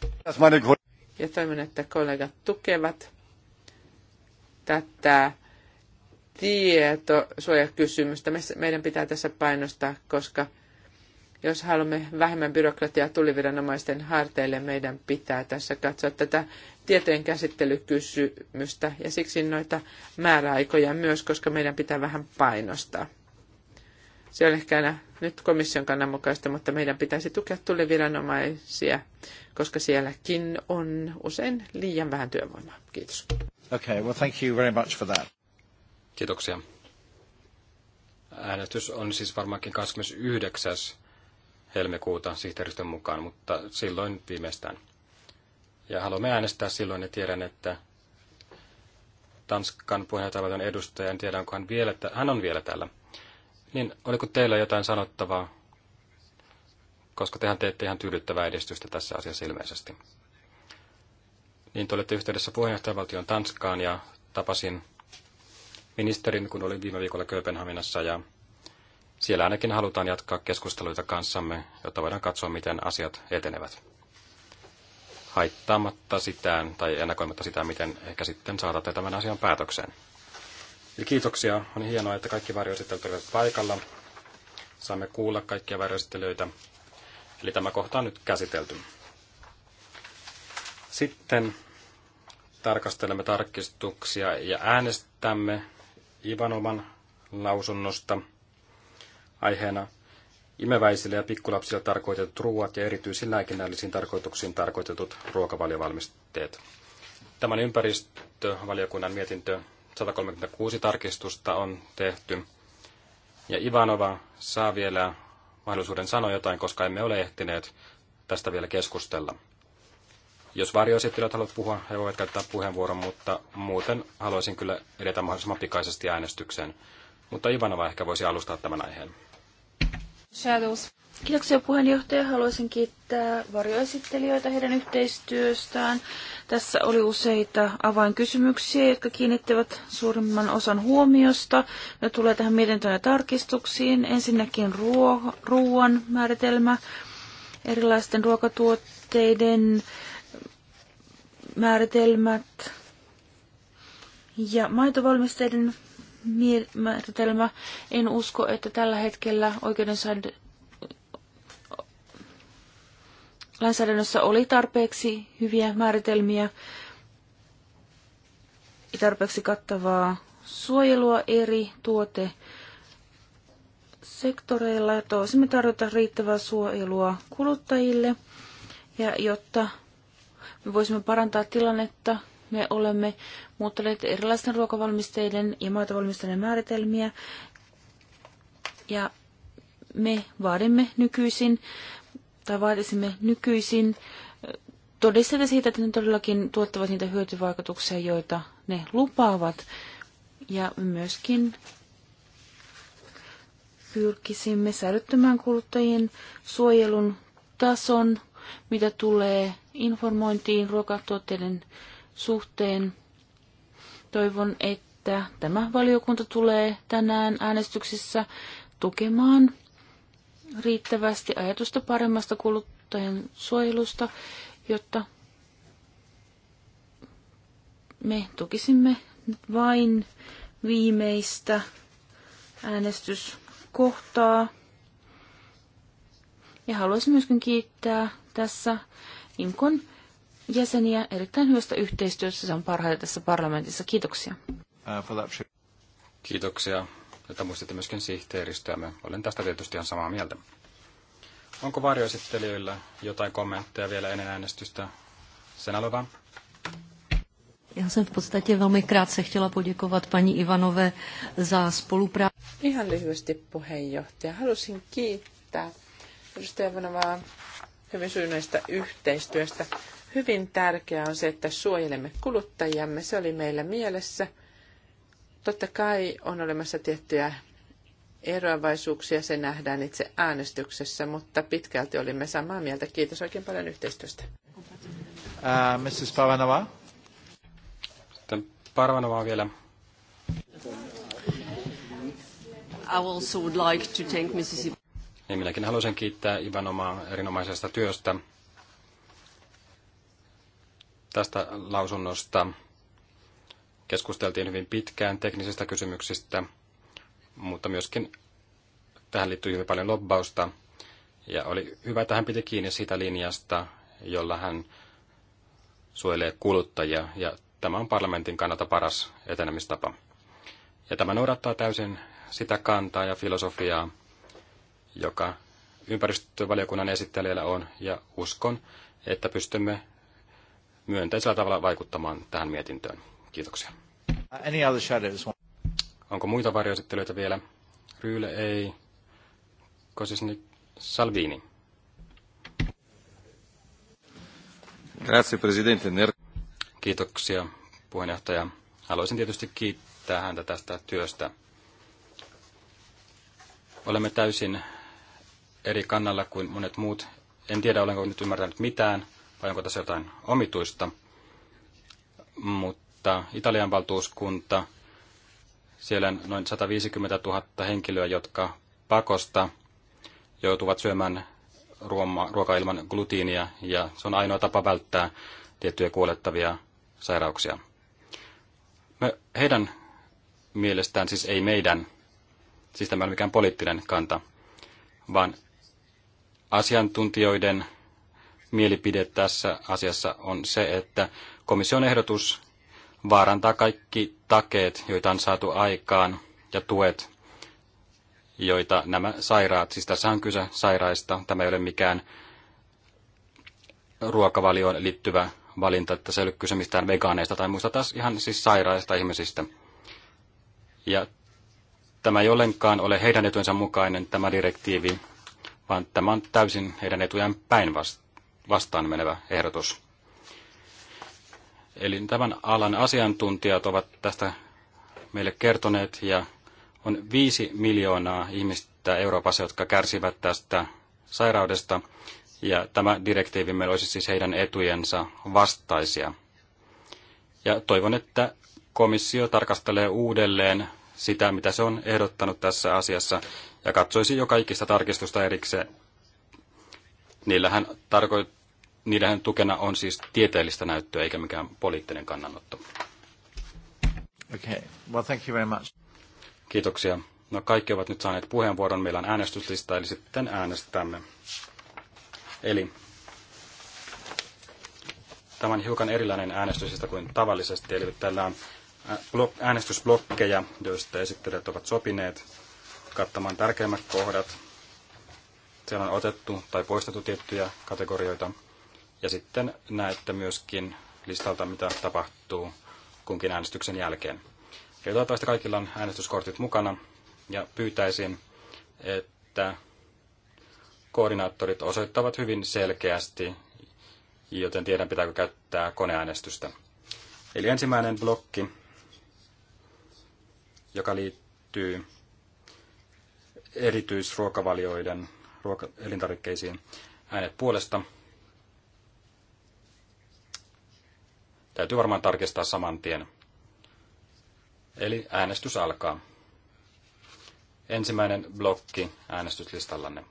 ja toivon, että kollegat tukevat tätä tietosuojakysymystä. Meidän pitää tässä painostaa, koska jos haluamme vähemmän byrokratiaa tuliviranomaisten harteille, meidän pitää tässä katsoa tätä tietojen käsittelykysymystä ja siksi noita määräaikoja myös, koska meidän pitää vähän painostaa. Se ei ole ehkä aina nyt komission kannan mukaista, mutta meidän pitäisi tukea tulliviranomaisia, koska sielläkin on usein liian vähän työvoimaa. Kiitos. Okay, well thank you very much for that. Kiitoksia. Äänestys on siis varmaankin 29. helmikuuta sihteeristön mukaan, mutta silloin viimeistään. Ja haluamme äänestää silloin ja tiedän, että Tanskan puheenjohtajan edustaja, en tiedä onko hän vielä, hän on vielä täällä. Niin, oliko teillä jotain sanottavaa? Koska tehän teette ihan tyydyttävää edistystä tässä asiassa ilmeisesti. Niin te olette yhteydessä puheenjohtajavaltion Tanskaan ja tapasin ministerin, kun olin viime viikolla Kööpenhaminassa ja siellä ainakin halutaan jatkaa keskusteluita kanssamme, jotta voidaan katsoa, miten asiat etenevät. Haittaamatta sitä tai ennakoimatta sitä, miten ehkä sitten saatatte tämän asian päätökseen. Ja kiitoksia. On hienoa, että kaikki varjoesittelijät olivat paikalla. Saamme kuulla kaikkia varjoesittelijöitä. Eli tämä kohta on nyt käsitelty. Sitten tarkastelemme tarkistuksia ja äänestämme Ivanoman lausunnosta aiheena imeväisille ja pikkulapsille tarkoitetut ruoat ja erityislääkinnällisiin tarkoituksiin tarkoitetut ruokavaliovalmisteet. Tämän ympäristövaliokunnan mietintö 136 tarkistusta on tehty. Ja Ivanova saa vielä mahdollisuuden sanoa jotain, koska emme ole ehtineet tästä vielä keskustella. Jos varjoesittelijät haluavat puhua, he voivat käyttää puheenvuoron, mutta muuten haluaisin kyllä edetä mahdollisimman pikaisesti äänestykseen. Mutta Ivanova ehkä voisi alustaa tämän aiheen. Shadows. Kiitoksia puheenjohtaja. Haluaisin kiittää varjoesittelijöitä heidän yhteistyöstään. Tässä oli useita avainkysymyksiä, jotka kiinnittivät suurimman osan huomiosta. Ne tulee tähän mietintöön ja tarkistuksiin. Ensinnäkin ruo- ruoan määritelmä, erilaisten ruokatuotteiden määritelmät ja maitovalmisteiden määritelmä. En usko, että tällä hetkellä oikeudensäädö... lainsäädännössä oli tarpeeksi hyviä määritelmiä ja tarpeeksi kattavaa suojelua eri tuote sektoreilla, jotta voisimme tarjota riittävää suojelua kuluttajille ja jotta me voisimme parantaa tilannetta, me olemme muuttaneet erilaisten ruokavalmisteiden ja maitovalmisteiden määritelmiä. Ja me vaadimme nykyisin, tai vaatisimme nykyisin todisteita siitä, että ne todellakin tuottavat niitä hyötyvaikutuksia, joita ne lupaavat. Ja myöskin pyrkisimme säilyttämään kuluttajien suojelun tason, mitä tulee informointiin ruokatuotteiden suhteen. Toivon, että tämä valiokunta tulee tänään äänestyksessä tukemaan riittävästi ajatusta paremmasta kuluttajien suojelusta, jotta me tukisimme vain viimeistä äänestyskohtaa. Ja haluaisin myöskin kiittää tässä Imkon jäseniä erittäin hyvästä yhteistyöstä Se on parhaita tässä parlamentissa. Kiitoksia. Uh, Kiitoksia, että muistitte myöskin sihteeristöämme. Olen tästä tietysti ihan samaa mieltä. Onko varjoesittelijöillä jotain kommentteja vielä ennen äänestystä? Senalova. Já jsem v podstatě velmi krátce chtěla poděkovat paní Ivanové za spolupráci. Ihan lyhyesti puheenjohtaja. Halusin kiittää edustaja Ivanovaa hyvin syyneistä yhteistyöstä. Hyvin tärkeää on se, että suojelemme kuluttajiamme. Se oli meillä mielessä. Totta kai on olemassa tiettyjä eroavaisuuksia, se nähdään itse äänestyksessä, mutta pitkälti olimme samaa mieltä. Kiitos oikein paljon yhteistyöstä. Uh, äh, Mrs. Pavanova. Sitten Parvanovaa vielä. I also would like to thank Mrs. Niin minäkin haluaisin kiittää Ivanomaa erinomaisesta työstä tästä lausunnosta. Keskusteltiin hyvin pitkään teknisistä kysymyksistä, mutta myöskin tähän liittyy hyvin paljon lobbausta. Ja oli hyvä, että hän piti kiinni siitä linjasta, jolla hän suojelee kuluttajia, ja tämä on parlamentin kannalta paras etenemistapa. Ja tämä noudattaa täysin sitä kantaa ja filosofiaa, joka ympäristövaliokunnan esittelijällä on, ja uskon, että pystymme myönteisellä tavalla vaikuttamaan tähän mietintöön. Kiitoksia. Uh, any other shadows? Onko muita varjoesittelyitä vielä? Ryyle ei. Kosisni Salvini. Grazie, presidente. Kiitoksia, puheenjohtaja. Haluaisin tietysti kiittää häntä tästä työstä. Olemme täysin eri kannalla kuin monet muut. En tiedä, olenko nyt ymmärtänyt mitään vai onko tässä jotain omituista. Mutta Italian valtuuskunta, siellä on noin 150 000 henkilöä, jotka pakosta joutuvat syömään ruokaa ilman glutiinia, ja se on ainoa tapa välttää tiettyjä kuolettavia sairauksia. Me, heidän mielestään, siis ei meidän, siis tämä ei ole mikään poliittinen kanta, vaan asiantuntijoiden mielipide tässä asiassa on se, että komission ehdotus vaarantaa kaikki takeet, joita on saatu aikaan ja tuet, joita nämä sairaat, siis tässä on kyse sairaista, tämä ei ole mikään ruokavalioon liittyvä valinta, että se ei ole kyse mistään vegaaneista tai muista taas ihan siis sairaista ihmisistä. Ja tämä ei ollenkaan ole heidän etujensa mukainen tämä direktiivi, vaan tämä on täysin heidän etujaan päinvastoin vastaan menevä ehdotus. Eli tämän alan asiantuntijat ovat tästä meille kertoneet ja on viisi miljoonaa ihmistä Euroopassa, jotka kärsivät tästä sairaudesta. Ja tämä direktiivi meillä olisi siis heidän etujensa vastaisia. Ja toivon, että komissio tarkastelee uudelleen sitä, mitä se on ehdottanut tässä asiassa, ja katsoisi jo kaikista tarkistusta erikseen niillähän, tarko- niillähän tukena on siis tieteellistä näyttöä eikä mikään poliittinen kannanotto. Okay. Well, thank you very much. Kiitoksia. No kaikki ovat nyt saaneet puheenvuoron. Meillä on äänestyslista, eli sitten äänestämme. Eli tämä on hiukan erilainen äänestyslista kuin tavallisesti. Eli täällä on äänestysblokkeja, joista esittelijät ovat sopineet kattamaan tärkeimmät kohdat. Siellä on otettu tai poistettu tiettyjä kategorioita. Ja sitten näette myöskin listalta, mitä tapahtuu kunkin äänestyksen jälkeen. Ja toivottavasti kaikilla on äänestyskortit mukana ja pyytäisin, että koordinaattorit osoittavat hyvin selkeästi, joten tiedän pitääkö käyttää koneäänestystä. Eli ensimmäinen blokki, joka liittyy erityisruokavalioiden ruoka- elintarvikkeisiin. Äänet puolesta. Täytyy varmaan tarkistaa saman tien. Eli äänestys alkaa. Ensimmäinen blokki äänestyslistallanne.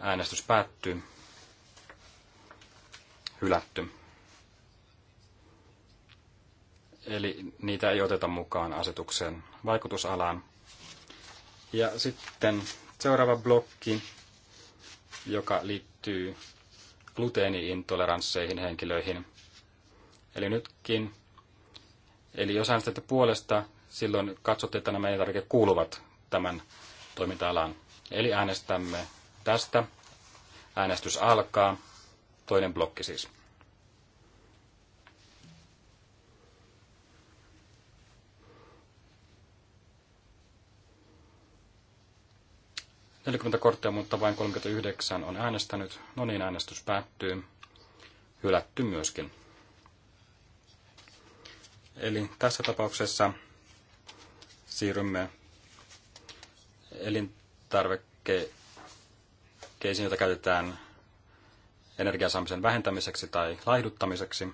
Äänestys päättyy. Hylätty eli niitä ei oteta mukaan asetuksen vaikutusalaan. Ja sitten seuraava blokki, joka liittyy gluteeniintoleransseihin henkilöihin. Eli nytkin, eli jos äänestätte puolesta, silloin katsotte, että nämä elintarvikkeet kuuluvat tämän toiminta-alaan. Eli äänestämme tästä. Äänestys alkaa. Toinen blokki siis. 40 korttia, mutta vain 39 on äänestänyt. No niin, äänestys päättyy. Hylätty myöskin. Eli tässä tapauksessa siirrymme elintarvikkeisiin, joita käytetään energiansaamisen vähentämiseksi tai laihduttamiseksi.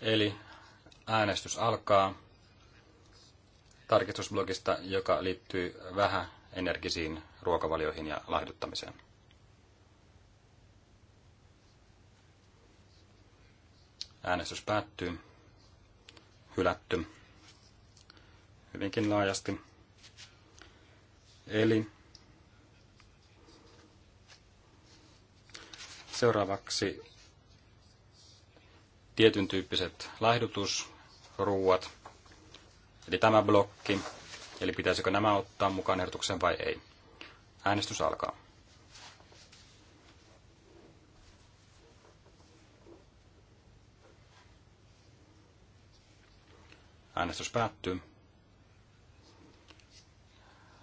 Eli äänestys alkaa tarkistusblogista, joka liittyy vähän energisiin ruokavalioihin ja lahduttamiseen. Äänestys päättyy. Hylätty. Hyvinkin laajasti. Eli seuraavaksi tietyn tyyppiset laihdutusruuat – Eli tämä blokki, eli pitäisikö nämä ottaa mukaan ehdotukseen vai ei. Äänestys alkaa. Äänestys päättyy.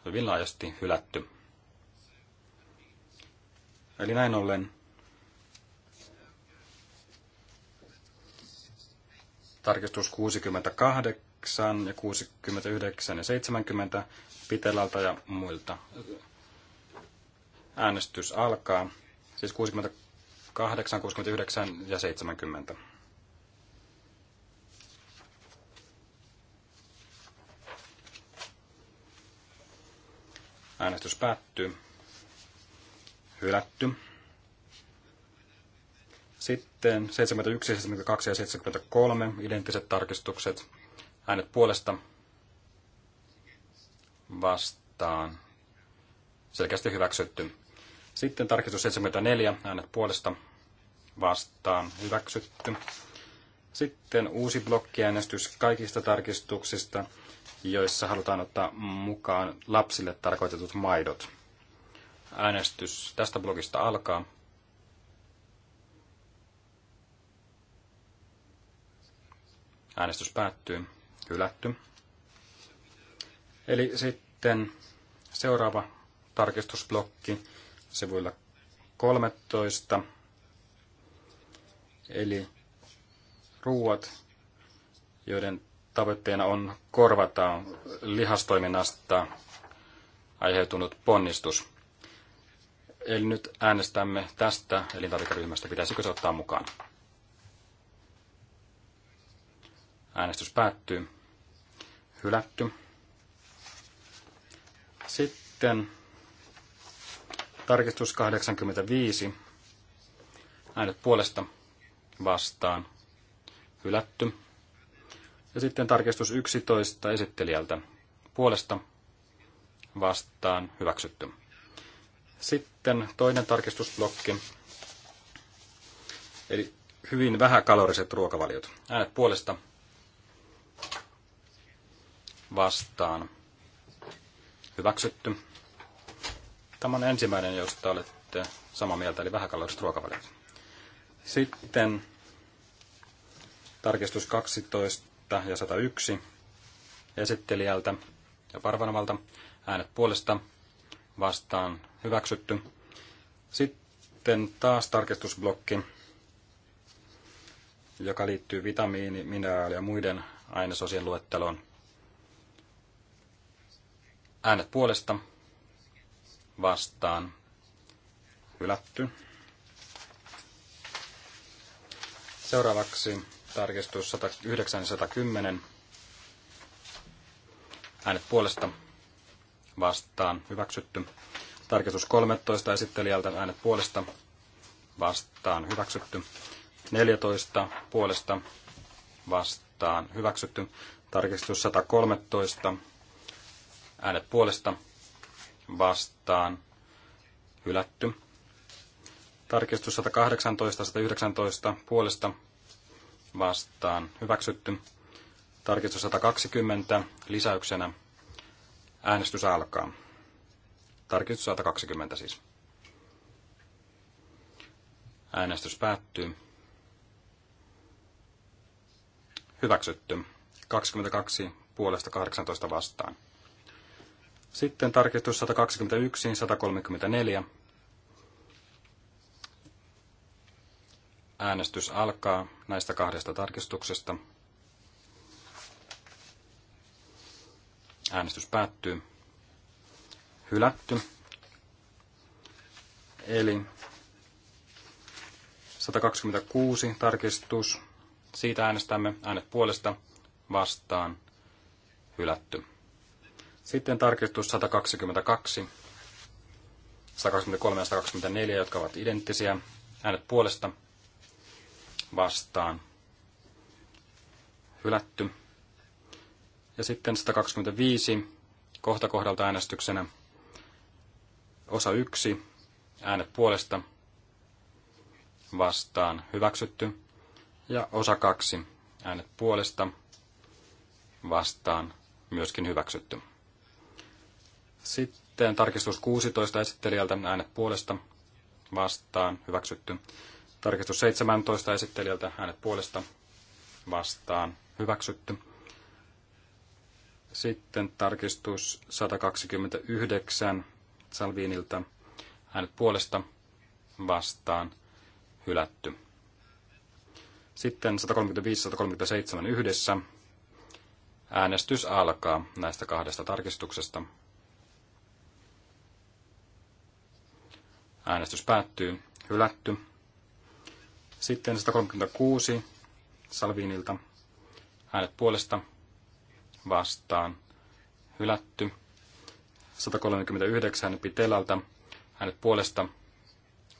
Hyvin laajasti hylätty. Eli näin ollen tarkistus 68 8 ja 69 ja 70 Pitelältä ja muilta. Äänestys alkaa, siis 68, 69 ja 70. Äänestys päättyy. Hylätty. Sitten 71, 72 ja 73 identtiset tarkistukset Äänet puolesta vastaan. Selkeästi hyväksytty. Sitten tarkistus 74. Äänet puolesta vastaan. Hyväksytty. Sitten uusi blokkiäänestys kaikista tarkistuksista, joissa halutaan ottaa mukaan lapsille tarkoitetut maidot. Äänestys tästä blogista alkaa. Äänestys päättyy hylätty. Eli sitten seuraava tarkistusblokki sivuilla 13, eli ruuat, joiden tavoitteena on korvata lihastoiminnasta aiheutunut ponnistus. Eli nyt äänestämme tästä elintarvikeryhmästä, pitäisikö se ottaa mukaan. Äänestys päättyy hylätty. Sitten tarkistus 85, äänet puolesta vastaan, hylätty. Ja sitten tarkistus 11 esittelijältä puolesta vastaan, hyväksytty. Sitten toinen tarkistusblokki, eli hyvin vähäkaloriset ruokavaliot. Äänet puolesta vastaan hyväksytty. Tämä on ensimmäinen, josta olette samaa mieltä, eli vähäkaloriset ruokavaliot. Sitten tarkistus 12 ja 101 esittelijältä ja parvanavalta äänet puolesta vastaan hyväksytty. Sitten taas tarkistusblokki, joka liittyy vitamiini-, mineraali- ja muiden ainesosien luetteloon. Äänet puolesta vastaan hylätty. Seuraavaksi tarkistus 910. Äänet puolesta vastaan hyväksytty. Tarkistus 13 esittelijältä äänet puolesta vastaan hyväksytty. 14 puolesta vastaan hyväksytty. Tarkistus 113 Äänet puolesta vastaan hylätty. Tarkistus 118, 119 puolesta vastaan hyväksytty. Tarkistus 120 lisäyksenä. Äänestys alkaa. Tarkistus 120 siis. Äänestys päättyy. Hyväksytty. 22 puolesta 18 vastaan. Sitten tarkistus 121, 134. Äänestys alkaa näistä kahdesta tarkistuksesta. Äänestys päättyy. Hylätty. Eli 126 tarkistus. Siitä äänestämme äänet puolesta vastaan hylätty. Sitten tarkistus 122, 123 ja 124, jotka ovat identtisiä. Äänet puolesta vastaan hylätty. Ja sitten 125 kohta kohdalta äänestyksenä. Osa 1, äänet puolesta vastaan hyväksytty. Ja osa 2, äänet puolesta vastaan myöskin hyväksytty. Sitten tarkistus 16 esittelijältä äänet puolesta vastaan hyväksytty. Tarkistus 17 esittelijältä äänet puolesta vastaan hyväksytty. Sitten tarkistus 129 Salviinilta äänet puolesta vastaan hylätty. Sitten 135-137 yhdessä. Äänestys alkaa näistä kahdesta tarkistuksesta. Äänestys päättyy. Hylätty. Sitten 136 Salviinilta. Äänet puolesta vastaan. Hylätty. 139 Pitelältä. Äänet puolesta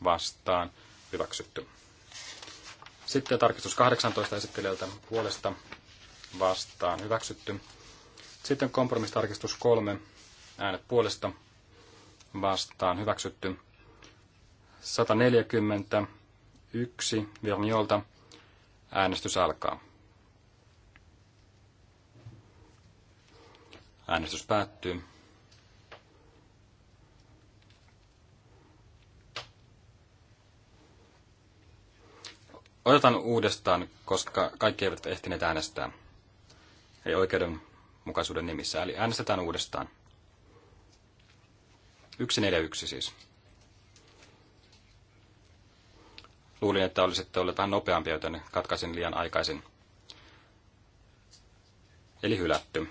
vastaan. Hyväksytty. Sitten tarkistus 18 esittelijältä puolesta vastaan. Hyväksytty. Sitten kompromistarkistus 3. Äänet puolesta vastaan. Hyväksytty. 141 Vilmiolta. Äänestys alkaa. Äänestys päättyy. Otetaan uudestaan, koska kaikki eivät ehtineet äänestää. Ei oikeudenmukaisuuden nimissä. Eli äänestetään uudestaan. 141 siis. Luulin, että olisitte olleet vähän nopeampi, joten katkaisin liian aikaisin. Eli hylätty.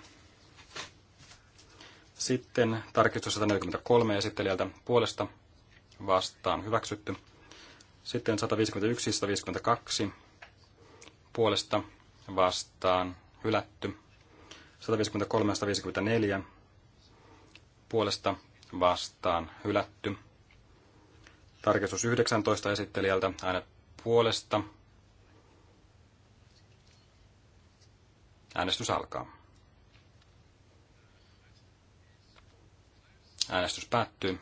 Sitten tarkistus 143 esittelijältä puolesta vastaan hyväksytty. Sitten 151, 152 puolesta vastaan hylätty. 153, 154 puolesta vastaan hylätty. Tarkistus 19 esittelijältä äänet puolesta. Äänestys alkaa. Äänestys päättyy.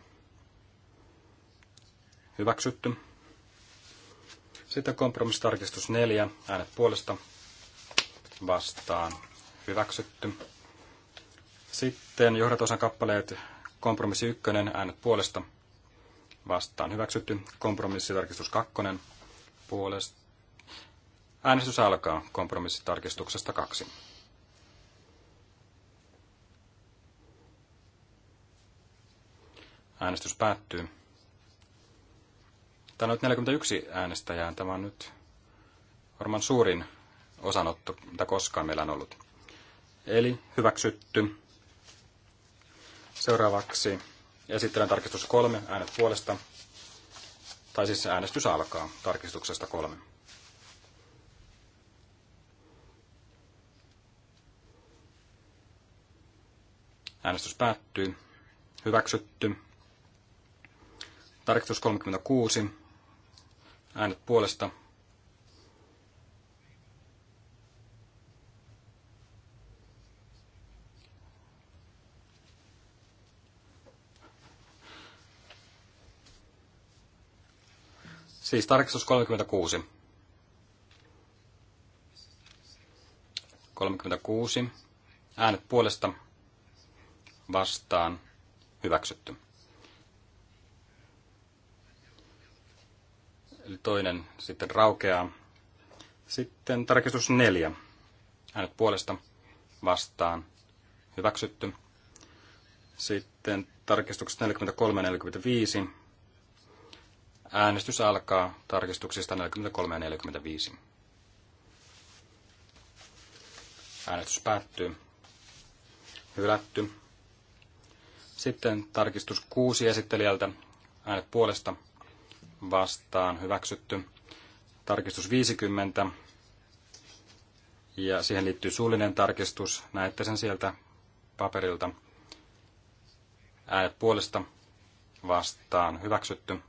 Hyväksytty. Sitten kompromissitarkistus 4. Äänet puolesta vastaan. Hyväksytty. Sitten johdatosan kappaleet kompromissi 1. Äänet puolesta vastaan hyväksytty. Kompromissitarkistus 2 puolesta. Äänestys alkaa kompromissitarkistuksesta 2. Äänestys päättyy. Täällä on nyt 41 äänestäjää. Tämä on nyt varmaan suurin osanotto, mitä koskaan meillä on ollut. Eli hyväksytty. Seuraavaksi Esittelen tarkistus kolme, äänet puolesta. Tai siis äänestys alkaa tarkistuksesta kolme. Äänestys päättyy. Hyväksytty. Tarkistus 36. Äänet puolesta. Siis tarkistus 36. 36. Äänet puolesta vastaan hyväksytty. Eli toinen sitten raukeaa. Sitten tarkistus 4. Äänet puolesta vastaan hyväksytty. Sitten tarkistukset 43-45 Äänestys alkaa tarkistuksista 43 ja 45. Äänestys päättyy. Hylätty. Sitten tarkistus 6 esittelijältä. Äänet puolesta vastaan hyväksytty. Tarkistus 50. Ja siihen liittyy suullinen tarkistus. Näette sen sieltä paperilta. Äänet puolesta vastaan hyväksytty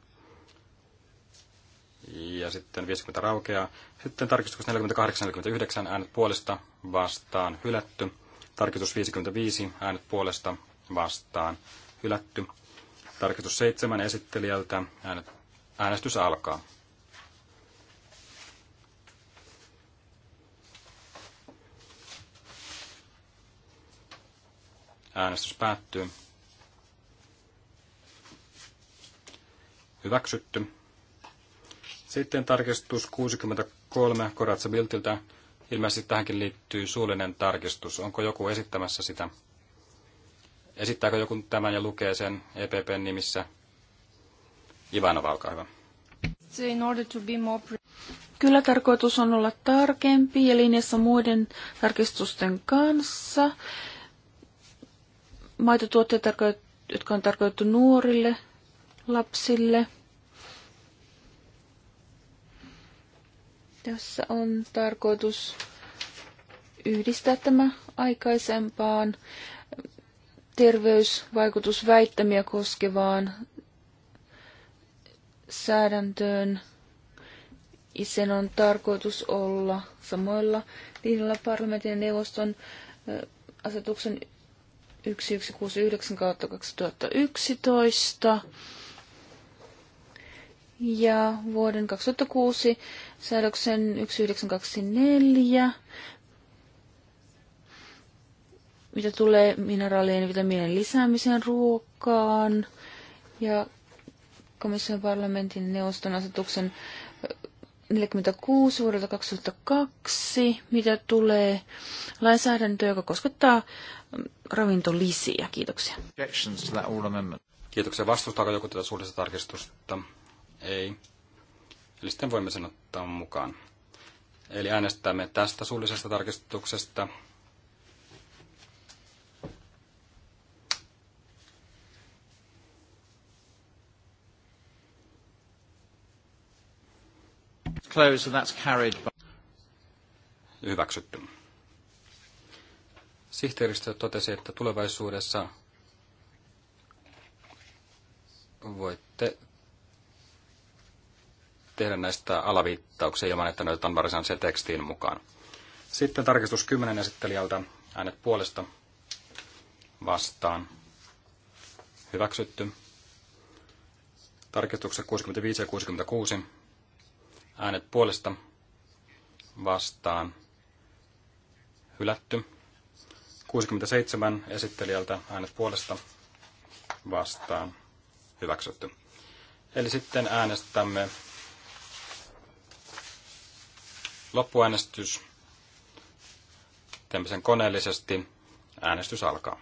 ja sitten 50 raukeaa. Sitten tarkistus 48-49 äänet puolesta vastaan hylätty. Tarkistus 55 äänet puolesta vastaan hylätty. Tarkistus 7 esittelijältä äänet, äänestys alkaa. Äänestys päättyy. Hyväksytty. Sitten tarkistus 63 Koratsa Biltiltä. Ilmeisesti tähänkin liittyy suullinen tarkistus. Onko joku esittämässä sitä? Esittääkö joku tämän ja lukee sen EPPn nimissä? Ivanova, olkaa hyvä. Kyllä tarkoitus on olla tarkempi ja linjassa muiden tarkistusten kanssa. Maitotuotteet, jotka on tarkoitettu nuorille lapsille – Tässä on tarkoitus yhdistää tämä aikaisempaan terveysvaikutusväittämiä koskevaan säädäntöön. Sen on tarkoitus olla samoilla linjalla parlamentin ja neuvoston asetuksen 1169 2011 ja vuoden 2006 säädöksen 1924, mitä tulee mineraalien ja vitamiinien lisäämiseen ruokaan ja komission parlamentin neuvoston asetuksen 46 vuodelta 2002, mitä tulee lainsäädäntöön, joka koskettaa ravintolisiä. Kiitoksia. Kiitoksia. Vastustaako joku tätä suurista tarkistusta? ei. Eli sitten voimme sen ottaa mukaan. Eli äänestämme tästä suullisesta tarkistuksesta. Close and that's carried by... Hyväksytty. Sihteeristö totesi, että tulevaisuudessa voitte tehdä näistä alaviittauksia ilman, että ne otetaan varsinaiseen tekstiin mukaan. Sitten tarkistus 10 esittelijältä äänet puolesta vastaan. Hyväksytty. Tarkistuksessa 65 ja 66. Äänet puolesta vastaan. Hylätty. 67 esittelijältä äänet puolesta vastaan. Hyväksytty. Eli sitten äänestämme Loppuäänestys. Teemme sen koneellisesti. Äänestys alkaa.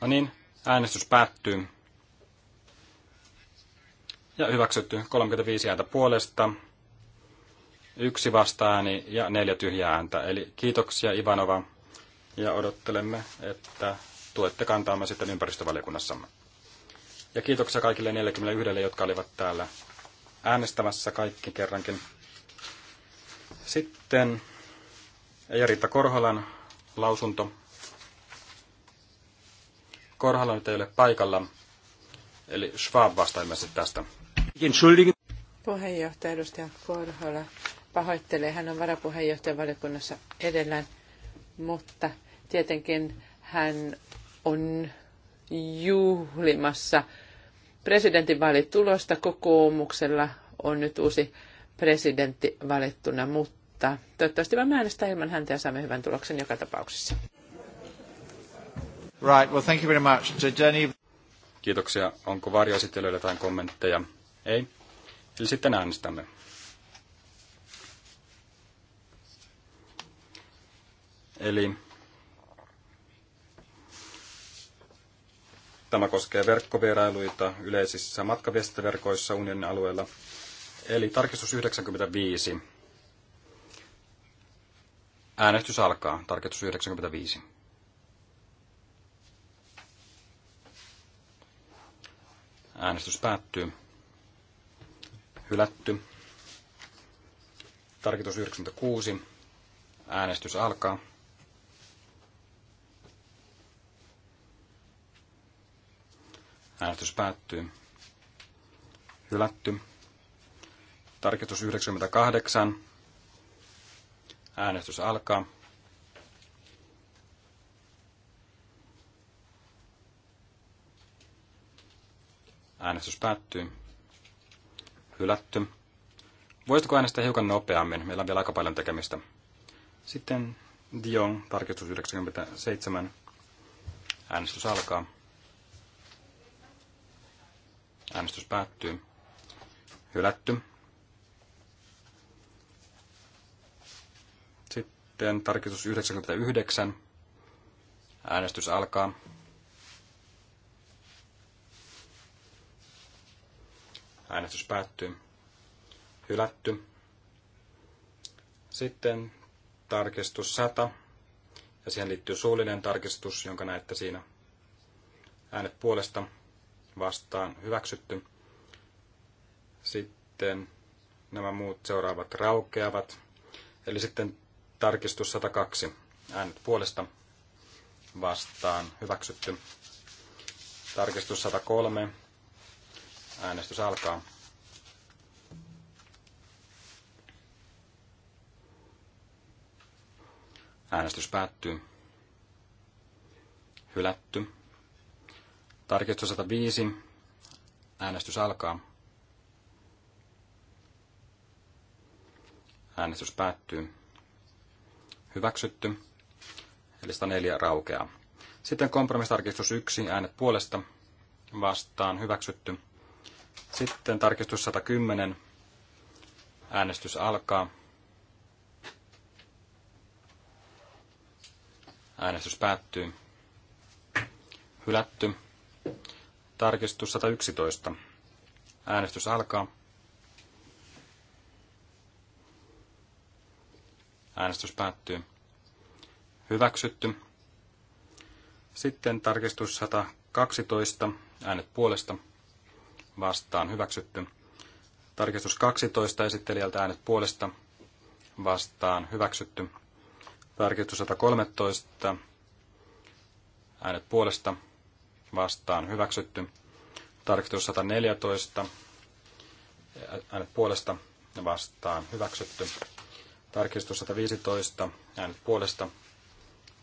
No niin, äänestys päättyy. Ja hyväksytty 35 ääntä puolesta, yksi vastaääni ja neljä tyhjää ääntä. Eli kiitoksia Ivanova ja odottelemme, että tuette kantaamme sitten ympäristövaliokunnassamme. Ja kiitoksia kaikille 41, jotka olivat täällä äänestämässä kaikki kerrankin. Sitten eija Korholan lausunto. Korhola nyt ei ole paikalla, eli Schwab vastaa ilmeisesti tästä. Puheenjohtaja edustaja Korhola pahoittelee, hän on varapuheenjohtajan valiokunnassa edellään, mutta tietenkin hän on juhlimassa presidentinvaalitulosta. Kokoomuksella on nyt uusi presidentti valittuna, mutta toivottavasti vaan äänestää ilman häntä ja saamme hyvän tuloksen joka tapauksessa. Right, well thank you very much. Jenny... Kiitoksia. Onko varjoesittelyillä jotain kommentteja? Ei. Eli sitten äänestämme. Eli Tämä koskee verkkovierailuita yleisissä matkaviestintäverkoissa unionin alueella. Eli tarkistus 95. Äänestys alkaa. Tarkistus 95. Äänestys päättyy. Hylätty. Tarkistus 96. Äänestys alkaa. Äänestys päättyy. Hylätty. Tarkistus 98. Äänestys alkaa. Äänestys päättyy. Hylätty. Voisitko äänestää hiukan nopeammin? Meillä on vielä aika paljon tekemistä. Sitten Dion, tarkistus 97. Äänestys alkaa. Äänestys päättyy. Hylätty. Sitten tarkistus 99. Äänestys alkaa. Äänestys päättyy. Hylätty. Sitten tarkistus 100. Ja siihen liittyy suullinen tarkistus, jonka näette siinä. Äänet puolesta vastaan hyväksytty. Sitten nämä muut seuraavat raukeavat. Eli sitten tarkistus 102. Äänet puolesta vastaan hyväksytty. Tarkistus 103. Äänestys alkaa. Äänestys päättyy. Hylätty. Tarkistus 105. Äänestys alkaa. Äänestys päättyy. Hyväksytty. Eli 104 raukeaa. Sitten kompromistarkistus 1. Äänet puolesta vastaan hyväksytty. Sitten tarkistus 110. Äänestys alkaa. Äänestys päättyy. Hylätty. Tarkistus 111. Äänestys alkaa. Äänestys päättyy. Hyväksytty. Sitten tarkistus 112. Äänet puolesta. Vastaan hyväksytty. Tarkistus 12 esittelijältä äänet puolesta. Vastaan hyväksytty. Tarkistus 113. Äänet puolesta vastaan hyväksytty. Tarkistus 114, äänet puolesta vastaan hyväksytty. Tarkistus 115, äänet puolesta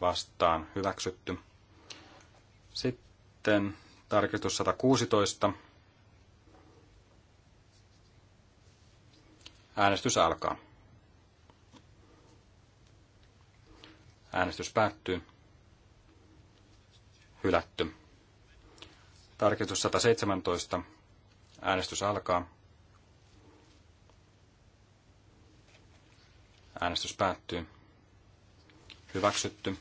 vastaan hyväksytty. Sitten tarkistus 116. Äänestys alkaa. Äänestys päättyy. Hylätty. Tarkistus 117. Äänestys alkaa. Äänestys päättyy. Hyväksytty.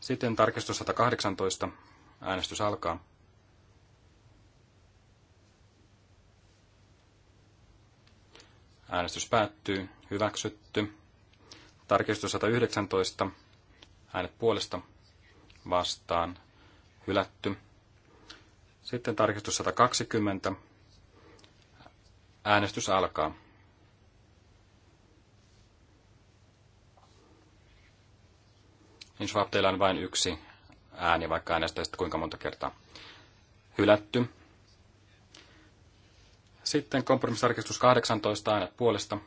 Sitten tarkistus 118. Äänestys alkaa. Äänestys päättyy. Hyväksytty. Tarkistus 119. Äänet puolesta. Vastaan. Hylätty. Sitten tarkistus 120. Äänestys alkaa. Niin teillä on vain yksi ääni, vaikka äänestäisitte kuinka monta kertaa. Hylätty. Sitten kompromissitarkistus 18 äänet puolesta.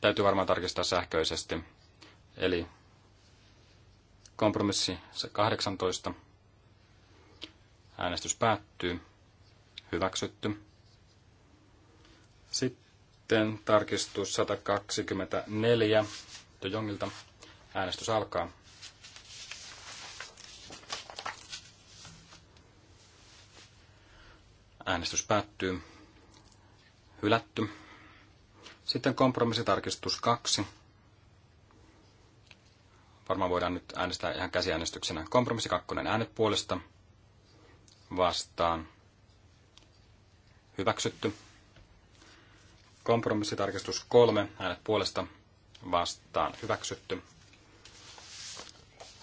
Täytyy varmaan tarkistaa sähköisesti. Eli kompromissi 18. Äänestys päättyy. Hyväksytty. Sitten tarkistus 124 De Jongilta. Äänestys alkaa. Äänestys päättyy. Hylätty. Sitten kompromissitarkistus 2. Varmaan voidaan nyt äänestää ihan käsiäänestyksenä. Kompromissi 2. Äänet puolesta vastaan hyväksytty. Kompromissitarkistus 3, äänet puolesta vastaan hyväksytty.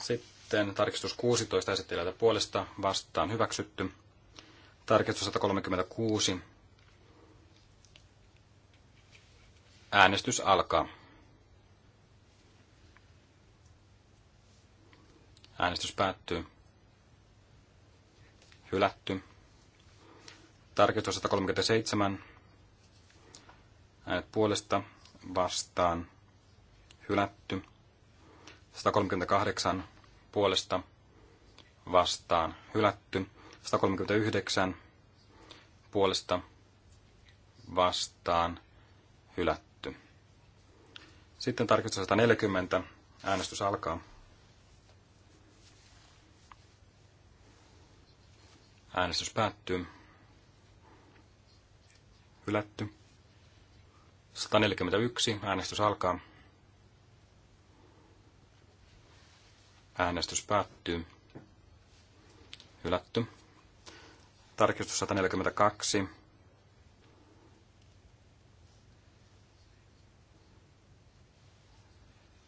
Sitten tarkistus 16 esittelijältä puolesta vastaan hyväksytty. Tarkistus 136. Äänestys alkaa. Äänestys päättyy hylätty. Tarkistus 137, äänet puolesta vastaan hylätty. 138 puolesta vastaan hylätty. 139 puolesta vastaan hylätty. Sitten tarkistus 140. Äänestys alkaa. Äänestys päättyy. Hylätty. 141. Äänestys alkaa. Äänestys päättyy. Hylätty. Tarkistus 142.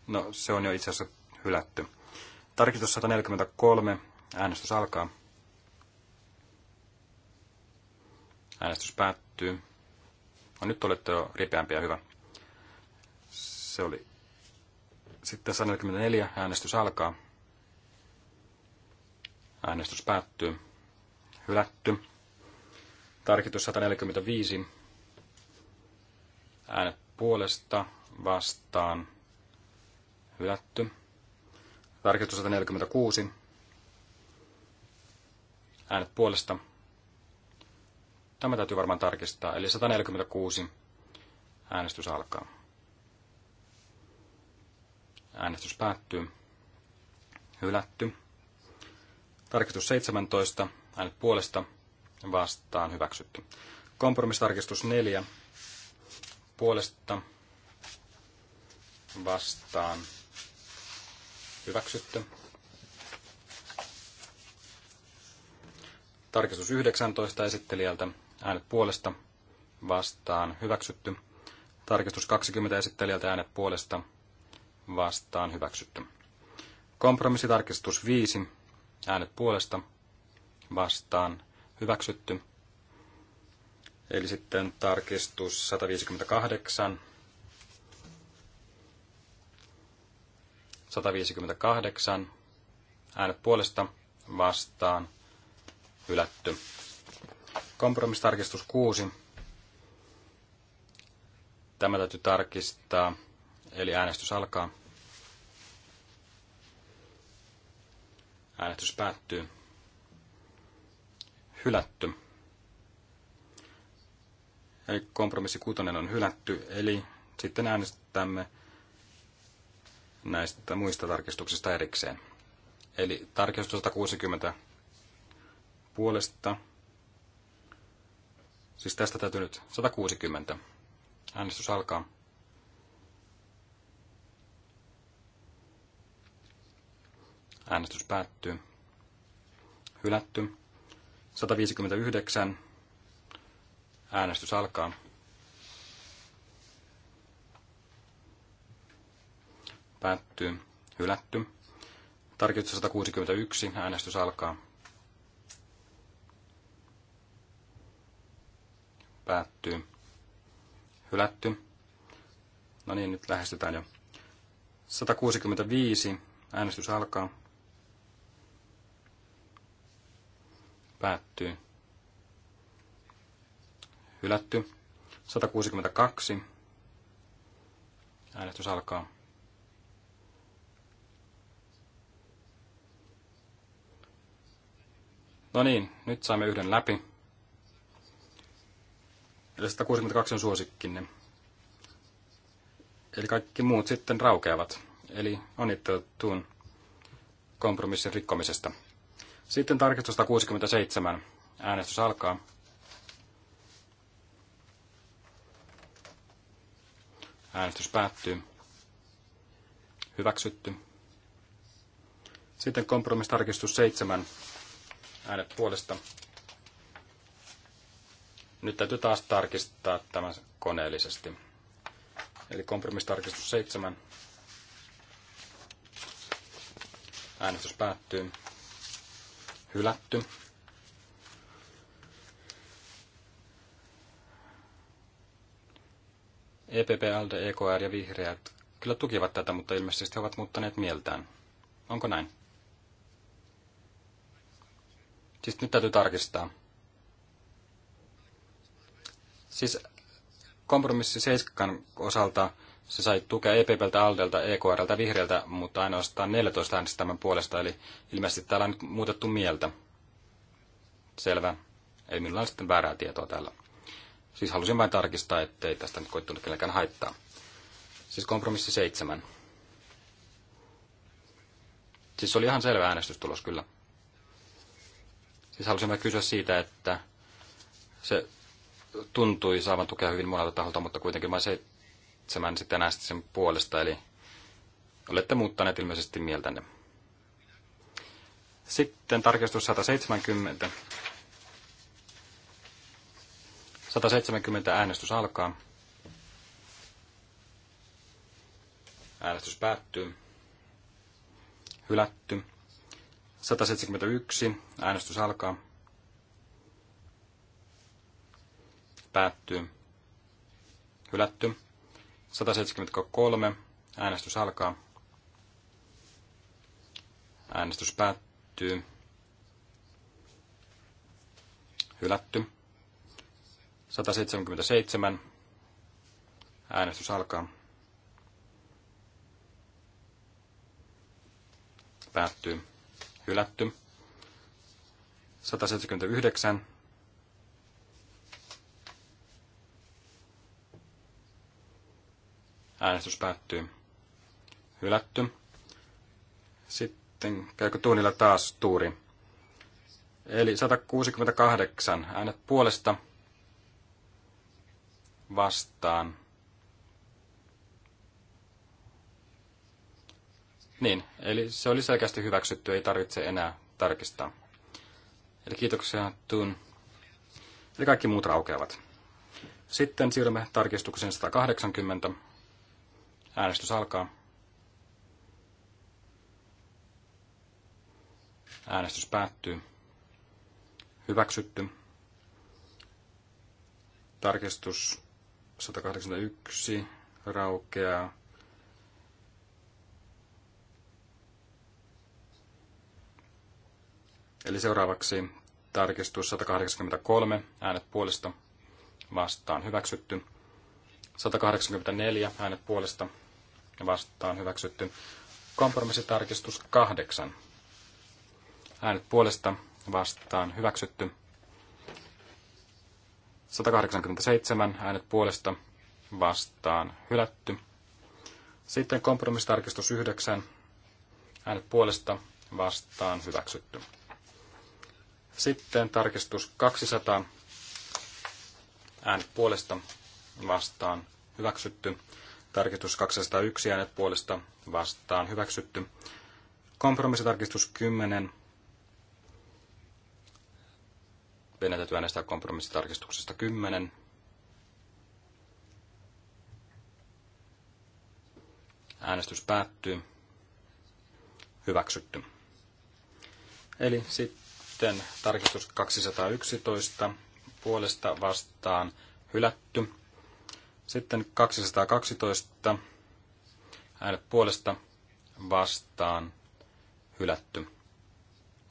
No, se on jo itse asiassa hylätty. Tarkistus 143. Äänestys alkaa. Äänestys päättyy. No nyt olette jo ripeämpiä, hyvä. Se oli sitten 144, äänestys alkaa. Äänestys päättyy. Hylätty. Tarkitus 145. Äänet puolesta vastaan. Hylätty. Tarkistus 146. Äänet puolesta Tämä täytyy varmaan tarkistaa. Eli 146 äänestys alkaa. Äänestys päättyy. Hylätty. Tarkistus 17. Äänet puolesta vastaan hyväksytty. Kompromistarkistus 4. Puolesta vastaan hyväksytty. Tarkistus 19 esittelijältä äänet puolesta, vastaan hyväksytty. Tarkistus 20 esittelijältä äänet puolesta, vastaan hyväksytty. Kompromissitarkistus 5, äänet puolesta, vastaan hyväksytty. Eli sitten tarkistus 158. 158. Äänet puolesta vastaan hylätty. Kompromistarkistus 6. Tämä täytyy tarkistaa, eli äänestys alkaa. Äänestys päättyy. Hylätty. Eli kompromissi 6 on hylätty, eli sitten äänestämme näistä muista tarkistuksista erikseen. Eli tarkistus 160 puolesta Siis tästä täytyy nyt 160. Äänestys alkaa. Äänestys päättyy. Hylätty. 159. Äänestys alkaa. Päättyy. Hylätty. Tarkistus 161. Äänestys alkaa. päättyy, hylätty. No niin, nyt lähestytään jo. 165, äänestys alkaa. Päättyy. Hylätty. 162. Äänestys alkaa. No niin, nyt saamme yhden läpi. Eli 162 on suosikkinne. Eli kaikki muut sitten raukeavat. eli onnitteltuun kompromissin rikkomisesta. Sitten tarkistus 167. Äänestys alkaa. Äänestys päättyy. Hyväksytty. Sitten kompromistarkistus 7. Äänet puolesta nyt täytyy taas tarkistaa tämä koneellisesti. Eli kompromistarkistus 7. Äänestys päättyy. Hylätty. EPP, ALDE, EKR ja vihreät kyllä tukivat tätä, mutta ilmeisesti he ovat muuttaneet mieltään. Onko näin? Siis nyt täytyy tarkistaa. Siis kompromissi 7 osalta se sai tukea EPPltä, Aldelta, EKRltä, Vihreältä, mutta ainoastaan 14 äänestä tämän puolesta, eli ilmeisesti täällä on nyt muutettu mieltä. Selvä. ei minulla on sitten väärää tietoa täällä. Siis halusin vain tarkistaa, ettei tästä nyt koittunut kenelläkään haittaa. Siis kompromissi seitsemän. Siis oli ihan selvä äänestystulos kyllä. Siis halusin vain kysyä siitä, että se tuntui saavan tukea hyvin monelta taholta, mutta kuitenkin mä seitsemän sitten näistä sen puolesta, eli olette muuttaneet ilmeisesti mieltänne. Sitten tarkistus 170. 170 äänestys alkaa. Äänestys päättyy. Hylätty. 171 äänestys alkaa. päättyy. Hylätty. 173. Äänestys alkaa. Äänestys päättyy. Hylätty. 177. Äänestys alkaa. Päättyy. Hylätty. 179. Äänestys päättyy. Hylätty. Sitten käykö tuunilla taas tuuri? Eli 168 äänet puolesta vastaan. Niin, eli se oli selkeästi hyväksytty, ei tarvitse enää tarkistaa. Eli kiitoksia Tuun. Eli kaikki muut raukeavat. Sitten siirrymme tarkistukseen 180 Äänestys alkaa. Äänestys päättyy. Hyväksytty. Tarkistus 181 raukeaa. Eli seuraavaksi tarkistus 183, äänet puolesta vastaan hyväksytty. 184, äänet puolesta vastaan hyväksytty. Kompromissitarkistus 8. Äänet puolesta vastaan hyväksytty. 187 äänet puolesta vastaan hylätty. Sitten kompromissitarkistus 9. Äänet puolesta vastaan hyväksytty. Sitten tarkistus 200. Äänet puolesta vastaan hyväksytty. Tarkistus 201 äänet puolesta vastaan hyväksytty. Kompromissitarkistus 10. täytyy äänestää kompromissitarkistuksesta 10. Äänestys päättyy. Hyväksytty. Eli sitten tarkistus 211 puolesta vastaan hylätty. Sitten 212 äänet puolesta vastaan hylätty.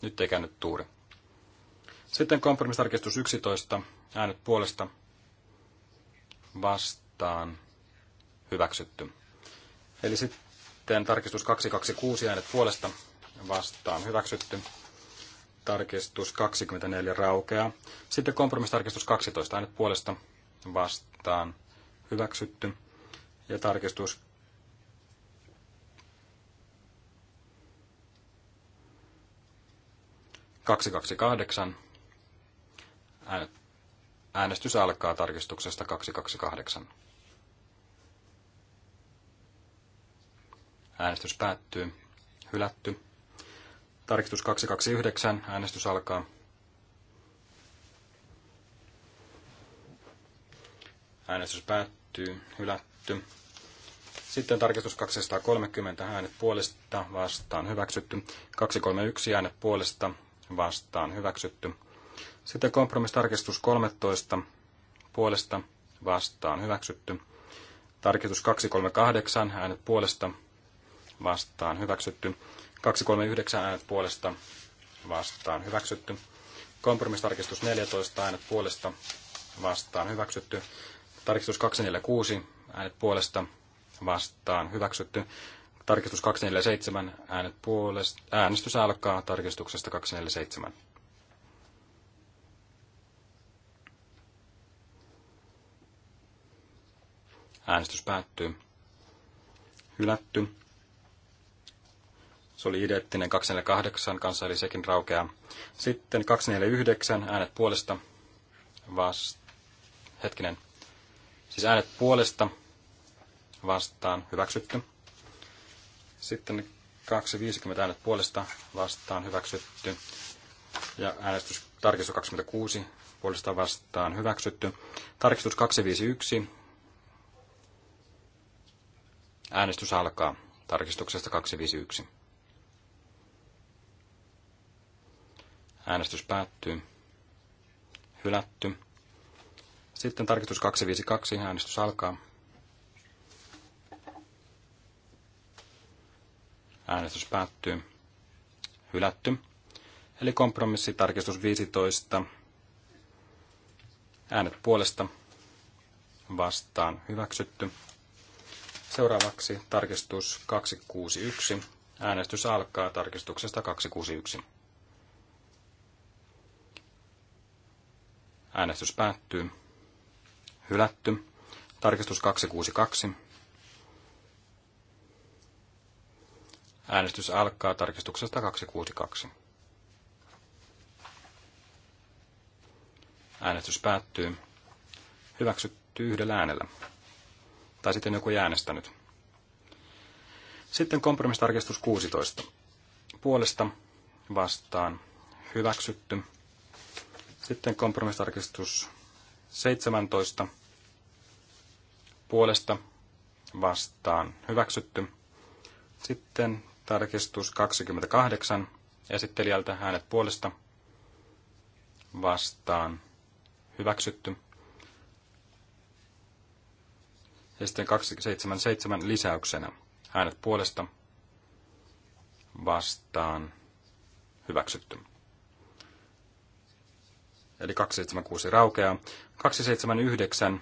Nyt ei käynyt tuuri. Sitten kompromistarkistus 11 äänet puolesta vastaan hyväksytty. Eli sitten tarkistus 226 äänet puolesta vastaan hyväksytty. Tarkistus 24 raukeaa. Sitten kompromistarkistus 12 äänet puolesta vastaan hyväksytty. Ja tarkistus kaksi kaksi kahdeksan. Äänestys alkaa tarkistuksesta 228. Äänestys päättyy. Hylätty. Tarkistus 229. Äänestys alkaa. Äänestys päättyy hylätty, hylätty. Sitten tarkistus 230 äänet puolesta vastaan hyväksytty. 231 äänet puolesta vastaan hyväksytty. Sitten kompromistarkistus 13 puolesta vastaan hyväksytty. Tarkistus 238 äänet puolesta vastaan hyväksytty. 239 äänet puolesta vastaan hyväksytty. Kompromistarkistus 14 äänet puolesta vastaan hyväksytty. Tarkistus 246, äänet puolesta vastaan hyväksytty. Tarkistus 247, äänet puolesta, äänestys alkaa tarkistuksesta 247. Äänestys päättyy. Hylätty. Se oli identtinen 248 kanssa, eli sekin raukeaa. Sitten 249, äänet puolesta. Vast... Hetkinen. Siis äänet puolesta vastaan hyväksytty. Sitten 250 äänet puolesta vastaan hyväksytty. Ja äänestys tarkistus 26 puolesta vastaan hyväksytty. Tarkistus 251. Äänestys alkaa tarkistuksesta 251. Äänestys päättyy. Hylätty. Sitten tarkistus 252, äänestys alkaa. Äänestys päättyy. Hylätty. Eli kompromissi tarkistus 15. Äänet puolesta vastaan hyväksytty. Seuraavaksi tarkistus 261. Äänestys alkaa tarkistuksesta 261. Äänestys päättyy. Hylätty. Tarkistus 262. Äänestys alkaa tarkistuksesta 262. Äänestys päättyy. Hyväksytty yhdellä äänellä. Tai sitten joku ei äänestänyt. Sitten kompromistarkistus 16. Puolesta vastaan hyväksytty. Sitten kompromistarkistus 17 puolesta vastaan hyväksytty. Sitten tarkistus 28 esittelijältä äänet puolesta vastaan hyväksytty. Ja sitten 277 lisäyksenä äänet puolesta vastaan hyväksytty. Eli 276 raukeaa. 279.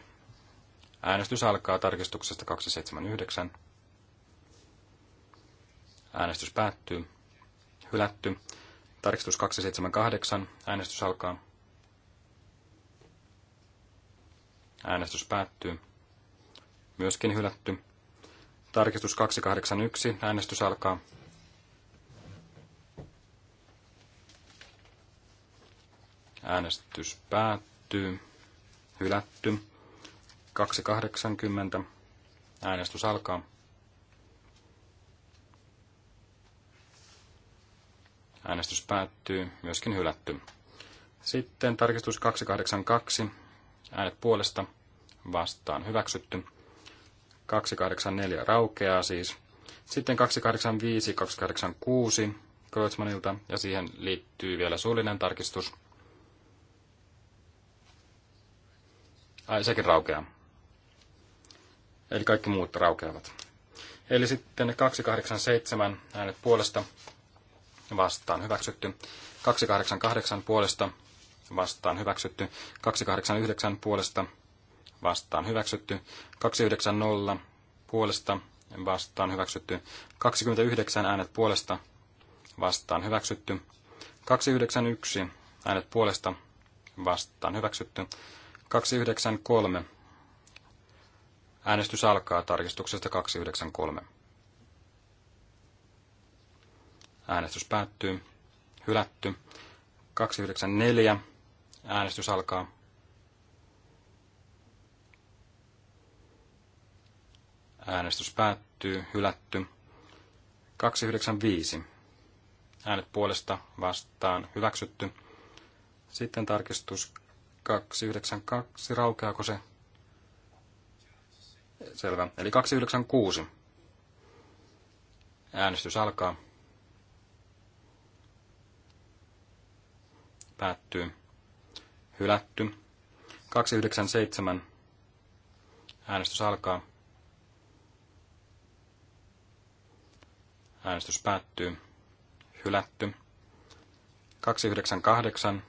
Äänestys alkaa tarkistuksesta 279. Äänestys päättyy. Hylätty. Tarkistus 278. Äänestys alkaa. Äänestys päättyy. Myöskin hylätty. Tarkistus 281. Äänestys alkaa. Äänestys päättyy hylätty. 280. Äänestys alkaa. Äänestys päättyy, myöskin hylätty. Sitten tarkistus 282. Äänet puolesta vastaan hyväksytty. 284 raukeaa siis. Sitten 285, 286 Kreutzmanilta ja siihen liittyy vielä suullinen tarkistus Ai, sekin raukeaa. Eli kaikki muut raukeavat. Eli sitten 287 äänet puolesta vastaan hyväksytty. 288 puolesta vastaan hyväksytty. 289 puolesta vastaan hyväksytty. 290 puolesta vastaan hyväksytty. 29 äänet puolesta vastaan hyväksytty. 291 äänet puolesta vastaan hyväksytty. 293. Äänestys alkaa tarkistuksesta 293. Äänestys päättyy. Hylätty. 294. Äänestys alkaa. Äänestys päättyy. Hylätty. 295. Äänet puolesta vastaan hyväksytty. Sitten tarkistus 292, raukeako se? Selvä. Eli 296. Äänestys alkaa. Päättyy. Hylätty. 297. Äänestys alkaa. Äänestys päättyy. Hylätty. 298.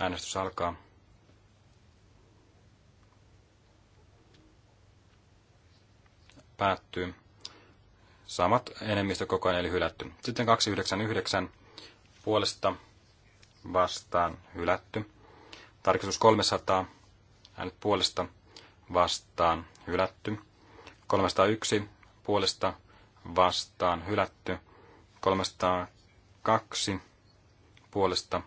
Äänestys alkaa. Päättyy. Samat enemmistö koko ajan, eli hylätty. Sitten 299 puolesta vastaan hylätty. Tarkistus 300, äänet puolesta vastaan hylätty. 301 puolesta vastaan hylätty. 302 puolesta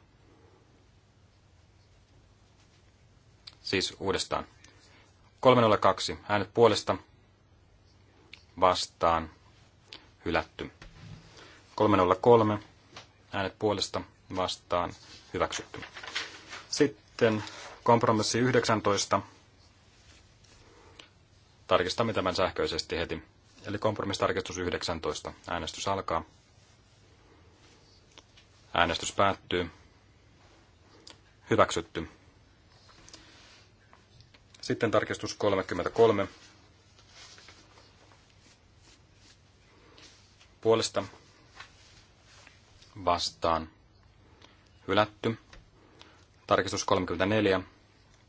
Siis uudestaan. 302. Äänet puolesta vastaan hylätty. 303. Äänet puolesta vastaan hyväksytty. Sitten kompromissi 19. Tarkistamme tämän sähköisesti heti. Eli kompromissitarkistus 19. Äänestys alkaa. Äänestys päättyy. Hyväksytty. Sitten tarkistus 33. Puolesta vastaan hylätty. Tarkistus 34.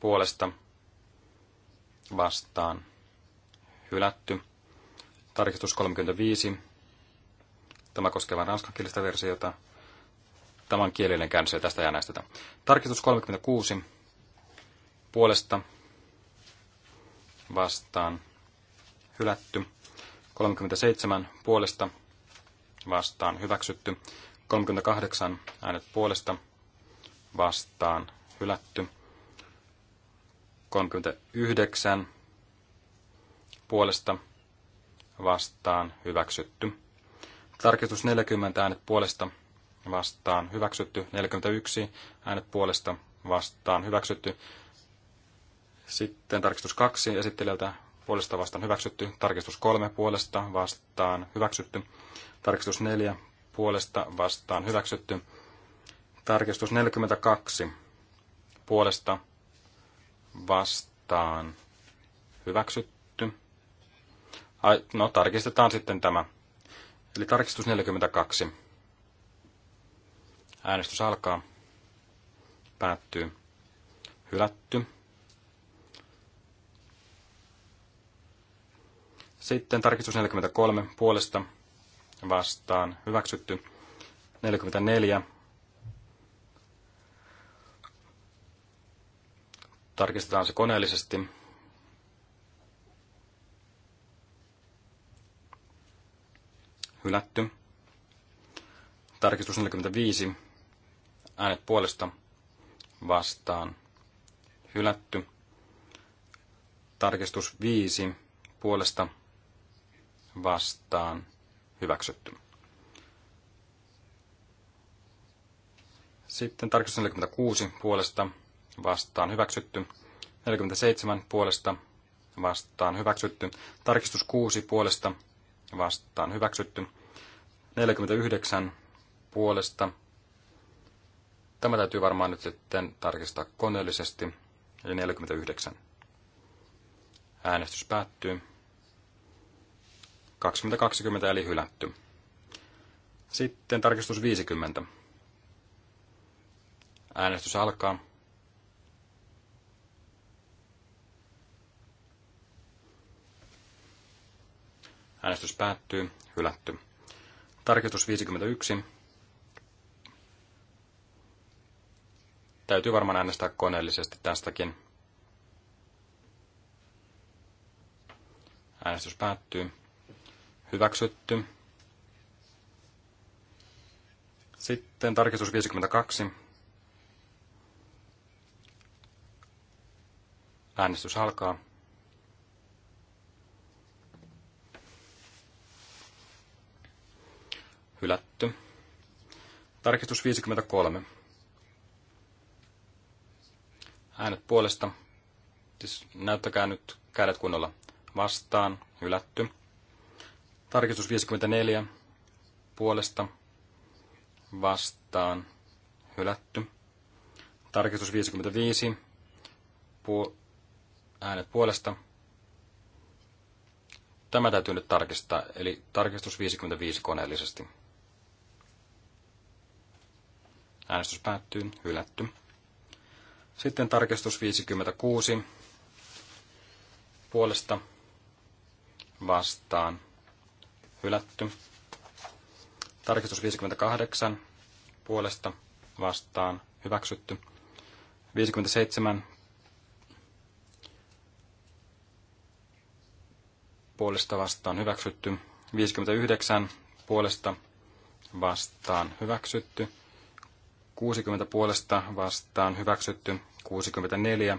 Puolesta vastaan hylätty. Tarkistus 35. Tämä koskee vain ranskankielistä versiota. Tämä on kielellinen käännös ja tästä ei näistä. Tarkistus 36. Puolesta vastaan hylätty. 37 puolesta vastaan hyväksytty. 38 äänet puolesta vastaan hylätty. 39 puolesta vastaan hyväksytty. Tarkistus 40 äänet puolesta vastaan hyväksytty. 41 äänet puolesta vastaan hyväksytty. Sitten tarkistus 2 esittelijältä puolesta vastaan hyväksytty. Tarkistus 3 puolesta vastaan hyväksytty. Tarkistus 4 puolesta vastaan hyväksytty. Tarkistus 42 puolesta vastaan hyväksytty. Ai, no tarkistetaan sitten tämä. Eli tarkistus 42. Äänestys alkaa. Päättyy. Hylätty. Sitten tarkistus 43 puolesta vastaan hyväksytty. 44 tarkistetaan se koneellisesti. Hylätty. Tarkistus 45. Äänet puolesta vastaan. Hylätty. Tarkistus 5 puolesta vastaan vastaan hyväksytty. Sitten tarkistus 46 puolesta vastaan hyväksytty. 47 puolesta vastaan hyväksytty. Tarkistus 6 puolesta vastaan hyväksytty. 49 puolesta. Tämä täytyy varmaan nyt sitten tarkistaa koneellisesti. Eli 49. Äänestys päättyy. 2020 eli hylätty. Sitten tarkistus 50. Äänestys alkaa. Äänestys päättyy. Hylätty. Tarkistus 51. Täytyy varmaan äänestää koneellisesti tästäkin. Äänestys päättyy hyväksytty. Sitten tarkistus 52. Äänestys alkaa. Hylätty. Tarkistus 53. Äänet puolesta. Siis näyttäkää nyt kädet kunnolla vastaan. Hylätty. Tarkistus 54 puolesta vastaan hylätty. Tarkistus 55 pu- äänet puolesta. Tämä täytyy nyt tarkistaa, eli tarkistus 55 koneellisesti. Äänestys päättyy, hylätty. Sitten tarkistus 56 puolesta vastaan hylätty. Tarkistus 58 puolesta vastaan hyväksytty. 57 puolesta vastaan hyväksytty. 59 puolesta vastaan hyväksytty. 60 puolesta vastaan hyväksytty. 64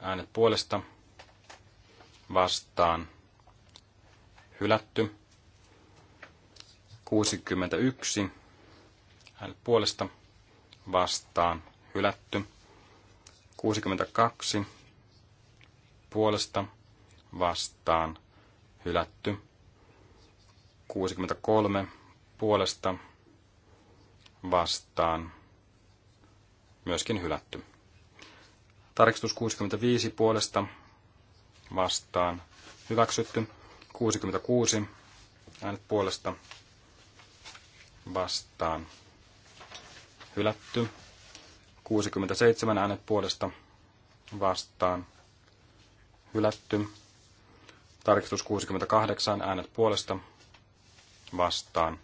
äänet puolesta vastaan hylätty. 61 äänet puolesta vastaan hylätty. 62 puolesta vastaan hylätty. 63 puolesta vastaan myöskin hylätty. Tarkistus 65 puolesta vastaan hyväksytty. 66 äänet puolesta vastaan hylätty. 67 äänet puolesta vastaan hylätty. Tarkistus 68 äänet puolesta vastaan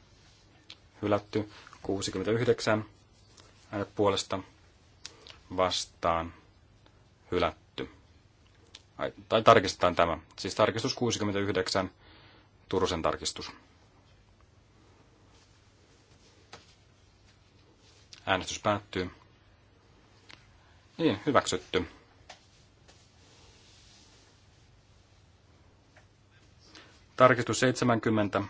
hylätty. 69 äänet puolesta vastaan hylätty. Ai, tai tarkistetaan tämä. Siis tarkistus 69, Turusen tarkistus. Äänestys päättyy. Niin, hyväksytty. Tarkistus 70.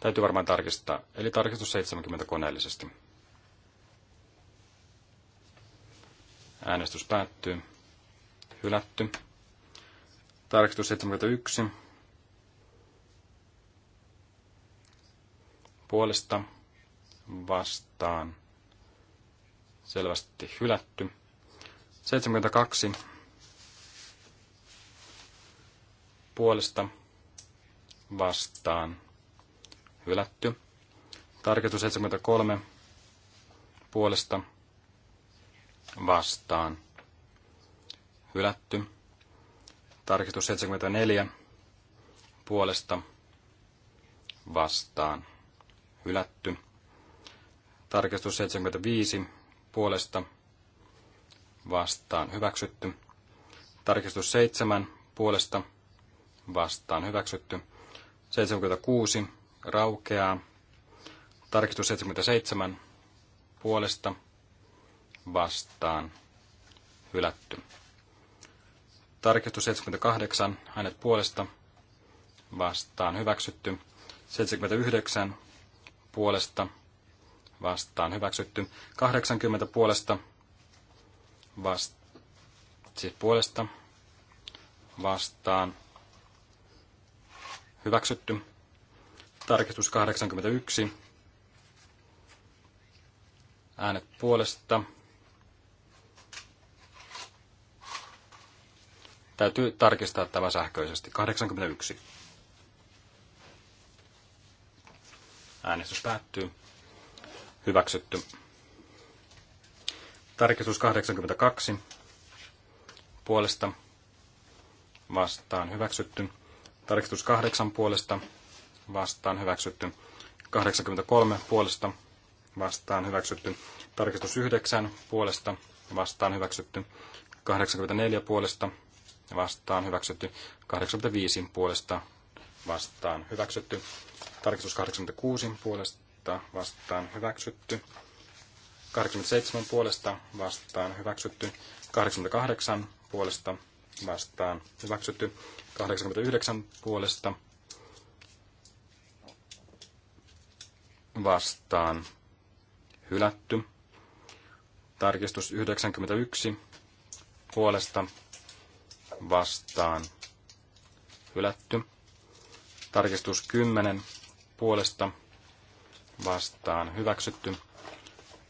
Täytyy varmaan tarkistaa. Eli tarkistus 70 koneellisesti. Äänestys päättyy. Hylätty. Tarkistus 71. Puolesta vastaan. Selvästi hylätty. 72. Puolesta vastaan. Hylätty. Tarkistus 73. Puolesta vastaan vastaan hylätty. Tarkistus 74 puolesta vastaan hylätty. Tarkistus 75 puolesta vastaan hyväksytty. Tarkistus 7 puolesta vastaan hyväksytty. 76 raukeaa. Tarkistus 77 puolesta vastaan hylätty. Tarkistus 78, hänet puolesta vastaan hyväksytty. 79 puolesta vastaan hyväksytty. 80 puolesta vast, siis puolesta vastaan hyväksytty. Tarkistus 81. Äänet puolesta Täytyy tarkistaa tämä sähköisesti. 81. Äänestys päättyy. Hyväksytty. Tarkistus 82. Puolesta vastaan hyväksytty. Tarkistus 8 puolesta vastaan hyväksytty. 83 puolesta vastaan hyväksytty. Tarkistus 9 puolesta vastaan hyväksytty. 84 puolesta vastaan hyväksytty. 85 puolesta vastaan hyväksytty. Tarkistus 86 puolesta vastaan hyväksytty. 87 puolesta vastaan hyväksytty. 88 puolesta vastaan hyväksytty. 89 puolesta vastaan hylätty. Tarkistus 91 puolesta vastaan hylätty. Tarkistus 10 puolesta vastaan hyväksytty.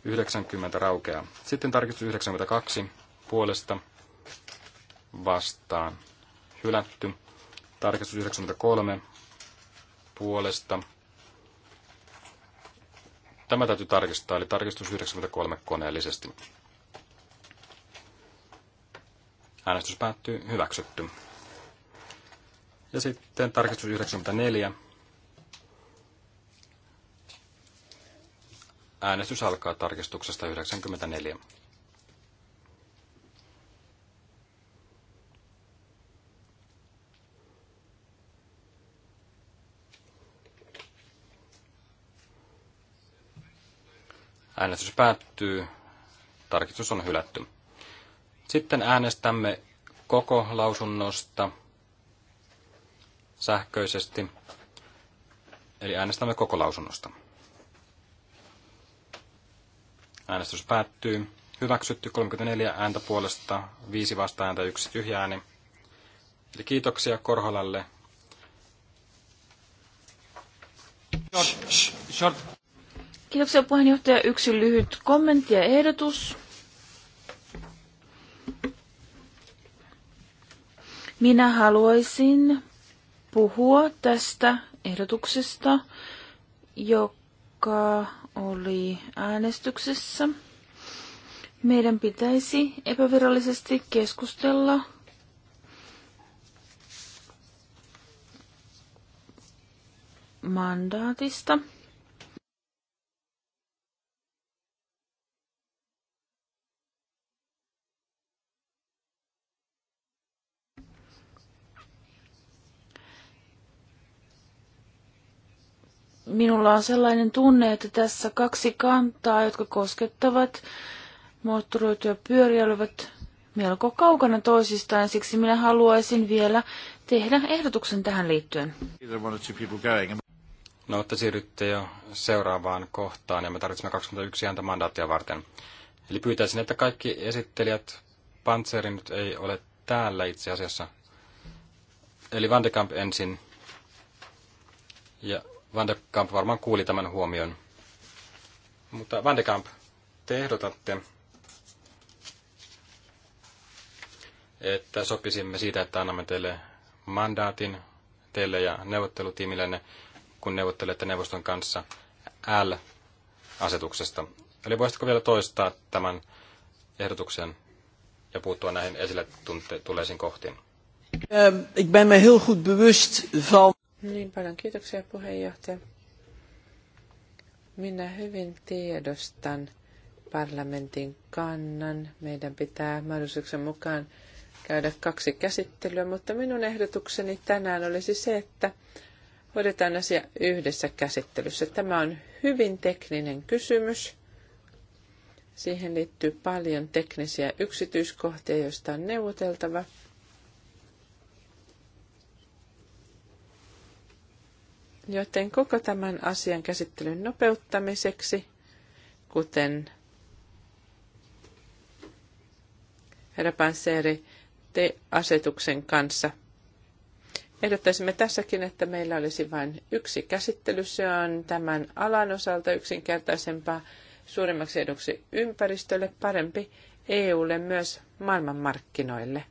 90 raukeaa. Sitten tarkistus 92 puolesta vastaan hylätty. Tarkistus 93 puolesta. Tämä täytyy tarkistaa, eli tarkistus 93 koneellisesti. Äänestys päättyy. Hyväksytty. Ja sitten tarkistus 94. Äänestys alkaa tarkistuksesta 94. Äänestys päättyy. Tarkistus on hylätty. Sitten äänestämme koko lausunnosta sähköisesti, eli äänestämme koko lausunnosta. Äänestys päättyy. Hyväksytty 34 ääntä puolesta, 5 vasta-ääntä, 1 tyhjä ääni. Eli kiitoksia Korholalle. Short, short. Kiitoksia puheenjohtaja. Yksi lyhyt kommentti ja ehdotus. Minä haluaisin puhua tästä ehdotuksesta, joka oli äänestyksessä. Meidän pitäisi epävirallisesti keskustella mandaatista. minulla on sellainen tunne, että tässä kaksi kantaa, jotka koskettavat moottoroituja pyöriä, olivat melko kaukana toisistaan. Siksi minä haluaisin vielä tehdä ehdotuksen tähän liittyen. No, te siirrytte jo seuraavaan kohtaan ja me tarvitsemme 21 ääntä mandaattia varten. Eli pyytäisin, että kaikki esittelijät, Pantseri nyt ei ole täällä itse asiassa. Eli Vandekamp ensin. Ja Van de Kamp varmaan kuuli tämän huomion. Mutta Van de Kamp, te ehdotatte, että sopisimme siitä, että annamme teille mandaatin teille ja neuvottelutiimillenne, kun neuvottelette neuvoston kanssa L-asetuksesta. Eli voisitko vielä toistaa tämän ehdotuksen ja puuttua näihin esille tulleisiin kohtiin? Ehm, ik ben me heel goed bewust van... Niin paljon kiitoksia puheenjohtaja. Minä hyvin tiedostan parlamentin kannan. Meidän pitää mahdollisuuksien mukaan käydä kaksi käsittelyä, mutta minun ehdotukseni tänään olisi se, että hoidetaan asia yhdessä käsittelyssä. Tämä on hyvin tekninen kysymys. Siihen liittyy paljon teknisiä yksityiskohtia, joista on neuvoteltava. Joten koko tämän asian käsittelyn nopeuttamiseksi, kuten herra Panseri, te asetuksen kanssa Ehdottaisimme tässäkin, että meillä olisi vain yksi käsittely. Se on tämän alan osalta yksinkertaisempaa, suurimmaksi eduksi ympäristölle, parempi EUlle myös maailmanmarkkinoille,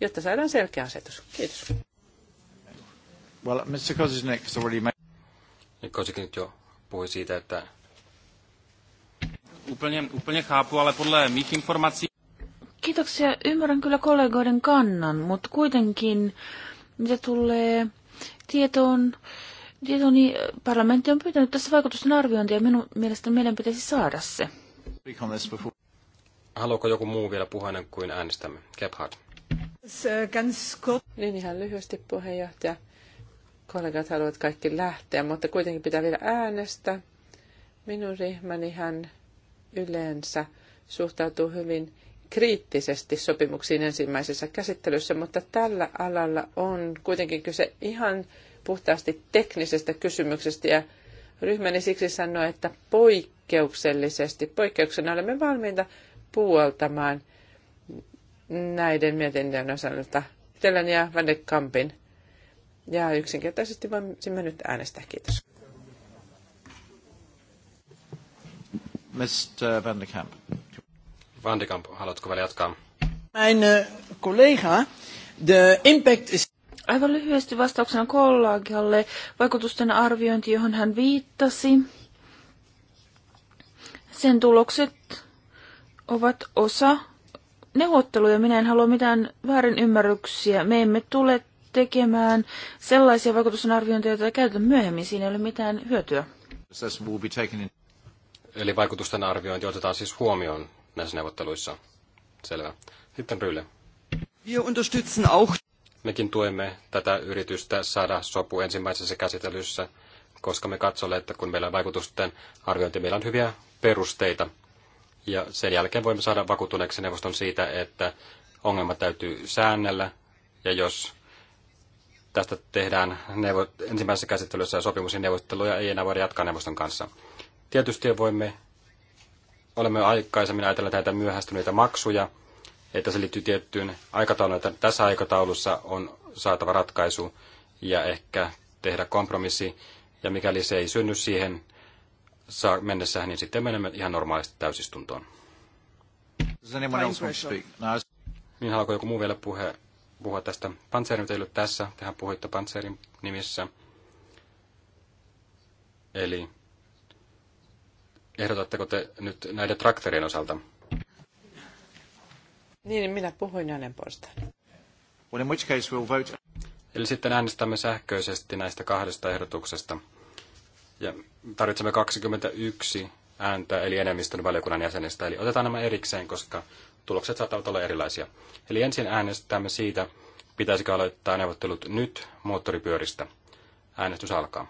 jotta saadaan selkeä asetus. Kiitos. Well, Mr. Kozisnik already made... Kosikin nyt jo puhui siitä, että... Úplně, úplně chápu, ale podle mých informací... Kiitoksia. Ymmärrän kyllä kollegoiden kannan, mutta kuitenkin, mitä tulee tietoon, tietoon niin eh, parlamentti on pyytänyt tässä vaikutusten arviointia ja minun mielestäni meidän pitäisi saada se. Haluaako joku muu vielä puhua kuin äänestämme? Gebhard. Eh, niin ihan lyhyesti puheenjohtaja kollegat haluavat kaikki lähteä, mutta kuitenkin pitää vielä äänestä. Minun ryhmäni hän yleensä suhtautuu hyvin kriittisesti sopimuksiin ensimmäisessä käsittelyssä, mutta tällä alalla on kuitenkin kyse ihan puhtaasti teknisestä kysymyksestä ja ryhmäni siksi sanoi, että poikkeuksellisesti, poikkeuksena olemme valmiita puoltamaan näiden mietintöjen osalta Tellen ja Van Kampin ja yksinkertaisesti sinne nyt äänestää. Kiitos. Mr. Van de Kamp. Van de Kamp, haluatko vielä jatkaa? Mijn eh, collega, de impact is... Aivan lyhyesti vastauksena kollegalle vaikutusten arviointi, johon hän viittasi. Sen tulokset ovat osa neuvotteluja. Minä en halua mitään väärinymmärryksiä. Me emme tule tekemään sellaisia vaikutusarviointeja, joita käytetään myöhemmin. Siinä ei ole mitään hyötyä. Eli vaikutusten arviointi otetaan siis huomioon näissä neuvotteluissa. Selvä. Sitten Rylle. Mekin tuemme tätä yritystä saada sopu ensimmäisessä käsittelyssä, koska me katsomme, että kun meillä on vaikutusten arviointi, meillä on hyviä perusteita. Ja sen jälkeen voimme saada vakuutuneeksi neuvoston siitä, että ongelma täytyy säännellä, ja jos tästä tehdään neuvo- ensimmäisessä käsittelyssä ja sopimus ja neuvotteluja ei enää voida jatkaa neuvoston kanssa. Tietysti voimme, olemme aikaisemmin ajatelleet näitä myöhästyneitä maksuja, että se liittyy tiettyyn aikatauluun, että tässä aikataulussa on saatava ratkaisu ja ehkä tehdä kompromissi, ja mikäli se ei synny siihen saa mennessä, niin sitten menemme ihan normaalisti täysistuntoon. Niin haluaako joku muu vielä puhe, puhua tästä. panseerin ei ollut tässä, tehän puhuitte panseerin nimissä. Eli ehdotatteko te nyt näiden traktorien osalta? Niin, minä puhuin hänen puolestaan. we'll vote... Eli sitten äänestämme sähköisesti näistä kahdesta ehdotuksesta. Ja tarvitsemme 21 ääntä, eli enemmistön valiokunnan jäsenistä. Eli otetaan nämä erikseen, koska tulokset saattavat olla erilaisia. Eli ensin äänestämme siitä, pitäisikö aloittaa neuvottelut nyt moottoripyöristä. Äänestys alkaa.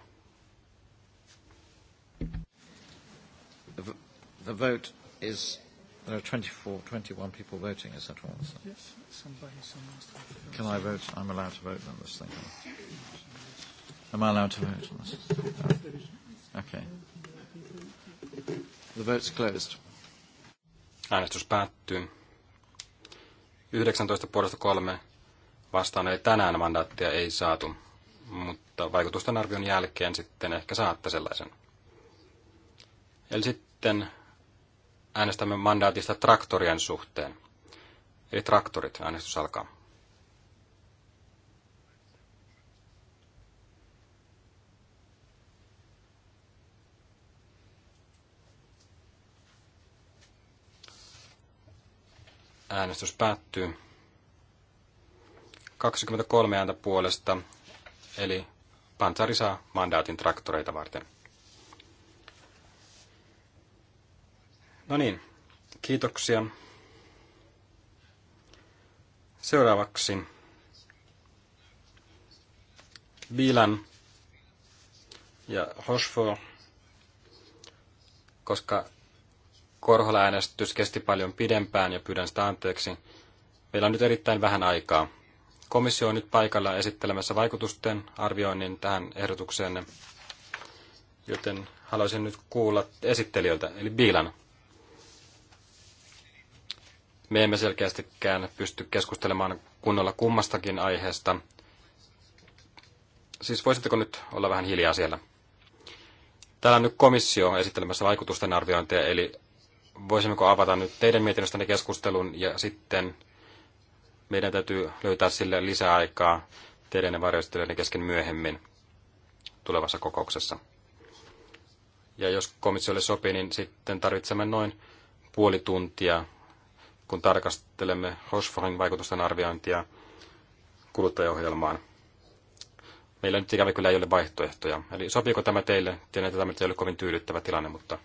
The vote is There are 24, 21 people voting, is that all? Yes, somebody, someone Can I vote? I'm allowed to vote on this thing. Am I allowed to vote on this? Okay. The vote's closed. Äänestys päättyy. 19 puolesta kolme vastaan, eli tänään mandaattia ei saatu, mutta vaikutusten arvion jälkeen sitten ehkä saatte sellaisen. Eli sitten äänestämme mandaatista traktorien suhteen. Eli traktorit, äänestys alkaa. Äänestys päättyy. 23 ääntä puolesta, eli Pantsari saa mandaatin traktoreita varten. No niin, kiitoksia. Seuraavaksi Bilan ja Rochefort, koska Korholla äänestys kesti paljon pidempään ja pyydän sitä anteeksi. Meillä on nyt erittäin vähän aikaa. Komissio on nyt paikalla esittelemässä vaikutusten arvioinnin tähän ehdotukseenne, joten haluaisin nyt kuulla esittelijöiltä, eli Biilan. Me emme selkeästikään pysty keskustelemaan kunnolla kummastakin aiheesta. Siis voisitteko nyt olla vähän hiljaa siellä? Täällä on nyt komissio esittelemässä vaikutusten arviointia, eli voisimmeko avata nyt teidän mietinnöstänne keskustelun ja sitten meidän täytyy löytää sille lisäaikaa teidän ja varjostelijoiden kesken myöhemmin tulevassa kokouksessa. Ja jos komissiolle sopii, niin sitten tarvitsemme noin puoli tuntia, kun tarkastelemme Hosforin vaikutusten arviointia kuluttajaohjelmaan. Meillä nyt ikävä kyllä ei ole vaihtoehtoja. Eli sopiiko tämä teille? Tiedän, että tämä ei ole kovin tyydyttävä tilanne, mutta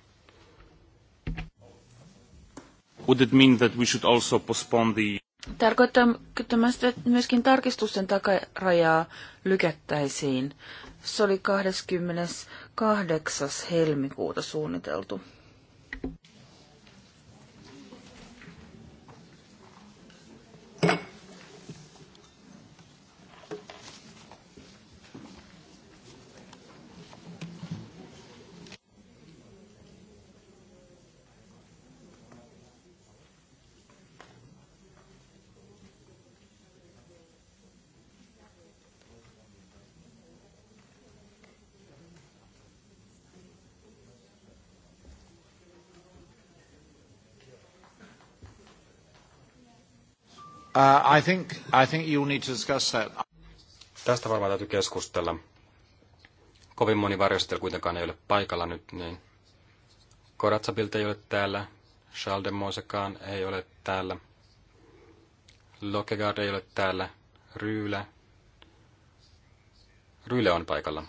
Would it mean that we should also postpone the... Tarkoittaa tämä että myöskin tarkistusten takarajaa lykättäisiin? Se oli 28. helmikuuta suunniteltu. Uh, I think, I think you need to discuss that. Tästä varmaan täytyy keskustella. Kovin moni varjostel kuitenkaan ei ole paikalla nyt, niin Koratsabilt ei ole täällä, Charles de Mosekaan ei ole täällä, Lokegaard ei ole täällä, Ryylä. Ryylä on paikalla.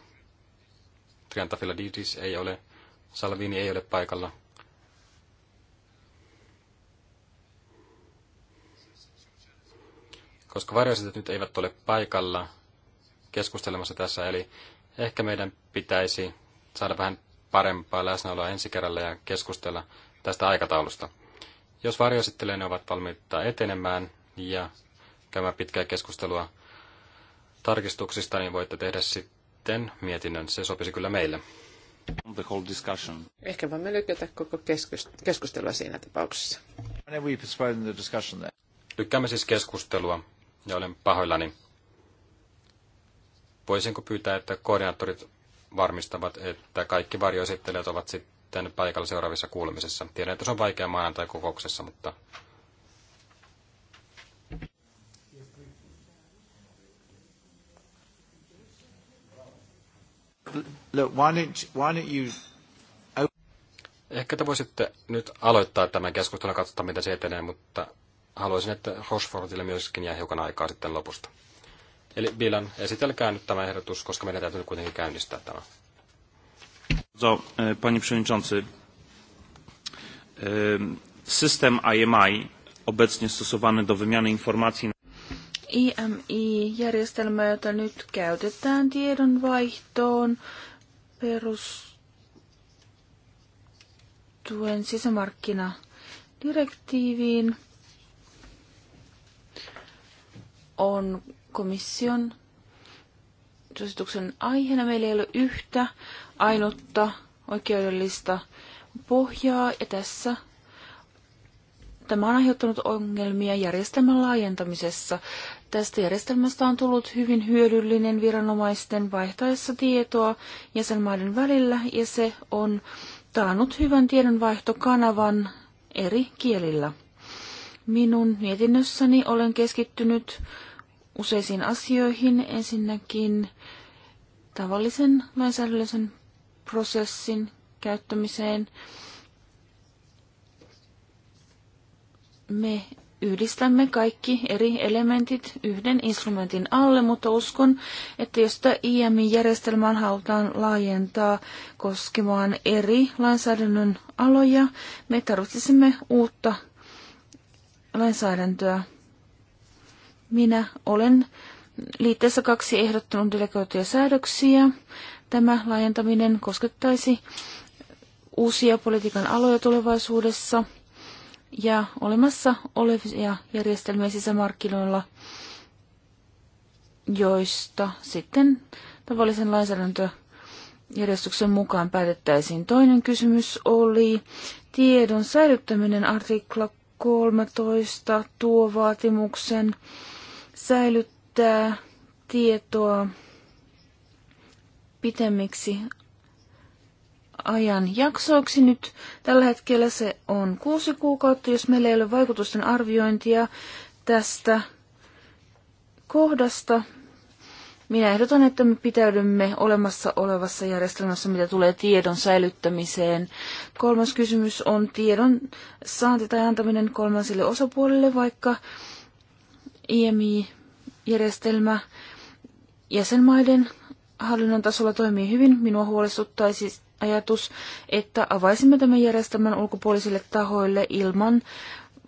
Triantafila Didis ei ole, Salvini ei ole paikalla. koska varjoiset nyt eivät ole paikalla keskustelemassa tässä, eli ehkä meidän pitäisi saada vähän parempaa läsnäoloa ensi kerralla ja keskustella tästä aikataulusta. Jos ne ovat valmiita etenemään ja käymään pitkää keskustelua tarkistuksista, niin voitte tehdä sitten mietinnön. Se sopisi kyllä meille. The whole discussion. Ehkä voimme lykätä koko keskustelua siinä tapauksessa. Lykkäämme siis keskustelua ja olen pahoillani. Voisinko pyytää, että koordinaattorit varmistavat, että kaikki varjoesittelijät ovat sitten paikalla seuraavissa kuulemisessa. Tiedän, että se on vaikea maanantai-kokouksessa, mutta... you... Ehkä te voisitte nyt aloittaa tämän keskustelun ja katsotaan, mitä se etenee, mutta haluaisin, että Rochefortille myöskin jää hiukan aikaa sitten lopusta. Eli Bilan, esitelkää nyt tämä ehdotus, koska meidän täytyy kuitenkin käynnistää tämä. So, e, panie przewodniczący, e, system IMI obecnie stosowany do wymiany informacji IMI-järjestelmä, jota nyt käytetään tiedonvaihtoon, perustuen sisämarkkinadirektiiviin on komission suosituksen aiheena. Meillä ei ole yhtä ainutta oikeudellista pohjaa ja tässä tämä on aiheuttanut ongelmia järjestelmän laajentamisessa. Tästä järjestelmästä on tullut hyvin hyödyllinen viranomaisten vaihtaessa tietoa jäsenmaiden välillä ja se on taannut hyvän tiedonvaihtokanavan eri kielillä. Minun mietinnössäni olen keskittynyt useisiin asioihin. Ensinnäkin tavallisen lainsäädännöllisen prosessin käyttämiseen. Me yhdistämme kaikki eri elementit yhden instrumentin alle, mutta uskon, että jos tätä imi järjestelmään halutaan laajentaa koskemaan eri lainsäädännön aloja, me tarvitsisimme uutta lainsäädäntöä. Minä olen liitteessä kaksi ehdottanut delegoituja säädöksiä. Tämä laajentaminen koskettaisi uusia politiikan aloja tulevaisuudessa ja olemassa olevia järjestelmiä sisämarkkinoilla, joista sitten tavallisen lainsäädäntöjärjestyksen mukaan päätettäisiin. Toinen kysymys oli tiedon säilyttäminen artikla 13 tuo vaatimuksen säilyttää tietoa pitemmiksi ajan jaksoiksi. Nyt tällä hetkellä se on kuusi kuukautta, jos meillä ei ole vaikutusten arviointia tästä kohdasta, minä ehdotan, että me pitäydymme olemassa olevassa järjestelmässä, mitä tulee tiedon säilyttämiseen. Kolmas kysymys on tiedon saanti tai antaminen kolmansille osapuolille, vaikka IMI-järjestelmä jäsenmaiden hallinnon tasolla toimii hyvin. Minua huolestuttaisi ajatus, että avaisimme tämän järjestelmän ulkopuolisille tahoille ilman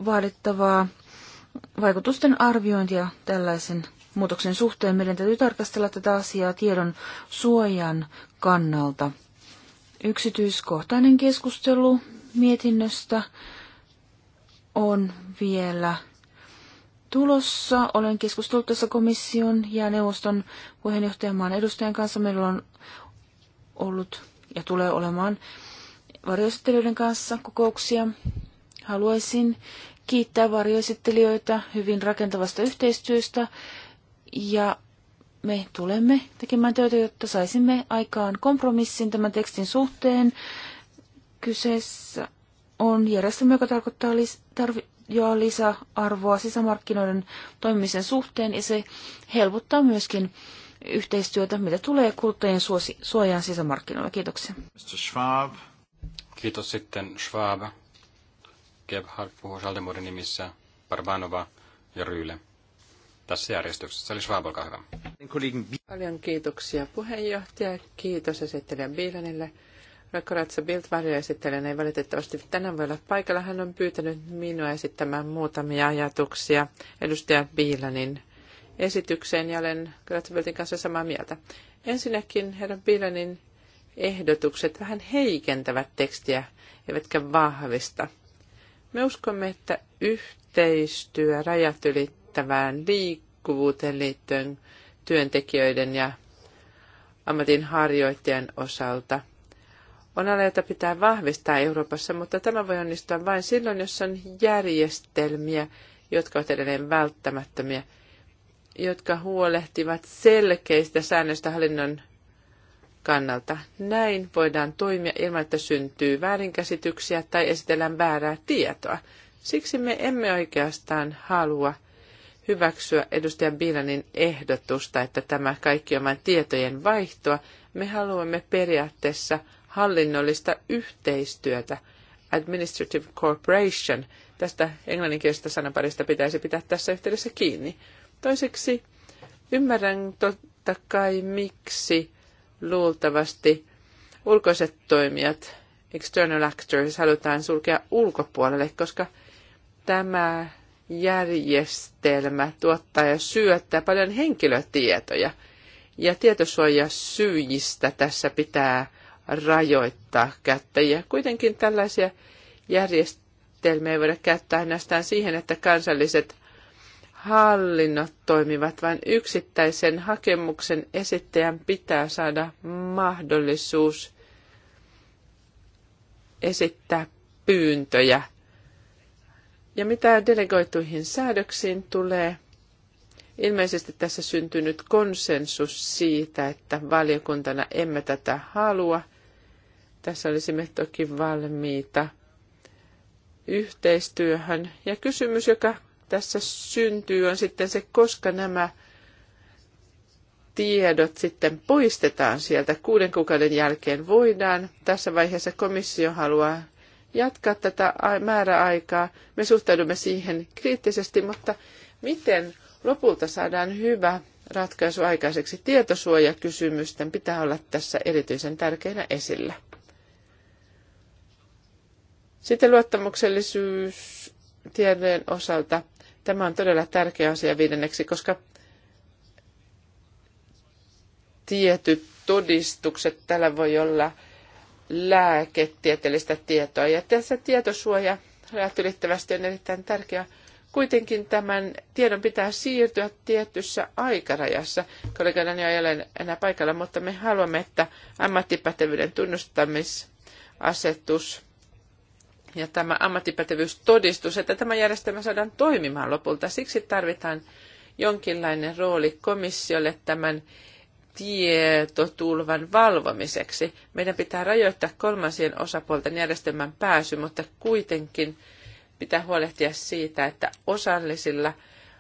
vaadittavaa vaikutusten arviointia tällaisen muutoksen suhteen. Meidän täytyy tarkastella tätä asiaa tiedon suojan kannalta. Yksityiskohtainen keskustelu mietinnöstä on vielä tulossa. Olen keskustellut tässä komission ja neuvoston puheenjohtajamaan edustajan kanssa. Meillä on ollut ja tulee olemaan varjoesittelijöiden kanssa kokouksia. Haluaisin kiittää varjoesittelijöitä hyvin rakentavasta yhteistyöstä ja me tulemme tekemään töitä, jotta saisimme aikaan kompromissin tämän tekstin suhteen. Kyseessä on järjestelmä, joka tarkoittaa lis- joo lisäarvoa sisämarkkinoiden toimimisen suhteen ja se helpottaa myöskin yhteistyötä, mitä tulee kuluttajien suosi- suojaan sisämarkkinoilla. Kiitoksia. Mr. Schwab. Kiitos sitten Schwab. Gebhard puhuu nimissä, Barbanova ja Ryyle tässä järjestyksessä. Eli Schwab, olkaa hyvä. Paljon kiitoksia puheenjohtaja. Kiitos esittelijä Biilanille. Rakoratsa Bilt esittelijänä ei valitettavasti tänään voi olla paikalla. Hän on pyytänyt minua esittämään muutamia ajatuksia edustaja Biilanin esitykseen ja olen Biltin kanssa samaa mieltä. Ensinnäkin herra Biilanin ehdotukset vähän heikentävät tekstiä, eivätkä vahvista. Me uskomme, että yhteistyö rajat ylittää riittävään liikkuvuuteen liittyen työntekijöiden ja ammatin harjoittajien osalta. On ala, pitää vahvistaa Euroopassa, mutta tämä voi onnistua vain silloin, jos on järjestelmiä, jotka ovat edelleen välttämättömiä, jotka huolehtivat selkeistä säännöistä hallinnon kannalta. Näin voidaan toimia ilman, että syntyy väärinkäsityksiä tai esitellään väärää tietoa. Siksi me emme oikeastaan halua hyväksyä edustaja Bilanin ehdotusta, että tämä kaikki on vain tietojen vaihtoa. Me haluamme periaatteessa hallinnollista yhteistyötä, administrative corporation. Tästä englanninkielisestä sanaparista pitäisi pitää tässä yhteydessä kiinni. Toiseksi ymmärrän totta kai, miksi luultavasti ulkoiset toimijat, external actors, halutaan sulkea ulkopuolelle, koska tämä järjestelmä tuottaa ja syöttää paljon henkilötietoja. Ja tietosuoja syistä tässä pitää rajoittaa käyttäjiä. Kuitenkin tällaisia järjestelmiä ei voida käyttää ainoastaan siihen, että kansalliset hallinnot toimivat, vaan yksittäisen hakemuksen esittäjän pitää saada mahdollisuus esittää pyyntöjä ja mitä delegoituihin säädöksiin tulee, ilmeisesti tässä syntynyt konsensus siitä, että valiokuntana emme tätä halua. Tässä olisimme toki valmiita yhteistyöhön. Ja kysymys, joka tässä syntyy, on sitten se, koska nämä tiedot sitten poistetaan sieltä kuuden kuukauden jälkeen voidaan. Tässä vaiheessa komissio haluaa jatkaa tätä määräaikaa. Me suhtaudumme siihen kriittisesti, mutta miten lopulta saadaan hyvä ratkaisu aikaiseksi? Tietosuojakysymysten pitää olla tässä erityisen tärkeinä esillä. Sitten luottamuksellisuus tiedon osalta. Tämä on todella tärkeä asia viidenneksi, koska tietyt todistukset, tällä voi olla lääketieteellistä tietoa. Ja tässä tietosuoja rajat ylittävästi on erittäin tärkeä. Kuitenkin tämän tiedon pitää siirtyä tietyssä aikarajassa. Kollegani ei ole enää paikalla, mutta me haluamme, että ammattipätevyyden tunnustamisasetus ja tämä ammattipätevyystodistus, että tämä järjestelmä saadaan toimimaan lopulta. Siksi tarvitaan jonkinlainen rooli komissiolle tämän tietotulvan valvomiseksi. Meidän pitää rajoittaa kolmansien osapuolten järjestelmän pääsy, mutta kuitenkin pitää huolehtia siitä, että osallisilla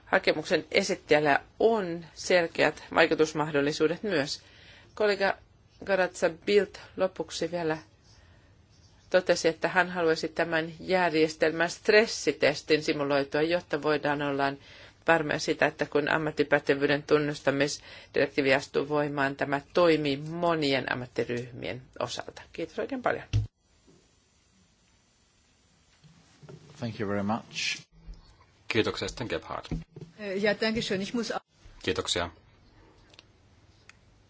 hakemuksen esittäjällä on selkeät vaikutusmahdollisuudet myös. Kollega Garatsa Bild lopuksi vielä totesi, että hän haluaisi tämän järjestelmän stressitestin simuloitua, jotta voidaan olla varmoja sitä, että kun ammattipätevyyden tunnustamisdirektiivi astuu voimaan, tämä toimii monien ammattiryhmien osalta. Kiitos oikein paljon. Thank you very much. Kiitoksia sitten Gebhard. Eh, ja, danke schön. Ich muss... Kiitoksia.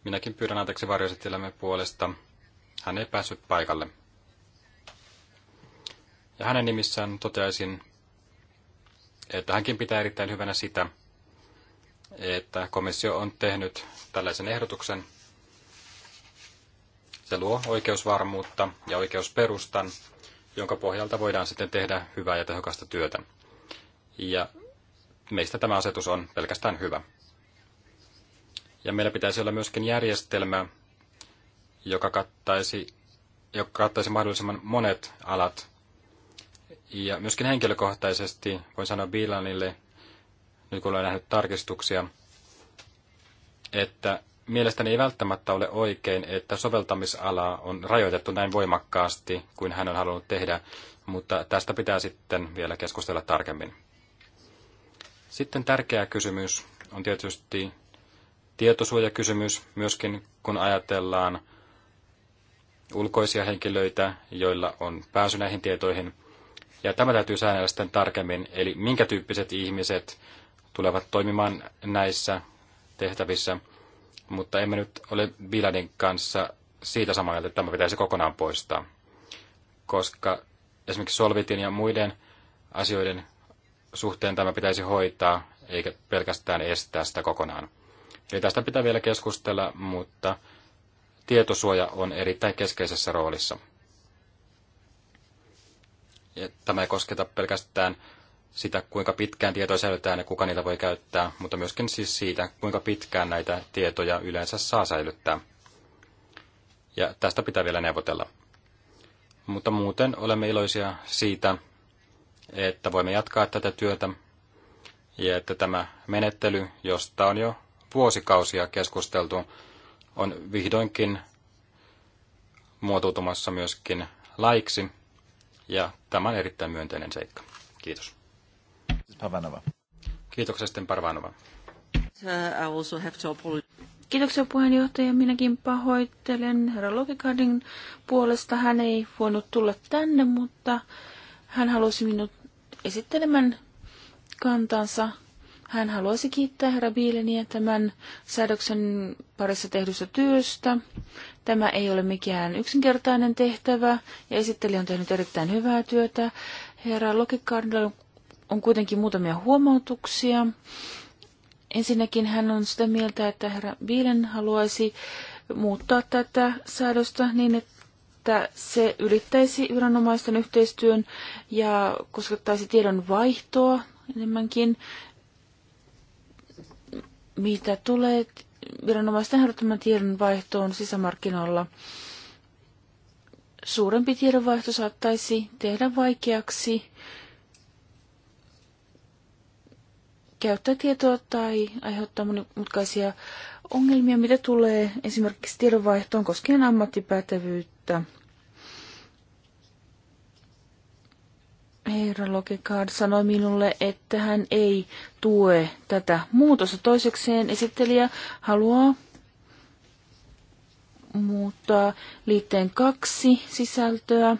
Minäkin pyydän anteeksi varjoesittelemme puolesta. Hän ei päässyt paikalle. Ja hänen nimissään toteaisin, että hänkin pitää erittäin hyvänä sitä, että komissio on tehnyt tällaisen ehdotuksen. Se luo oikeusvarmuutta ja oikeusperustan, jonka pohjalta voidaan sitten tehdä hyvää ja tehokasta työtä. Ja meistä tämä asetus on pelkästään hyvä. Ja meillä pitäisi olla myöskin järjestelmä, joka kattaisi, joka kattaisi mahdollisimman monet alat ja myöskin henkilökohtaisesti voin sanoa Bilanille, nyt kun olen nähnyt tarkistuksia, että mielestäni ei välttämättä ole oikein, että soveltamisalaa on rajoitettu näin voimakkaasti kuin hän on halunnut tehdä, mutta tästä pitää sitten vielä keskustella tarkemmin. Sitten tärkeä kysymys on tietysti tietosuojakysymys, myöskin kun ajatellaan ulkoisia henkilöitä, joilla on pääsy näihin tietoihin – ja tämä täytyy säännellä sitten tarkemmin, eli minkä tyyppiset ihmiset tulevat toimimaan näissä tehtävissä. Mutta emme nyt ole Biladin kanssa siitä samaa mieltä, että tämä pitäisi kokonaan poistaa. Koska esimerkiksi Solvitin ja muiden asioiden suhteen tämä pitäisi hoitaa, eikä pelkästään estää sitä kokonaan. Eli tästä pitää vielä keskustella, mutta tietosuoja on erittäin keskeisessä roolissa. Ja tämä ei kosketa pelkästään sitä, kuinka pitkään tietoja säilytetään ja kuka niitä voi käyttää, mutta myöskin siis siitä, kuinka pitkään näitä tietoja yleensä saa säilyttää. Ja tästä pitää vielä neuvotella. Mutta muuten olemme iloisia siitä, että voimme jatkaa tätä työtä ja että tämä menettely, josta on jo vuosikausia keskusteltu, on vihdoinkin muotoutumassa myöskin laiksi ja tämä on erittäin myönteinen seikka. Kiitos. Siis Parvanova. Kiitoksia sitten Parvanova. Kiitoksia puheenjohtaja. Minäkin pahoittelen herra Logikardin puolesta. Hän ei voinut tulla tänne, mutta hän halusi minut esittelemään kantansa hän haluaisi kiittää herra Biileniä tämän säädöksen parissa tehdystä työstä. Tämä ei ole mikään yksinkertainen tehtävä ja esittelijä on tehnyt erittäin hyvää työtä. Herra Lokikardilla on kuitenkin muutamia huomautuksia. Ensinnäkin hän on sitä mieltä, että herra Biilen haluaisi muuttaa tätä säädöstä niin, että että se ylittäisi viranomaisten yhteistyön ja koskettaisi tiedon vaihtoa enemmänkin. Mitä tulee viranomaisten harjoittaman tiedon vaihtoon sisämarkkinoilla, suurempi tiedonvaihto saattaisi tehdä vaikeaksi käyttää tietoa tai aiheuttaa monimutkaisia ongelmia, mitä tulee esimerkiksi tiedonvaihtoon koskien ammattipätevyyttä – Herra Lokekard sanoi minulle, että hän ei tue tätä muutosta. Toisekseen esittelijä haluaa muuttaa liitteen kaksi sisältöä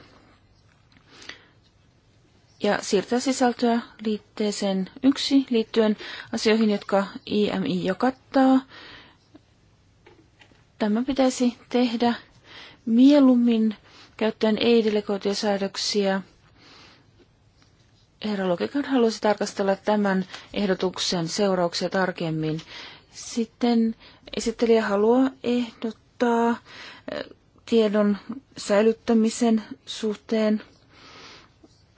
ja siirtää sisältöä liitteeseen yksi liittyen asioihin, jotka IMI jo kattaa. Tämä pitäisi tehdä mieluummin käyttäen ei-delegoituja säädöksiä – herra Lokikan haluaisi tarkastella tämän ehdotuksen seurauksia tarkemmin. Sitten esittelijä haluaa ehdottaa eh, tiedon säilyttämisen suhteen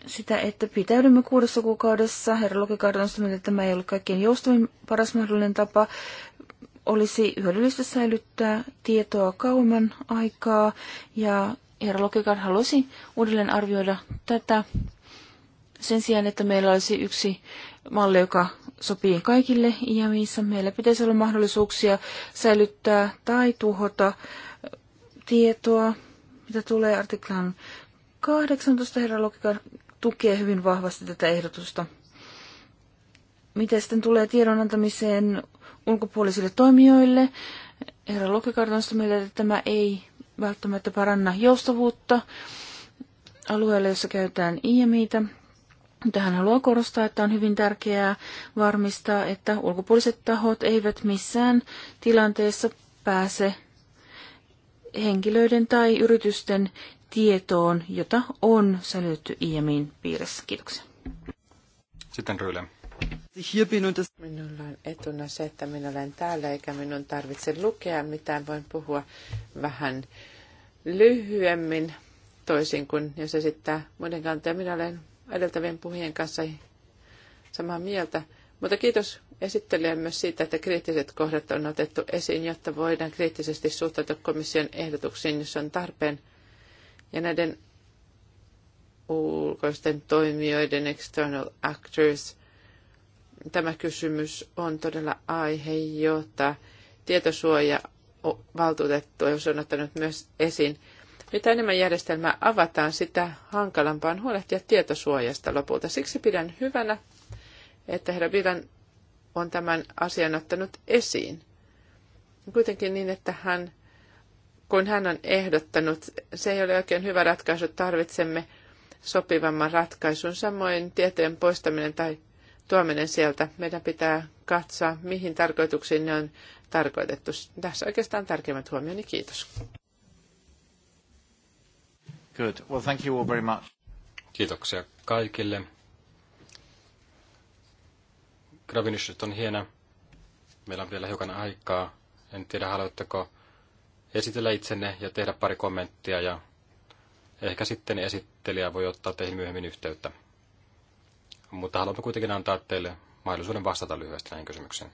sitä, että pitäydymme kuudessa kuukaudessa. Herra Lokikaarta on sitä että tämä ei ole kaikkein joustavin paras mahdollinen tapa. Olisi hyödyllistä säilyttää tietoa kauemman aikaa ja herra Lokikaart halusi uudelleen arvioida tätä sen sijaan, että meillä olisi yksi malli, joka sopii kaikille IAMissa, meillä pitäisi olla mahdollisuuksia säilyttää tai tuhota äh, tietoa, mitä tulee artiklan 18 herra logiikka tukee hyvin vahvasti tätä ehdotusta. Mitä sitten tulee tiedon antamiseen ulkopuolisille toimijoille? Herra Lokikart on sitä mieltä, että tämä ei välttämättä paranna joustavuutta alueelle, jossa käytetään IMIitä mutta hän haluaa korostaa, että on hyvin tärkeää varmistaa, että ulkopuoliset tahot eivät missään tilanteessa pääse henkilöiden tai yritysten tietoon, jota on säilytetty IEMin piirissä. Kiitoksia. Sitten Ryle. Minulla on etuna se, että minä olen täällä eikä minun tarvitse lukea mitään. Voin puhua vähän lyhyemmin toisin kuin jos esittää muiden kantoja. Minä olen edeltävien puhujien kanssa samaa mieltä. Mutta kiitos esittelijän myös siitä, että kriittiset kohdat on otettu esiin, jotta voidaan kriittisesti suhtautua komission ehdotuksiin, jos on tarpeen. Ja näiden ulkoisten toimijoiden, external actors, tämä kysymys on todella aihe, jota tietosuoja valtuutettu on ottanut myös esiin. Mitä enemmän järjestelmää avataan, sitä hankalampaa on huolehtia tietosuojasta lopulta. Siksi pidän hyvänä, että herra Vilan on tämän asian ottanut esiin. Kuitenkin niin, että hän, kun hän on ehdottanut, se ei ole oikein hyvä ratkaisu, tarvitsemme sopivamman ratkaisun. Samoin tietojen poistaminen tai tuominen sieltä. Meidän pitää katsoa, mihin tarkoituksiin ne on tarkoitettu. Tässä oikeastaan tärkeimmät huomioni. Kiitos. Good. Well, thank you all very much. Kiitoksia kaikille. Gravinishyt on hieno. Meillä on vielä hiukan aikaa. En tiedä, haluatteko esitellä itsenne ja tehdä pari kommenttia ja ehkä sitten esittelijä voi ottaa teihin myöhemmin yhteyttä. Mutta haluamme kuitenkin antaa teille mahdollisuuden vastata lyhyesti näihin kysymyksiin.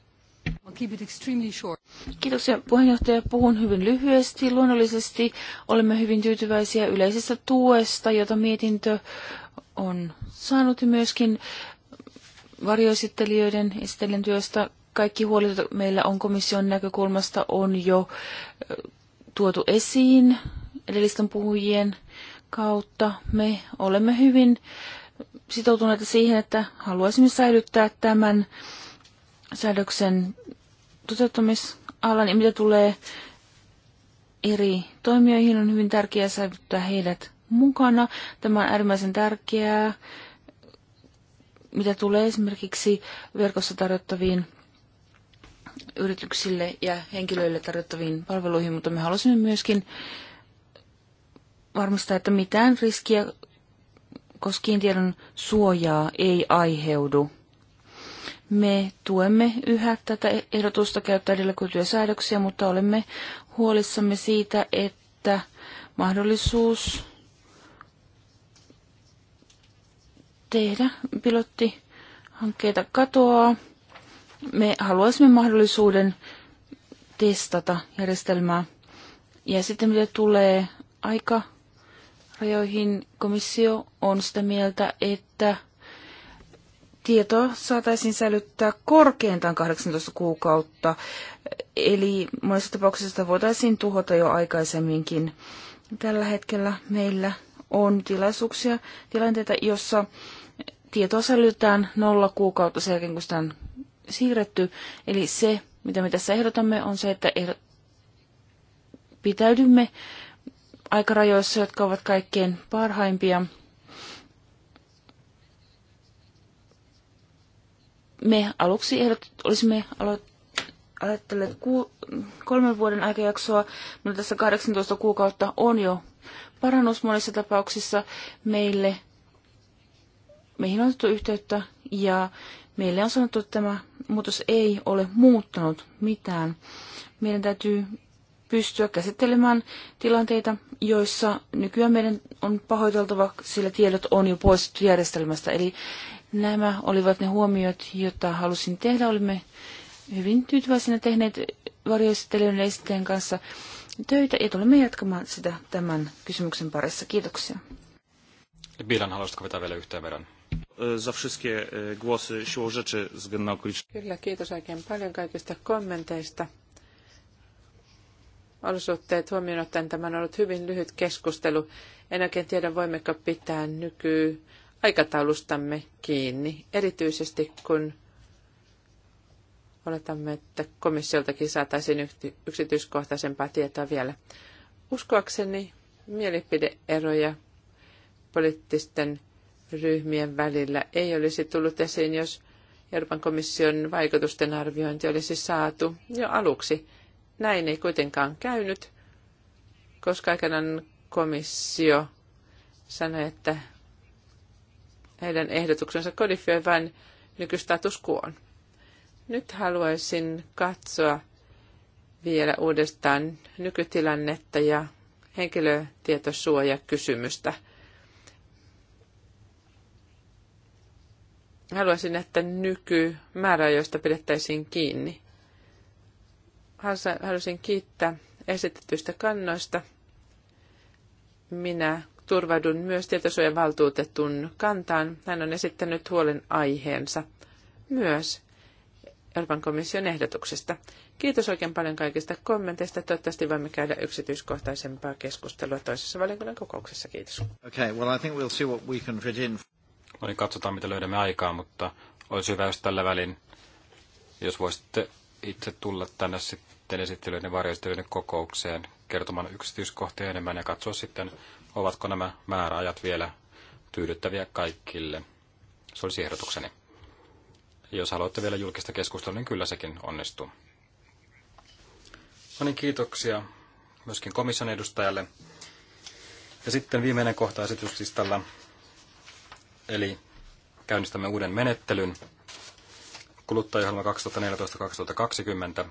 I'll keep it extremely short. Kiitoksia puheenjohtaja. Puhun hyvin lyhyesti. Luonnollisesti olemme hyvin tyytyväisiä yleisestä tuesta, jota mietintö on saanut myöskin varjoesittelijöiden esittelijän työstä. Kaikki huolet meillä on komission näkökulmasta on jo tuotu esiin edellisten puhujien kautta. Me olemme hyvin sitoutuneita siihen, että haluaisimme säilyttää tämän säädöksen toteuttamis alan ja mitä tulee eri toimijoihin, on hyvin tärkeää säilyttää heidät mukana. Tämä on äärimmäisen tärkeää, mitä tulee esimerkiksi verkossa tarjottaviin yrityksille ja henkilöille tarjottaviin palveluihin, mutta me halusimme myöskin varmistaa, että mitään riskiä koskien tiedon suojaa ei aiheudu. Me tuemme yhä tätä ehdotusta käyttää edellä säädöksiä, mutta olemme huolissamme siitä, että mahdollisuus tehdä pilottihankkeita katoaa. Me haluaisimme mahdollisuuden testata järjestelmää. Ja sitten mitä tulee aika rajoihin, komissio on sitä mieltä, että Tieto saataisiin säilyttää korkeintaan 18 kuukautta. Eli monessa tapauksessa voitaisiin tuhota jo aikaisemminkin. Tällä hetkellä meillä on tilaisuuksia, tilanteita, jossa tietoa säilytetään nolla kuukautta sen jälkeen, kun sitä on siirretty. Eli se, mitä me tässä ehdotamme, on se, että ehdot- pitäydymme aikarajoissa, jotka ovat kaikkein parhaimpia – me aluksi ehdot, olisimme aloittaneet ku, kolmen vuoden aikajaksoa, mutta tässä 18 kuukautta on jo parannus monissa tapauksissa meille. Meihin on otettu yhteyttä ja meille on sanottu, että tämä muutos ei ole muuttanut mitään. Meidän täytyy pystyä käsittelemään tilanteita, joissa nykyään meidän on pahoiteltava, sillä tiedot on jo poistettu järjestelmästä. Eli Nämä olivat ne huomiot, joita halusin tehdä. Olimme hyvin tyytyväisenä tehneet varjoesittelijöiden esitteen kanssa töitä ja tulemme jatkamaan sitä tämän kysymyksen parissa. Kiitoksia. Bilan, haluaisitko vetää vielä yhteen verran? za wszystkie e, głosy siłą rzeczy Kyllä, kiitos oikein paljon kaikista kommenteista. Olosuhteet huomioon ottaen tämä on ollut hyvin lyhyt keskustelu. En oikein tiedä, voimmeko pitää nyky aikataulustamme kiinni, erityisesti kun oletamme, että komissioltakin saataisiin yksityiskohtaisempaa tietoa vielä. Uskoakseni mielipideeroja poliittisten ryhmien välillä ei olisi tullut esiin, jos Euroopan komission vaikutusten arviointi olisi saatu jo aluksi. Näin ei kuitenkaan käynyt, koska aikanaan komissio sanoi, että heidän ehdotuksensa kodifioi vain nykystatus Nyt haluaisin katsoa vielä uudestaan nykytilannetta ja henkilötietosuojakysymystä. Haluaisin, että nykymääräajoista pidettäisiin kiinni. Haluaisin kiittää esitetyistä kannoista. Minä turvaudun myös tietosuojavaltuutetun kantaan. Hän on esittänyt huolen aiheensa myös Euroopan komission ehdotuksesta. Kiitos oikein paljon kaikista kommenteista. Toivottavasti voimme käydä yksityiskohtaisempaa keskustelua toisessa valiokunnan kokouksessa. Kiitos. Okay, well, I think we'll see what we can fit in. No niin, katsotaan, mitä löydämme aikaa, mutta olisi hyvä, jos tällä välin, jos voisitte itse tulla tänne sitten esittelyiden varjoistelijoiden kokoukseen kertomaan yksityiskohtia enemmän ja katsoa sitten, ovatko nämä määräajat vielä tyydyttäviä kaikille. Se olisi ehdotukseni. Jos haluatte vielä julkista keskustelua, niin kyllä sekin onnistuu. No niin, kiitoksia myöskin komission edustajalle. Ja sitten viimeinen kohta esityslistalla, eli käynnistämme uuden menettelyn kuluttajaohjelma 2014-2020.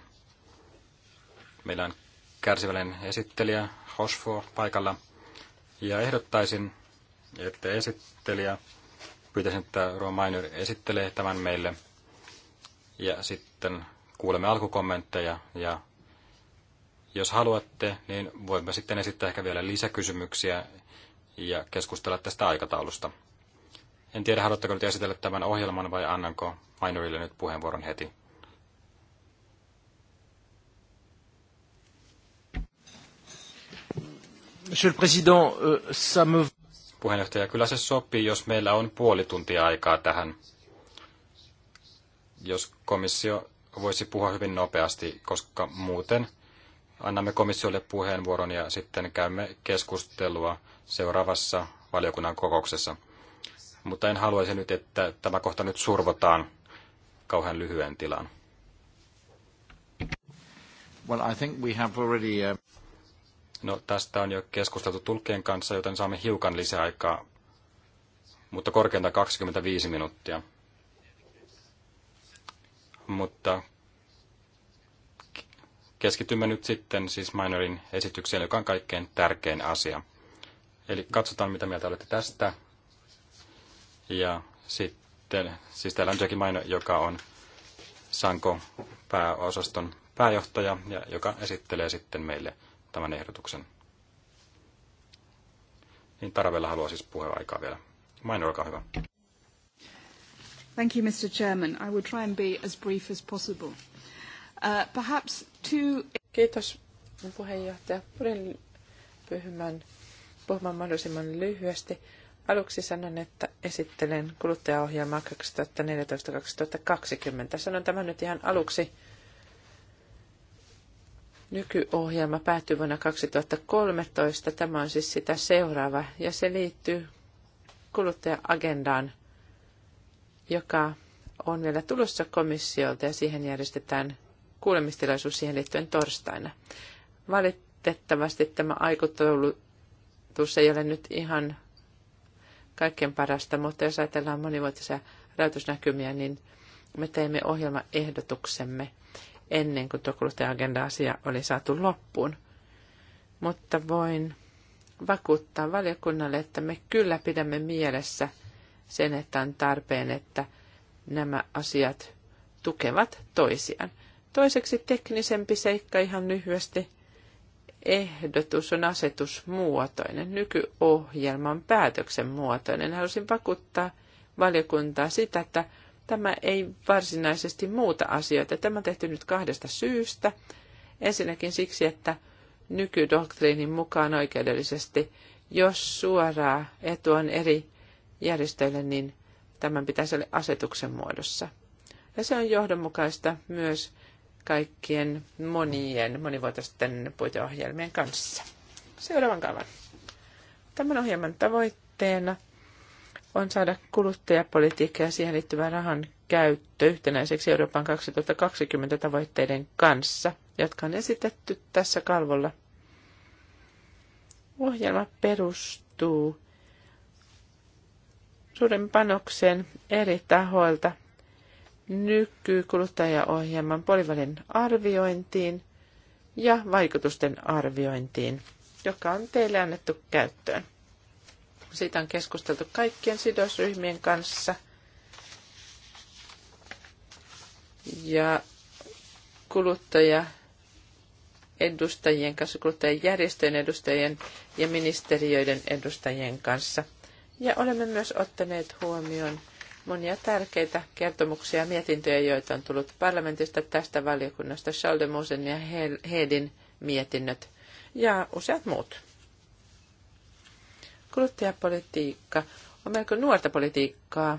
Meillä on kärsivällinen esittelijä Hosfo paikalla. Ja ehdottaisin, että esittelijä, pyytäisin, että Ruo Mainer esittelee tämän meille. Ja sitten kuulemme alkukommentteja ja jos haluatte, niin voimme sitten esittää ehkä vielä lisäkysymyksiä ja keskustella tästä aikataulusta. En tiedä, haluatteko nyt esitellä tämän ohjelman vai annanko Mainorille nyt puheenvuoron heti. Monsieur le Président, euh, ça me... Puheenjohtaja, kyllä se sopii, jos meillä on puoli tuntia aikaa tähän. Jos komissio voisi puhua hyvin nopeasti, koska muuten annamme komissiolle puheenvuoron ja sitten käymme keskustelua seuraavassa valiokunnan kokouksessa. Mutta en haluaisi nyt, että tämä kohta nyt survotaan kauhean lyhyen tilaan. Well, I think we have already, uh... No, tästä on jo keskusteltu tulkkien kanssa, joten saamme hiukan lisäaikaa, mutta korkeinta 25 minuuttia. Mutta keskitymme nyt sitten siis Minorin esitykseen, joka on kaikkein tärkein asia. Eli katsotaan, mitä mieltä olette tästä. Ja sitten, siis täällä on Jackie Maino, joka on Sanko pääosaston pääjohtaja ja joka esittelee sitten meille tämän ehdotuksen. Niin Tarvella haluaa siis puheaikaa vielä. Maino, olkaa hyvä. Thank you, Mr. Chairman. I will try and be as brief as possible. Uh, perhaps two... Kiitos, puheenjohtaja. Pyrin pyhymään puhumaan mahdollisimman lyhyesti. Aluksi sanon, että esittelen kuluttajaohjelmaa 2014-2020. Sanon tämän nyt ihan aluksi, Nykyohjelma päättyi vuonna 2013. Tämä on siis sitä seuraava ja se liittyy kuluttaja-agendaan, joka on vielä tulossa komissiolta ja siihen järjestetään kuulemistilaisuus siihen liittyen torstaina. Valitettavasti tämä aikataulutus ei ole nyt ihan kaikkein parasta, mutta jos ajatellaan monivuotisia rahoitusnäkymiä, niin me teemme ohjelmaehdotuksemme ennen kuin tuo kuluttaja-agenda-asia oli saatu loppuun. Mutta voin vakuuttaa valiokunnalle, että me kyllä pidämme mielessä sen, että on tarpeen, että nämä asiat tukevat toisiaan. Toiseksi teknisempi seikka ihan lyhyesti. Ehdotus on asetusmuotoinen, nykyohjelman päätöksen muotoinen. Haluaisin vakuuttaa valiokuntaa sitä, että Tämä ei varsinaisesti muuta asioita. Tämä on tehty nyt kahdesta syystä. Ensinnäkin siksi, että nykydoktriinin mukaan oikeudellisesti, jos suoraa etu on eri järjestöille, niin tämän pitäisi olla asetuksen muodossa. Ja se on johdonmukaista myös kaikkien monien monivuotisten puiteohjelmien kanssa. Seuraavan kaavan. Tämän ohjelman tavoitteena – on saada kuluttajapolitiikka ja siihen liittyvä rahan käyttö yhtenäiseksi Euroopan 2020 tavoitteiden kanssa, jotka on esitetty tässä kalvolla. Ohjelma perustuu suuren panokseen eri tahoilta nykykuluttajaohjelman puolivälin arviointiin ja vaikutusten arviointiin, joka on teille annettu käyttöön. Siitä on keskusteltu kaikkien sidosryhmien kanssa. Ja kuluttaja edustajien kanssa, kuluttajajärjestöjen edustajien ja ministeriöiden edustajien kanssa. Ja olemme myös ottaneet huomioon monia tärkeitä kertomuksia ja mietintöjä, joita on tullut parlamentista tästä valiokunnasta, Schaldemusen ja Hedin mietinnöt ja useat muut. Kuluttajapolitiikka on melko nuorta politiikkaa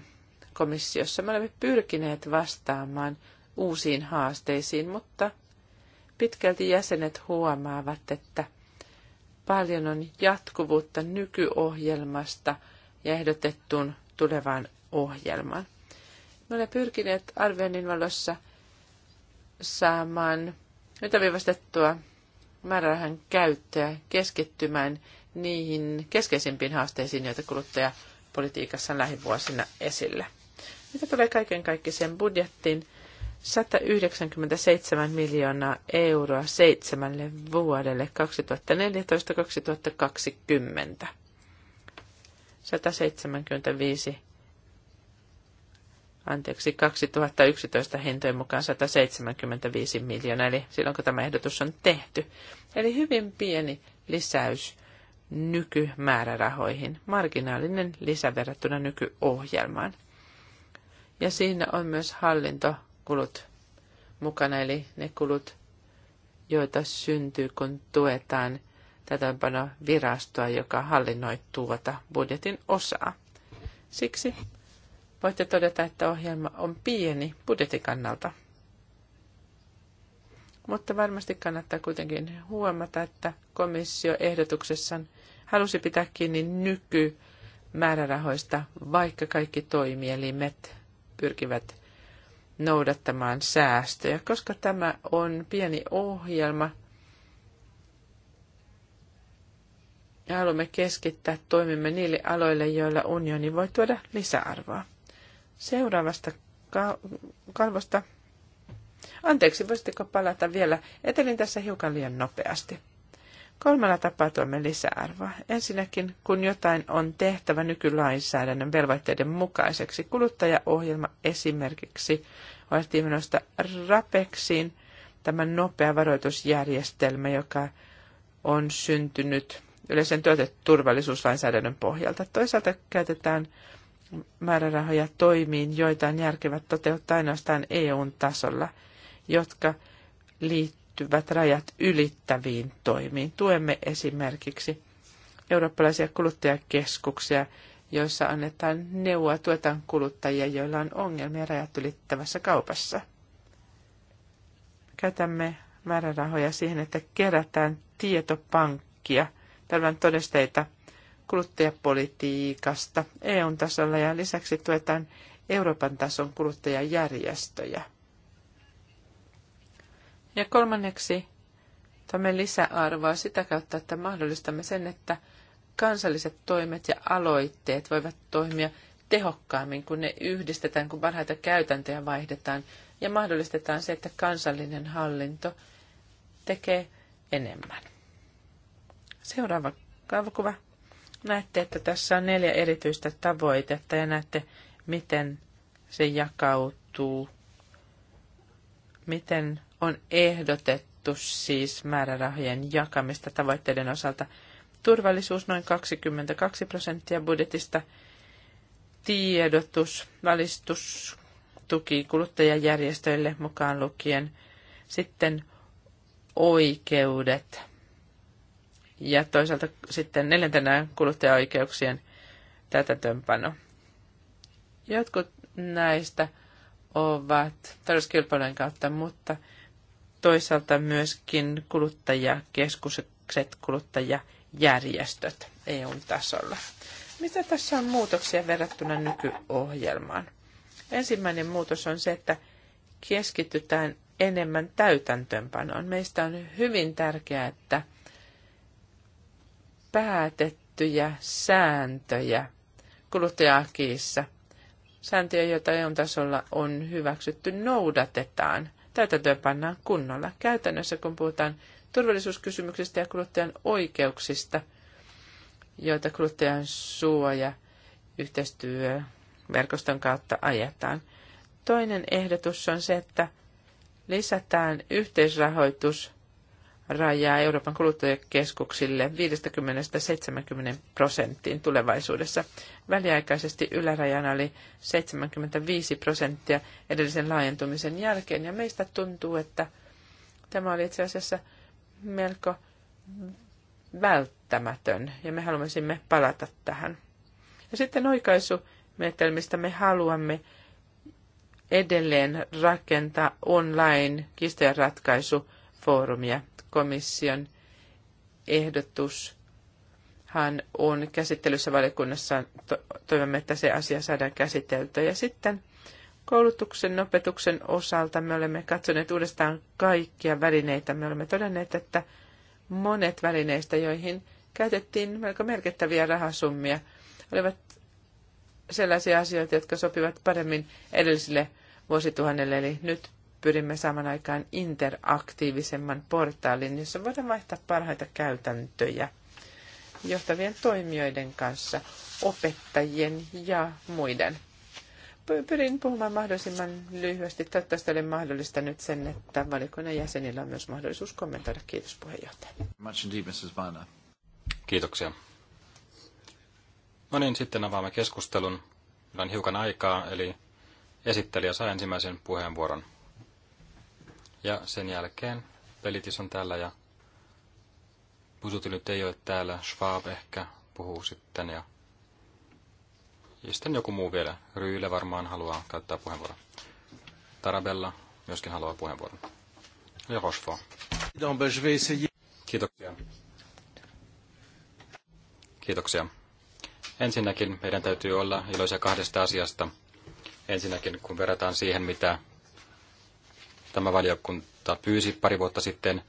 komissiossa. Me olemme pyrkineet vastaamaan uusiin haasteisiin, mutta pitkälti jäsenet huomaavat, että paljon on jatkuvuutta nykyohjelmasta ja ehdotettuun tulevaan ohjelmaan. Me olemme pyrkineet arvioinnin valossa saamaan nyt ytäviivastettua määrärahan käyttöä keskittymään niihin keskeisimpiin haasteisiin, joita kuluttajapolitiikassa on lähivuosina esillä. Mitä tulee kaiken kaikkiseen budjettiin? 197 miljoonaa euroa seitsemälle vuodelle 2014-2020. 175 anteeksi, 2011 hintojen mukaan 175 miljoonaa, eli silloin kun tämä ehdotus on tehty. Eli hyvin pieni lisäys nykymäärärahoihin, marginaalinen lisä verrattuna nykyohjelmaan. Ja siinä on myös hallintokulut mukana, eli ne kulut, joita syntyy, kun tuetaan täytäntöpano virastoa, joka hallinnoi tuota budjetin osaa. Siksi voitte todeta, että ohjelma on pieni budjetin kannalta. Mutta varmasti kannattaa kuitenkin huomata, että komissio ehdotuksessaan halusi pitää kiinni nykymäärärahoista, vaikka kaikki toimielimet pyrkivät noudattamaan säästöjä, koska tämä on pieni ohjelma. Ja haluamme keskittää toimimme niille aloille, joilla unioni voi tuoda lisäarvoa. Seuraavasta kalvosta Anteeksi, voisitteko palata vielä? Etelin tässä hiukan liian nopeasti. Kolmella tapaa tuomme lisäarvoa. Ensinnäkin, kun jotain on tehtävä nykylainsäädännön velvoitteiden mukaiseksi, kuluttajaohjelma esimerkiksi valittiin minusta rapeksiin, tämä nopea varoitusjärjestelmä, joka on syntynyt yleisen tuoteturvallisuuslainsäädännön pohjalta. Toisaalta käytetään määrärahoja toimiin, joita on järkevät toteuttaa ainoastaan EUn tasolla – jotka liittyvät rajat ylittäviin toimiin. Tuemme esimerkiksi eurooppalaisia kuluttajakeskuksia, joissa annetaan neuvoa tuetaan kuluttajia, joilla on ongelmia rajat ylittävässä kaupassa. Käytämme määrärahoja siihen, että kerätään tietopankkia, tällainen todisteita kuluttajapolitiikasta eu tasolla ja lisäksi tuetaan Euroopan tason kuluttajajärjestöjä. Ja kolmanneksi tämä lisäarvoa sitä kautta, että mahdollistamme sen, että kansalliset toimet ja aloitteet voivat toimia tehokkaammin, kun ne yhdistetään, kun parhaita käytäntöjä vaihdetaan ja mahdollistetaan se, että kansallinen hallinto tekee enemmän. Seuraava kaavakuva. Näette, että tässä on neljä erityistä tavoitetta ja näette, miten se jakautuu, miten on ehdotettu siis määrärahojen jakamista tavoitteiden osalta. Turvallisuus noin 22 prosenttia budjetista, tiedotus, valistus, tuki kuluttajajärjestöille mukaan lukien, sitten oikeudet ja toisaalta sitten neljäntenä kuluttajaoikeuksien täytäntöönpano. Jotkut näistä ovat tarjouskilpailujen kautta, mutta toisaalta myöskin kuluttajakeskukset, kuluttajajärjestöt EU-tasolla. Mitä tässä on muutoksia verrattuna nykyohjelmaan? Ensimmäinen muutos on se, että keskitytään enemmän täytäntöönpanoon. Meistä on hyvin tärkeää, että päätettyjä sääntöjä kuluttajakiissa, sääntöjä, joita EU-tasolla on hyväksytty, noudatetaan – täytäntöön pannaan kunnolla. Käytännössä, kun puhutaan turvallisuuskysymyksistä ja kuluttajan oikeuksista, joita kuluttajan suoja yhteistyöverkoston kautta ajetaan. Toinen ehdotus on se, että lisätään yhteisrahoitus rajaa Euroopan kuluttajakeskuksille 50-70 prosenttiin tulevaisuudessa. Väliaikaisesti ylärajana oli 75 prosenttia edellisen laajentumisen jälkeen, ja meistä tuntuu, että tämä oli itse asiassa melko välttämätön, ja me haluaisimme palata tähän. Ja sitten oikaisumenetelmistä me haluamme edelleen rakentaa online kistojen ratkaisu foorumia. Komission ehdotushan on käsittelyssä valiokunnassa. Toivomme, että se asia saadaan käsiteltyä. Ja sitten koulutuksen opetuksen osalta me olemme katsoneet uudestaan kaikkia välineitä. Me olemme todenneet, että monet välineistä, joihin käytettiin melko merkittäviä rahasummia, olivat sellaisia asioita, jotka sopivat paremmin edellisille vuosituhannelle. Eli nyt pyrimme saamaan aikaan interaktiivisemman portaalin, jossa voidaan vaihtaa parhaita käytäntöjä johtavien toimijoiden kanssa, opettajien ja muiden. Pyrin puhumaan mahdollisimman lyhyesti. Toivottavasti mahdollista nyt sen, että valiokunnan jäsenillä on myös mahdollisuus kommentoida. Kiitos puheenjohtaja. Kiitoksia. No niin, sitten avaamme keskustelun. Meillä on hiukan aikaa, eli esittelijä saa ensimmäisen puheenvuoron. Ja sen jälkeen Pelitis on täällä ja Pusuti nyt ei ole täällä. Schwab ehkä puhuu sitten ja, ja sitten joku muu vielä. Ryyle varmaan haluaa käyttää puheenvuoron. Tarabella myöskin haluaa puheenvuoron. Ja Rochefort. Kiitoksia. Kiitoksia. Ensinnäkin meidän täytyy olla iloisia kahdesta asiasta. Ensinnäkin kun verrataan siihen, mitä tämä valiokunta pyysi pari vuotta sitten.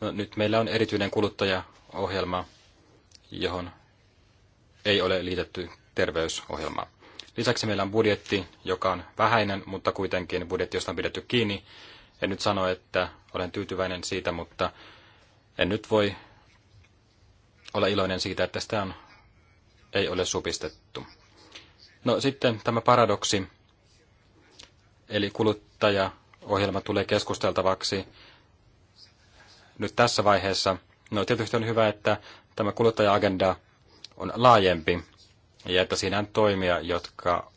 No, nyt meillä on erityinen kuluttajaohjelma, johon ei ole liitetty terveysohjelma. Lisäksi meillä on budjetti, joka on vähäinen, mutta kuitenkin budjetti, josta on pidetty kiinni. En nyt sano, että olen tyytyväinen siitä, mutta en nyt voi olla iloinen siitä, että sitä on, ei ole supistettu. No sitten tämä paradoksi, eli kuluttaja ohjelma tulee keskusteltavaksi nyt tässä vaiheessa. No tietysti on hyvä, että tämä kuluttaja-agenda on laajempi ja että siinä on toimia, jotka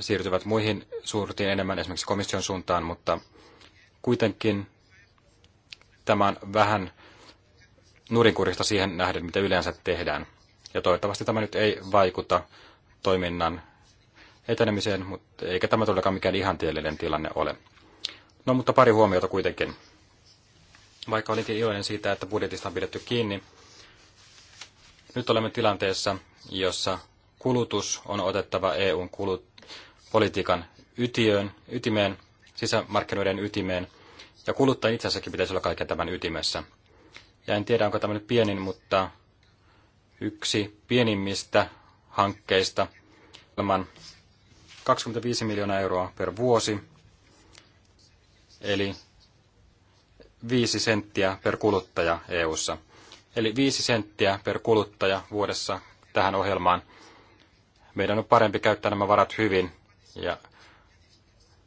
siirtyvät muihin suurtiin enemmän esimerkiksi komission suuntaan, mutta kuitenkin tämä on vähän nurinkurista siihen nähden, mitä yleensä tehdään. Ja toivottavasti tämä nyt ei vaikuta toiminnan etenemiseen, mutta eikä tämä todellakaan mikään ihanteellinen tilanne ole. No mutta pari huomiota kuitenkin. Vaikka olinkin iloinen siitä, että budjetista on pidetty kiinni, nyt olemme tilanteessa, jossa kulutus on otettava EUn kulut, politiikan ytiöön, ytimeen, sisämarkkinoiden ytimeen, ja kuluttajan itse asiassakin pitäisi olla kaiken tämän ytimessä. Ja en tiedä, onko tämä nyt pienin, mutta yksi pienimmistä hankkeista 25 miljoonaa euroa per vuosi, eli 5 senttiä per kuluttaja EU:ssa. Eli 5 senttiä per kuluttaja vuodessa tähän ohjelmaan. Meidän on parempi käyttää nämä varat hyvin ja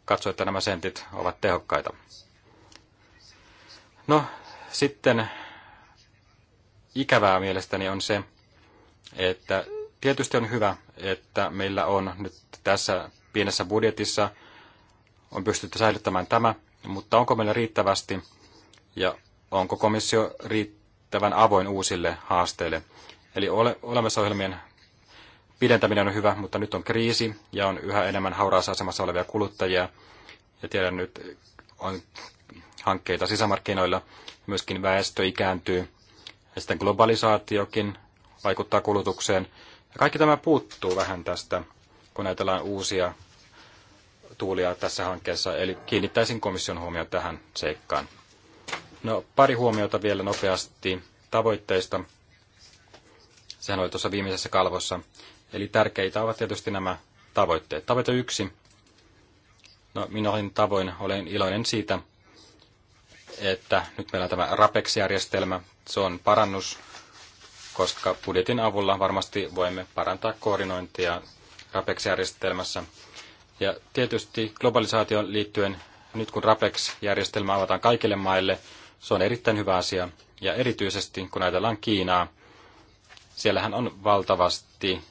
katsoa, että nämä sentit ovat tehokkaita. No, sitten ikävää mielestäni on se, että tietysti on hyvä, että meillä on nyt tässä pienessä budjetissa on pystytty säilyttämään tämä, mutta onko meillä riittävästi ja onko komissio riittävän avoin uusille haasteille? Eli ole, olemassa ohjelmien pidentäminen on hyvä, mutta nyt on kriisi ja on yhä enemmän hauraassa asemassa olevia kuluttajia. Ja tiedän nyt on hankkeita sisämarkkinoilla, myöskin väestö ikääntyy ja sitten globalisaatiokin vaikuttaa kulutukseen. Ja kaikki tämä puuttuu vähän tästä, kun ajatellaan uusia tuulia tässä hankkeessa, eli kiinnittäisin komission huomioon tähän seikkaan. No, pari huomiota vielä nopeasti tavoitteista. Sehän oli tuossa viimeisessä kalvossa. Eli tärkeitä ovat tietysti nämä tavoitteet. Tavoite yksi. No, minä olin tavoin, olen iloinen siitä, että nyt meillä on tämä RAPEX-järjestelmä. Se on parannus koska budjetin avulla varmasti voimme parantaa koordinointia RAPEX-järjestelmässä. Ja tietysti globalisaation liittyen, nyt kun RAPEX-järjestelmä avataan kaikille maille, se on erittäin hyvä asia. Ja erityisesti kun ajatellaan Kiinaa, siellähän on valtavasti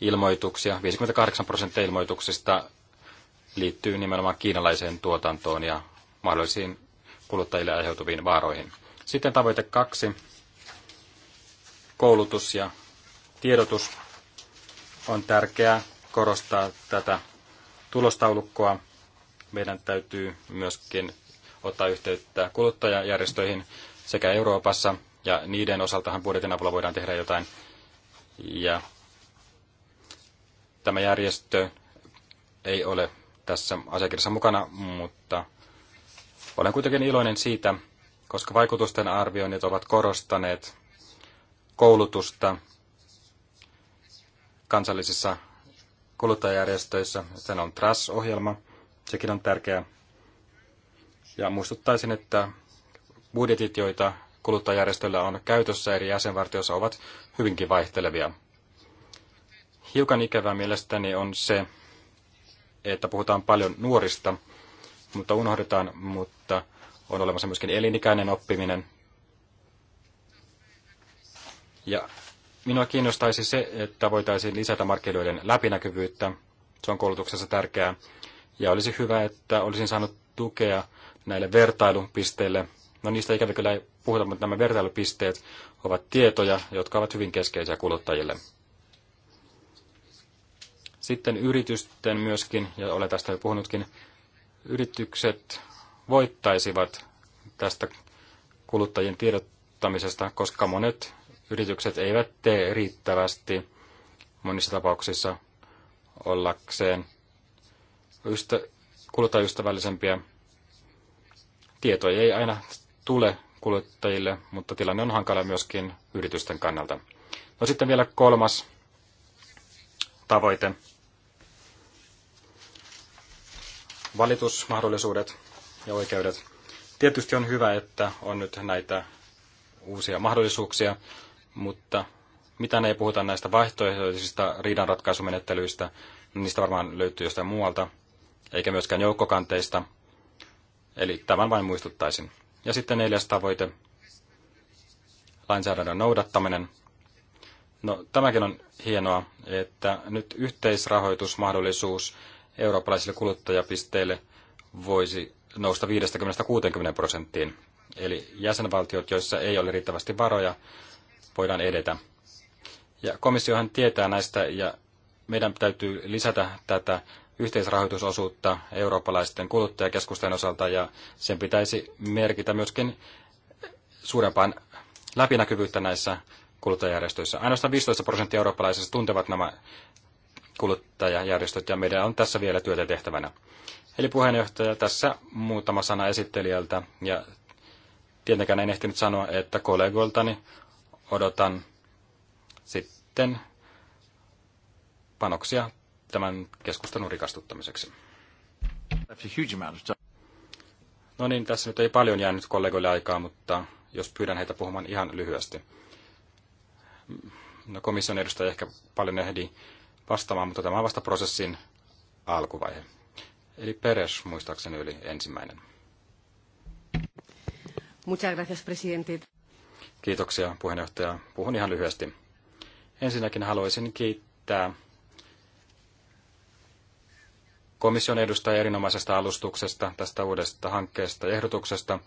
ilmoituksia, 58 prosenttia ilmoituksista liittyy nimenomaan kiinalaiseen tuotantoon ja mahdollisiin kuluttajille aiheutuviin vaaroihin. Sitten tavoite kaksi, koulutus ja tiedotus on tärkeää korostaa tätä tulostaulukkoa. Meidän täytyy myöskin ottaa yhteyttä kuluttajajärjestöihin sekä Euroopassa, ja niiden osaltahan budjetin avulla voidaan tehdä jotain. Ja tämä järjestö ei ole tässä asiakirjassa mukana, mutta olen kuitenkin iloinen siitä, koska vaikutusten arvioinnit ovat korostaneet koulutusta kansallisissa kuluttajajärjestöissä. Sen on TRAS-ohjelma, sekin on tärkeä. Ja muistuttaisin, että budjetit, joita kuluttajajärjestöillä on käytössä eri jäsenvartioissa, ovat hyvinkin vaihtelevia. Hiukan ikävää mielestäni on se, että puhutaan paljon nuorista, mutta unohdetaan, mutta on olemassa myöskin elinikäinen oppiminen. Ja minua kiinnostaisi se, että voitaisiin lisätä markkinoiden läpinäkyvyyttä. Se on koulutuksessa tärkeää. Ja olisi hyvä, että olisin saanut tukea näille vertailupisteille. No niistä ikävä kyllä ei puhuta, mutta nämä vertailupisteet ovat tietoja, jotka ovat hyvin keskeisiä kuluttajille. Sitten yritysten myöskin, ja olen tästä jo puhunutkin, yritykset voittaisivat tästä kuluttajien tiedottamisesta, koska monet yritykset eivät tee riittävästi monissa tapauksissa ollakseen ystä, kuluttajaystävällisempiä. Tietoja ei aina tule kuluttajille, mutta tilanne on hankala myöskin yritysten kannalta. No sitten vielä kolmas tavoite. Valitusmahdollisuudet ja oikeudet. Tietysti on hyvä, että on nyt näitä uusia mahdollisuuksia, mutta mitä ne ei puhuta näistä vaihtoehtoisista riidanratkaisumenettelyistä, niistä varmaan löytyy jostain muualta, eikä myöskään joukkokanteista. Eli tämän vain muistuttaisin. Ja sitten neljäs tavoite, lainsäädännön noudattaminen. No, tämäkin on hienoa, että nyt yhteisrahoitusmahdollisuus eurooppalaisille kuluttajapisteille voisi nousta 50-60 prosenttiin. Eli jäsenvaltiot, joissa ei ole riittävästi varoja, voidaan edetä. Ja komissiohan tietää näistä ja meidän täytyy lisätä tätä yhteisrahoitusosuutta eurooppalaisten kuluttajakeskusten osalta ja sen pitäisi merkitä myöskin suurempaan läpinäkyvyyttä näissä kuluttajajärjestöissä. Ainoastaan 15 prosenttia eurooppalaisista tuntevat nämä kuluttajajärjestöt ja meidän on tässä vielä työtä tehtävänä. Eli puheenjohtaja, tässä muutama sana esittelijältä ja tietenkään en ehtinyt sanoa, että kollegoiltani odotan sitten panoksia tämän keskustelun rikastuttamiseksi. No niin, tässä nyt ei paljon jäänyt kollegoille aikaa, mutta jos pyydän heitä puhumaan ihan lyhyesti. No, komission edustaja ehkä paljon ehdi vastaamaan, mutta tämä on vasta prosessin alkuvaihe. Eli Peres muistaakseni oli ensimmäinen. Muchas gracias, presidente. Kiitoksia puheenjohtaja. Puhun ihan lyhyesti. Ensinnäkin haluaisin kiittää komission edustajia erinomaisesta alustuksesta tästä uudesta hankkeesta ja ehdotuksesta.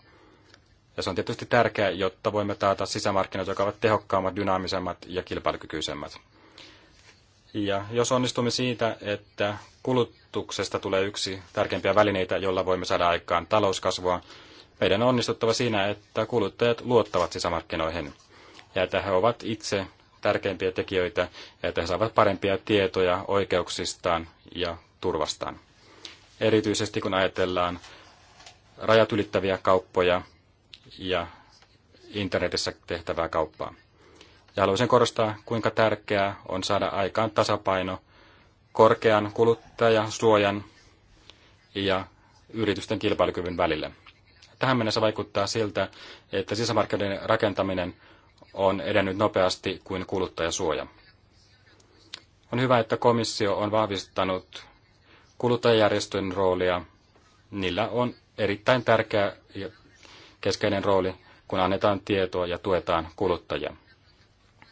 Ja se on tietysti tärkeää, jotta voimme taata sisämarkkinat, jotka ovat tehokkaammat, dynaamisemmat ja kilpailukykyisemmät. Ja jos onnistumme siitä, että kulutuksesta tulee yksi tärkeimpiä välineitä, jolla voimme saada aikaan talouskasvua, meidän on onnistuttava siinä, että kuluttajat luottavat sisämarkkinoihin ja että he ovat itse tärkeimpiä tekijöitä ja että he saavat parempia tietoja oikeuksistaan ja turvastaan. Erityisesti kun ajatellaan rajat ylittäviä kauppoja ja internetissä tehtävää kauppaa. Ja haluaisin korostaa, kuinka tärkeää on saada aikaan tasapaino korkean kuluttajasuojan ja yritysten kilpailukyvyn välille. Tähän mennessä vaikuttaa siltä, että sisämarkkinoiden rakentaminen on edennyt nopeasti kuin kuluttajasuoja. On hyvä, että komissio on vahvistanut kuluttajajärjestön roolia. Niillä on erittäin tärkeä ja keskeinen rooli, kun annetaan tietoa ja tuetaan kuluttajia.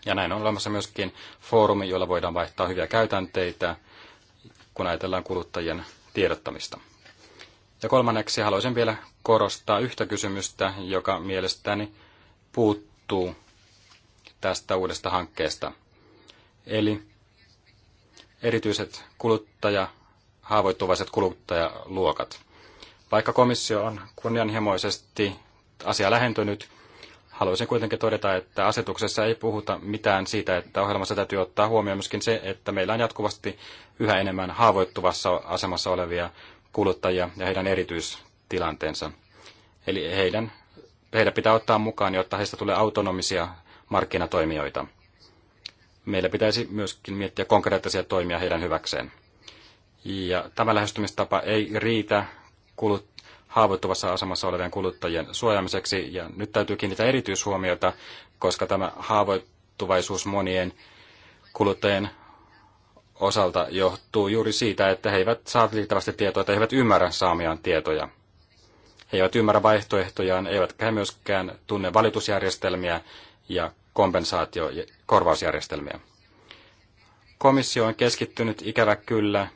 Ja näin on olemassa myöskin foorumi, jolla voidaan vaihtaa hyviä käytänteitä, kun ajatellaan kuluttajien tiedottamista. Ja kolmanneksi haluaisin vielä korostaa yhtä kysymystä, joka mielestäni puuttuu tästä uudesta hankkeesta. Eli erityiset kuluttaja, haavoittuvaiset kuluttajaluokat. Vaikka komissio on kunnianhimoisesti asia lähentynyt, haluaisin kuitenkin todeta, että asetuksessa ei puhuta mitään siitä, että ohjelmassa täytyy ottaa huomioon myöskin se, että meillä on jatkuvasti yhä enemmän haavoittuvassa asemassa olevia kuluttajia ja heidän erityistilanteensa. Eli heidän, heidän pitää ottaa mukaan, jotta heistä tulee autonomisia markkinatoimijoita. Meillä pitäisi myöskin miettiä konkreettisia toimia heidän hyväkseen. Ja tämä lähestymistapa ei riitä kulut, haavoittuvassa asemassa olevien kuluttajien suojaamiseksi, ja nyt täytyy kiinnittää erityishuomiota, koska tämä haavoittuvaisuus monien kuluttajien osalta johtuu juuri siitä, että he eivät saa riittävästi tietoa, että he eivät ymmärrä saamiaan tietoja. He eivät ymmärrä vaihtoehtojaan, eivätkä he myöskään tunne valitusjärjestelmiä ja kompensaatio- ja korvausjärjestelmiä. Komissio on keskittynyt ikävä kyllä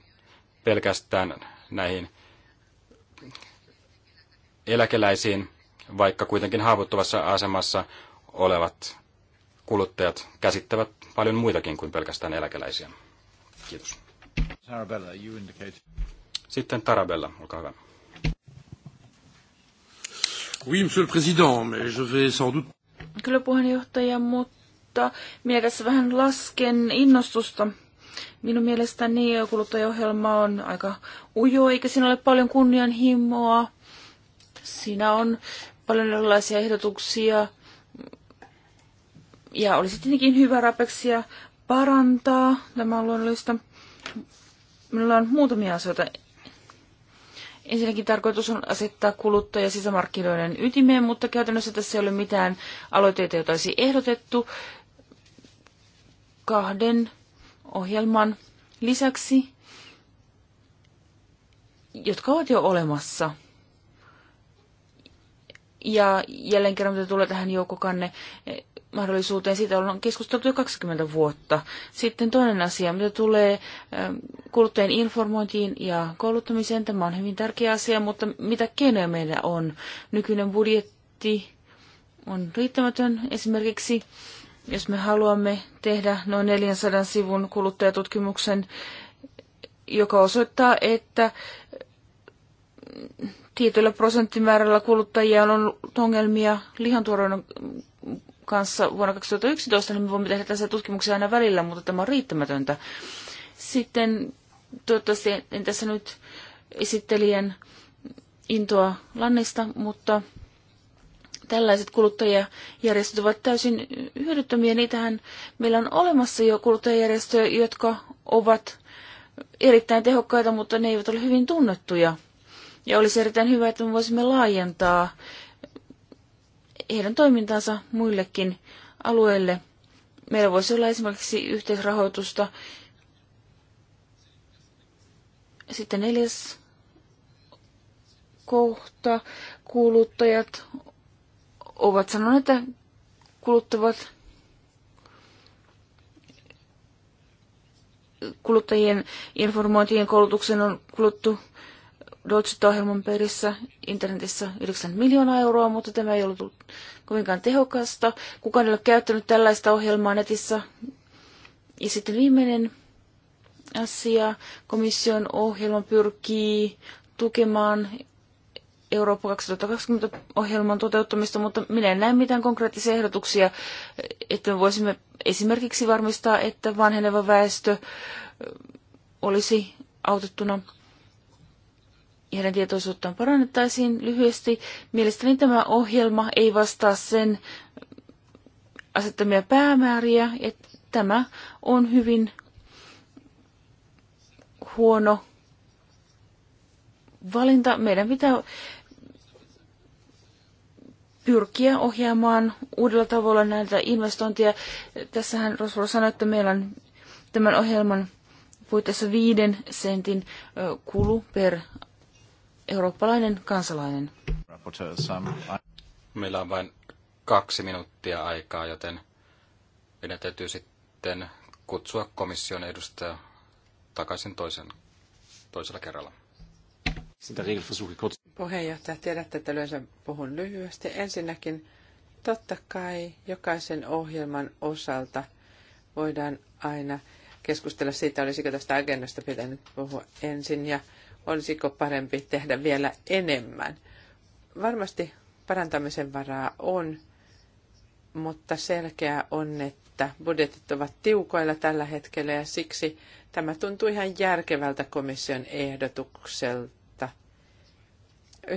pelkästään näihin eläkeläisiin, vaikka kuitenkin haavoittuvassa asemassa olevat kuluttajat käsittävät paljon muitakin kuin pelkästään eläkeläisiä. Kiitos. Tarabella, you indicate. Sitten Tarabella, olkaa hyvä. Oui, monsieur le président, mais je vais sans doute... Kyllä puheenjohtaja, mutta minä tässä vähän lasken innostusta. Minun mielestäni kuluttajaohjelma on aika ujo, eikä siinä ole paljon kunnianhimoa. Siinä on paljon erilaisia ehdotuksia. Ja olisi tietenkin hyvä rapeksia parantaa. Tämä on luonnollista. Minulla on muutamia asioita. Ensinnäkin tarkoitus on asettaa kuluttaja sisämarkkinoiden ytimeen, mutta käytännössä tässä ei ole mitään aloitteita, joita olisi ehdotettu kahden ohjelman lisäksi, jotka ovat jo olemassa – ja jälleen kerran, mitä tulee tähän joukkokanne eh, mahdollisuuteen, siitä on keskusteltu jo 20 vuotta. Sitten toinen asia, mitä tulee eh, kuluttajien informointiin ja kouluttamiseen, tämä on hyvin tärkeä asia, mutta mitä keinoja meillä on? Nykyinen budjetti on riittämätön esimerkiksi. Jos me haluamme tehdä noin 400 sivun kuluttajatutkimuksen, joka osoittaa, että tietyllä prosenttimäärällä kuluttajia on ollut ongelmia lihantuoron kanssa vuonna 2011, niin me voimme tehdä tässä tutkimuksia aina välillä, mutta tämä on riittämätöntä. Sitten toivottavasti en tässä nyt esittelijän intoa lannista, mutta tällaiset kuluttajajärjestöt ovat täysin hyödyttömiä. Niitähän meillä on olemassa jo kuluttajajärjestöjä, jotka ovat erittäin tehokkaita, mutta ne eivät ole hyvin tunnettuja. Ja olisi erittäin hyvä, että me voisimme laajentaa heidän toimintansa muillekin alueille. Meillä voisi olla esimerkiksi yhteisrahoitusta. Sitten neljäs kohta. Kuluttajat ovat sanoneet, että kuluttavat kuluttajien informointien koulutuksen on kuluttu Dolce-ohjelman perissä internetissä 9 miljoonaa euroa, mutta tämä ei ollut kovinkaan tehokasta. Kukaan ei ole käyttänyt tällaista ohjelmaa netissä. Ja sitten viimeinen asia. Komission ohjelma pyrkii tukemaan Eurooppa 2020 ohjelman toteuttamista, mutta minä en näe mitään konkreettisia ehdotuksia, että me voisimme esimerkiksi varmistaa, että vanheneva väestö olisi autettuna heidän tietoisuuttaan parannettaisiin lyhyesti. Mielestäni tämä ohjelma ei vastaa sen asettamia päämääriä, että tämä on hyvin huono valinta. Meidän pitää pyrkiä ohjaamaan uudella tavalla näitä investointeja. Tässähän Rosvalo sanoi, että meillä on tämän ohjelman puitteissa viiden sentin kulu per eurooppalainen kansalainen. Meillä on vain kaksi minuuttia aikaa, joten meidän täytyy sitten kutsua komission edustaja takaisin toisen, toisella kerralla. Puheenjohtaja, tiedätte, että yleensä puhun lyhyesti. Ensinnäkin totta kai jokaisen ohjelman osalta voidaan aina keskustella siitä, olisiko tästä agendasta pitänyt puhua ensin ja olisiko parempi tehdä vielä enemmän. Varmasti parantamisen varaa on, mutta selkeää on, että budjetit ovat tiukoilla tällä hetkellä ja siksi tämä tuntuu ihan järkevältä komission ehdotukselta.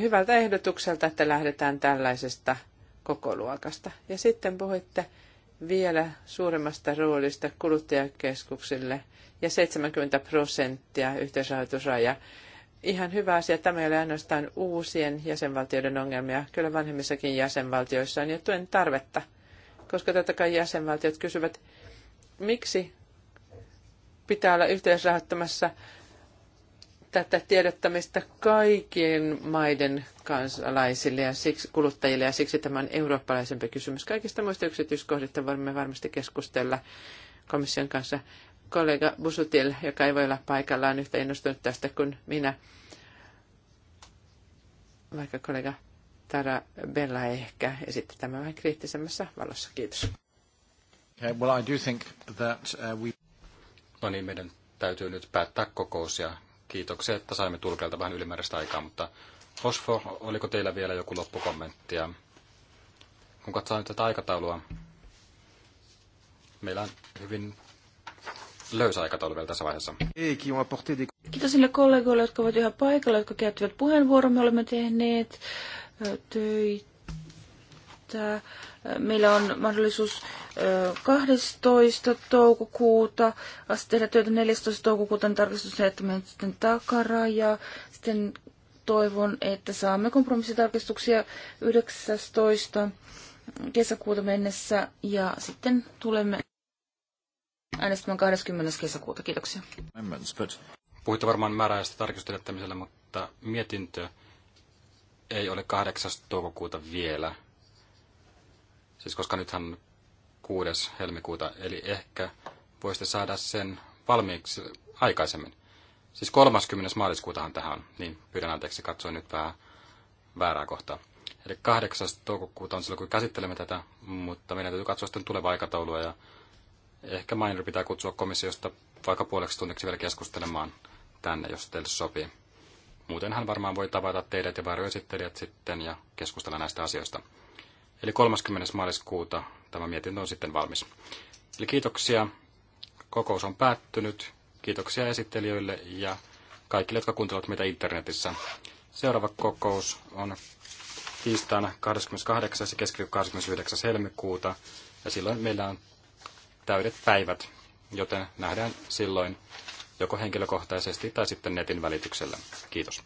Hyvältä ehdotukselta, että lähdetään tällaisesta kokoluokasta. Ja sitten puhuitte vielä suuremmasta roolista kuluttajakeskuksille ja 70 prosenttia yhteisrahoitusraja ihan hyvä asia. että Tämä ei ole ainoastaan uusien jäsenvaltioiden ongelmia. Kyllä vanhemmissakin jäsenvaltioissa on jo tuen tarvetta, koska totta kai jäsenvaltiot kysyvät, miksi pitää olla yhteisrahoittamassa tätä tiedottamista kaikkien maiden kansalaisille ja siksi, kuluttajille ja siksi tämä on eurooppalaisempi kysymys. Kaikista muista yksityiskohdista voimme varmasti keskustella komission kanssa kollega Busutil, joka ei voi olla paikallaan yhtä innostunut tästä kuin minä, vaikka kollega Tara Bella ehkä esitti tämän vähän kriittisemmässä valossa. Kiitos. Okay, well, I do think that, uh, we... No niin, meidän täytyy nyt päättää kokous ja kiitoksia, että saimme tulkelta vähän ylimääräistä aikaa, mutta Osfo, oliko teillä vielä joku loppukommentti? Ja kun katsotaan nyt tätä aikataulua, meillä on hyvin löysä aikataulu vielä tässä vaiheessa. Kiitos niille kollegoille, jotka ovat yhä paikalla, jotka käyttivät puheenvuoron. Me olemme tehneet töitä. Meillä on mahdollisuus 12. toukokuuta asti tehdä työtä 14. toukokuuta sitten takaraja. Sitten toivon, että saamme kompromissitarkistuksia 19. kesäkuuta mennessä ja sitten tulemme äänestämään 20. kesäkuuta. Kiitoksia. Puhuitte varmaan määräajasta tarkistelettämisellä, mutta mietintö ei ole 8. toukokuuta vielä. Siis koska nythän 6. helmikuuta, eli ehkä voisitte saada sen valmiiksi aikaisemmin. Siis 30. maaliskuutahan tähän niin pyydän anteeksi, katsoin nyt vähän väärää kohtaa. Eli 8. toukokuuta on silloin, kun käsittelemme tätä, mutta meidän täytyy katsoa sitten tulevaa aikataulua ja Ehkä Mainer pitää kutsua komissiosta vaikka puoleksi tunniksi vielä keskustelemaan tänne, jos teille sopii. Muuten hän varmaan voi tavata teidät ja varjoesittelijät sitten ja keskustella näistä asioista. Eli 30. maaliskuuta tämä mietintö on sitten valmis. Eli kiitoksia. Kokous on päättynyt. Kiitoksia esittelijöille ja kaikille, jotka kuuntelevat meitä internetissä. Seuraava kokous on tiistaina 28. ja keskiviikko 29. helmikuuta. Ja silloin meillä on täydet päivät, joten nähdään silloin joko henkilökohtaisesti tai sitten netin välityksellä. Kiitos.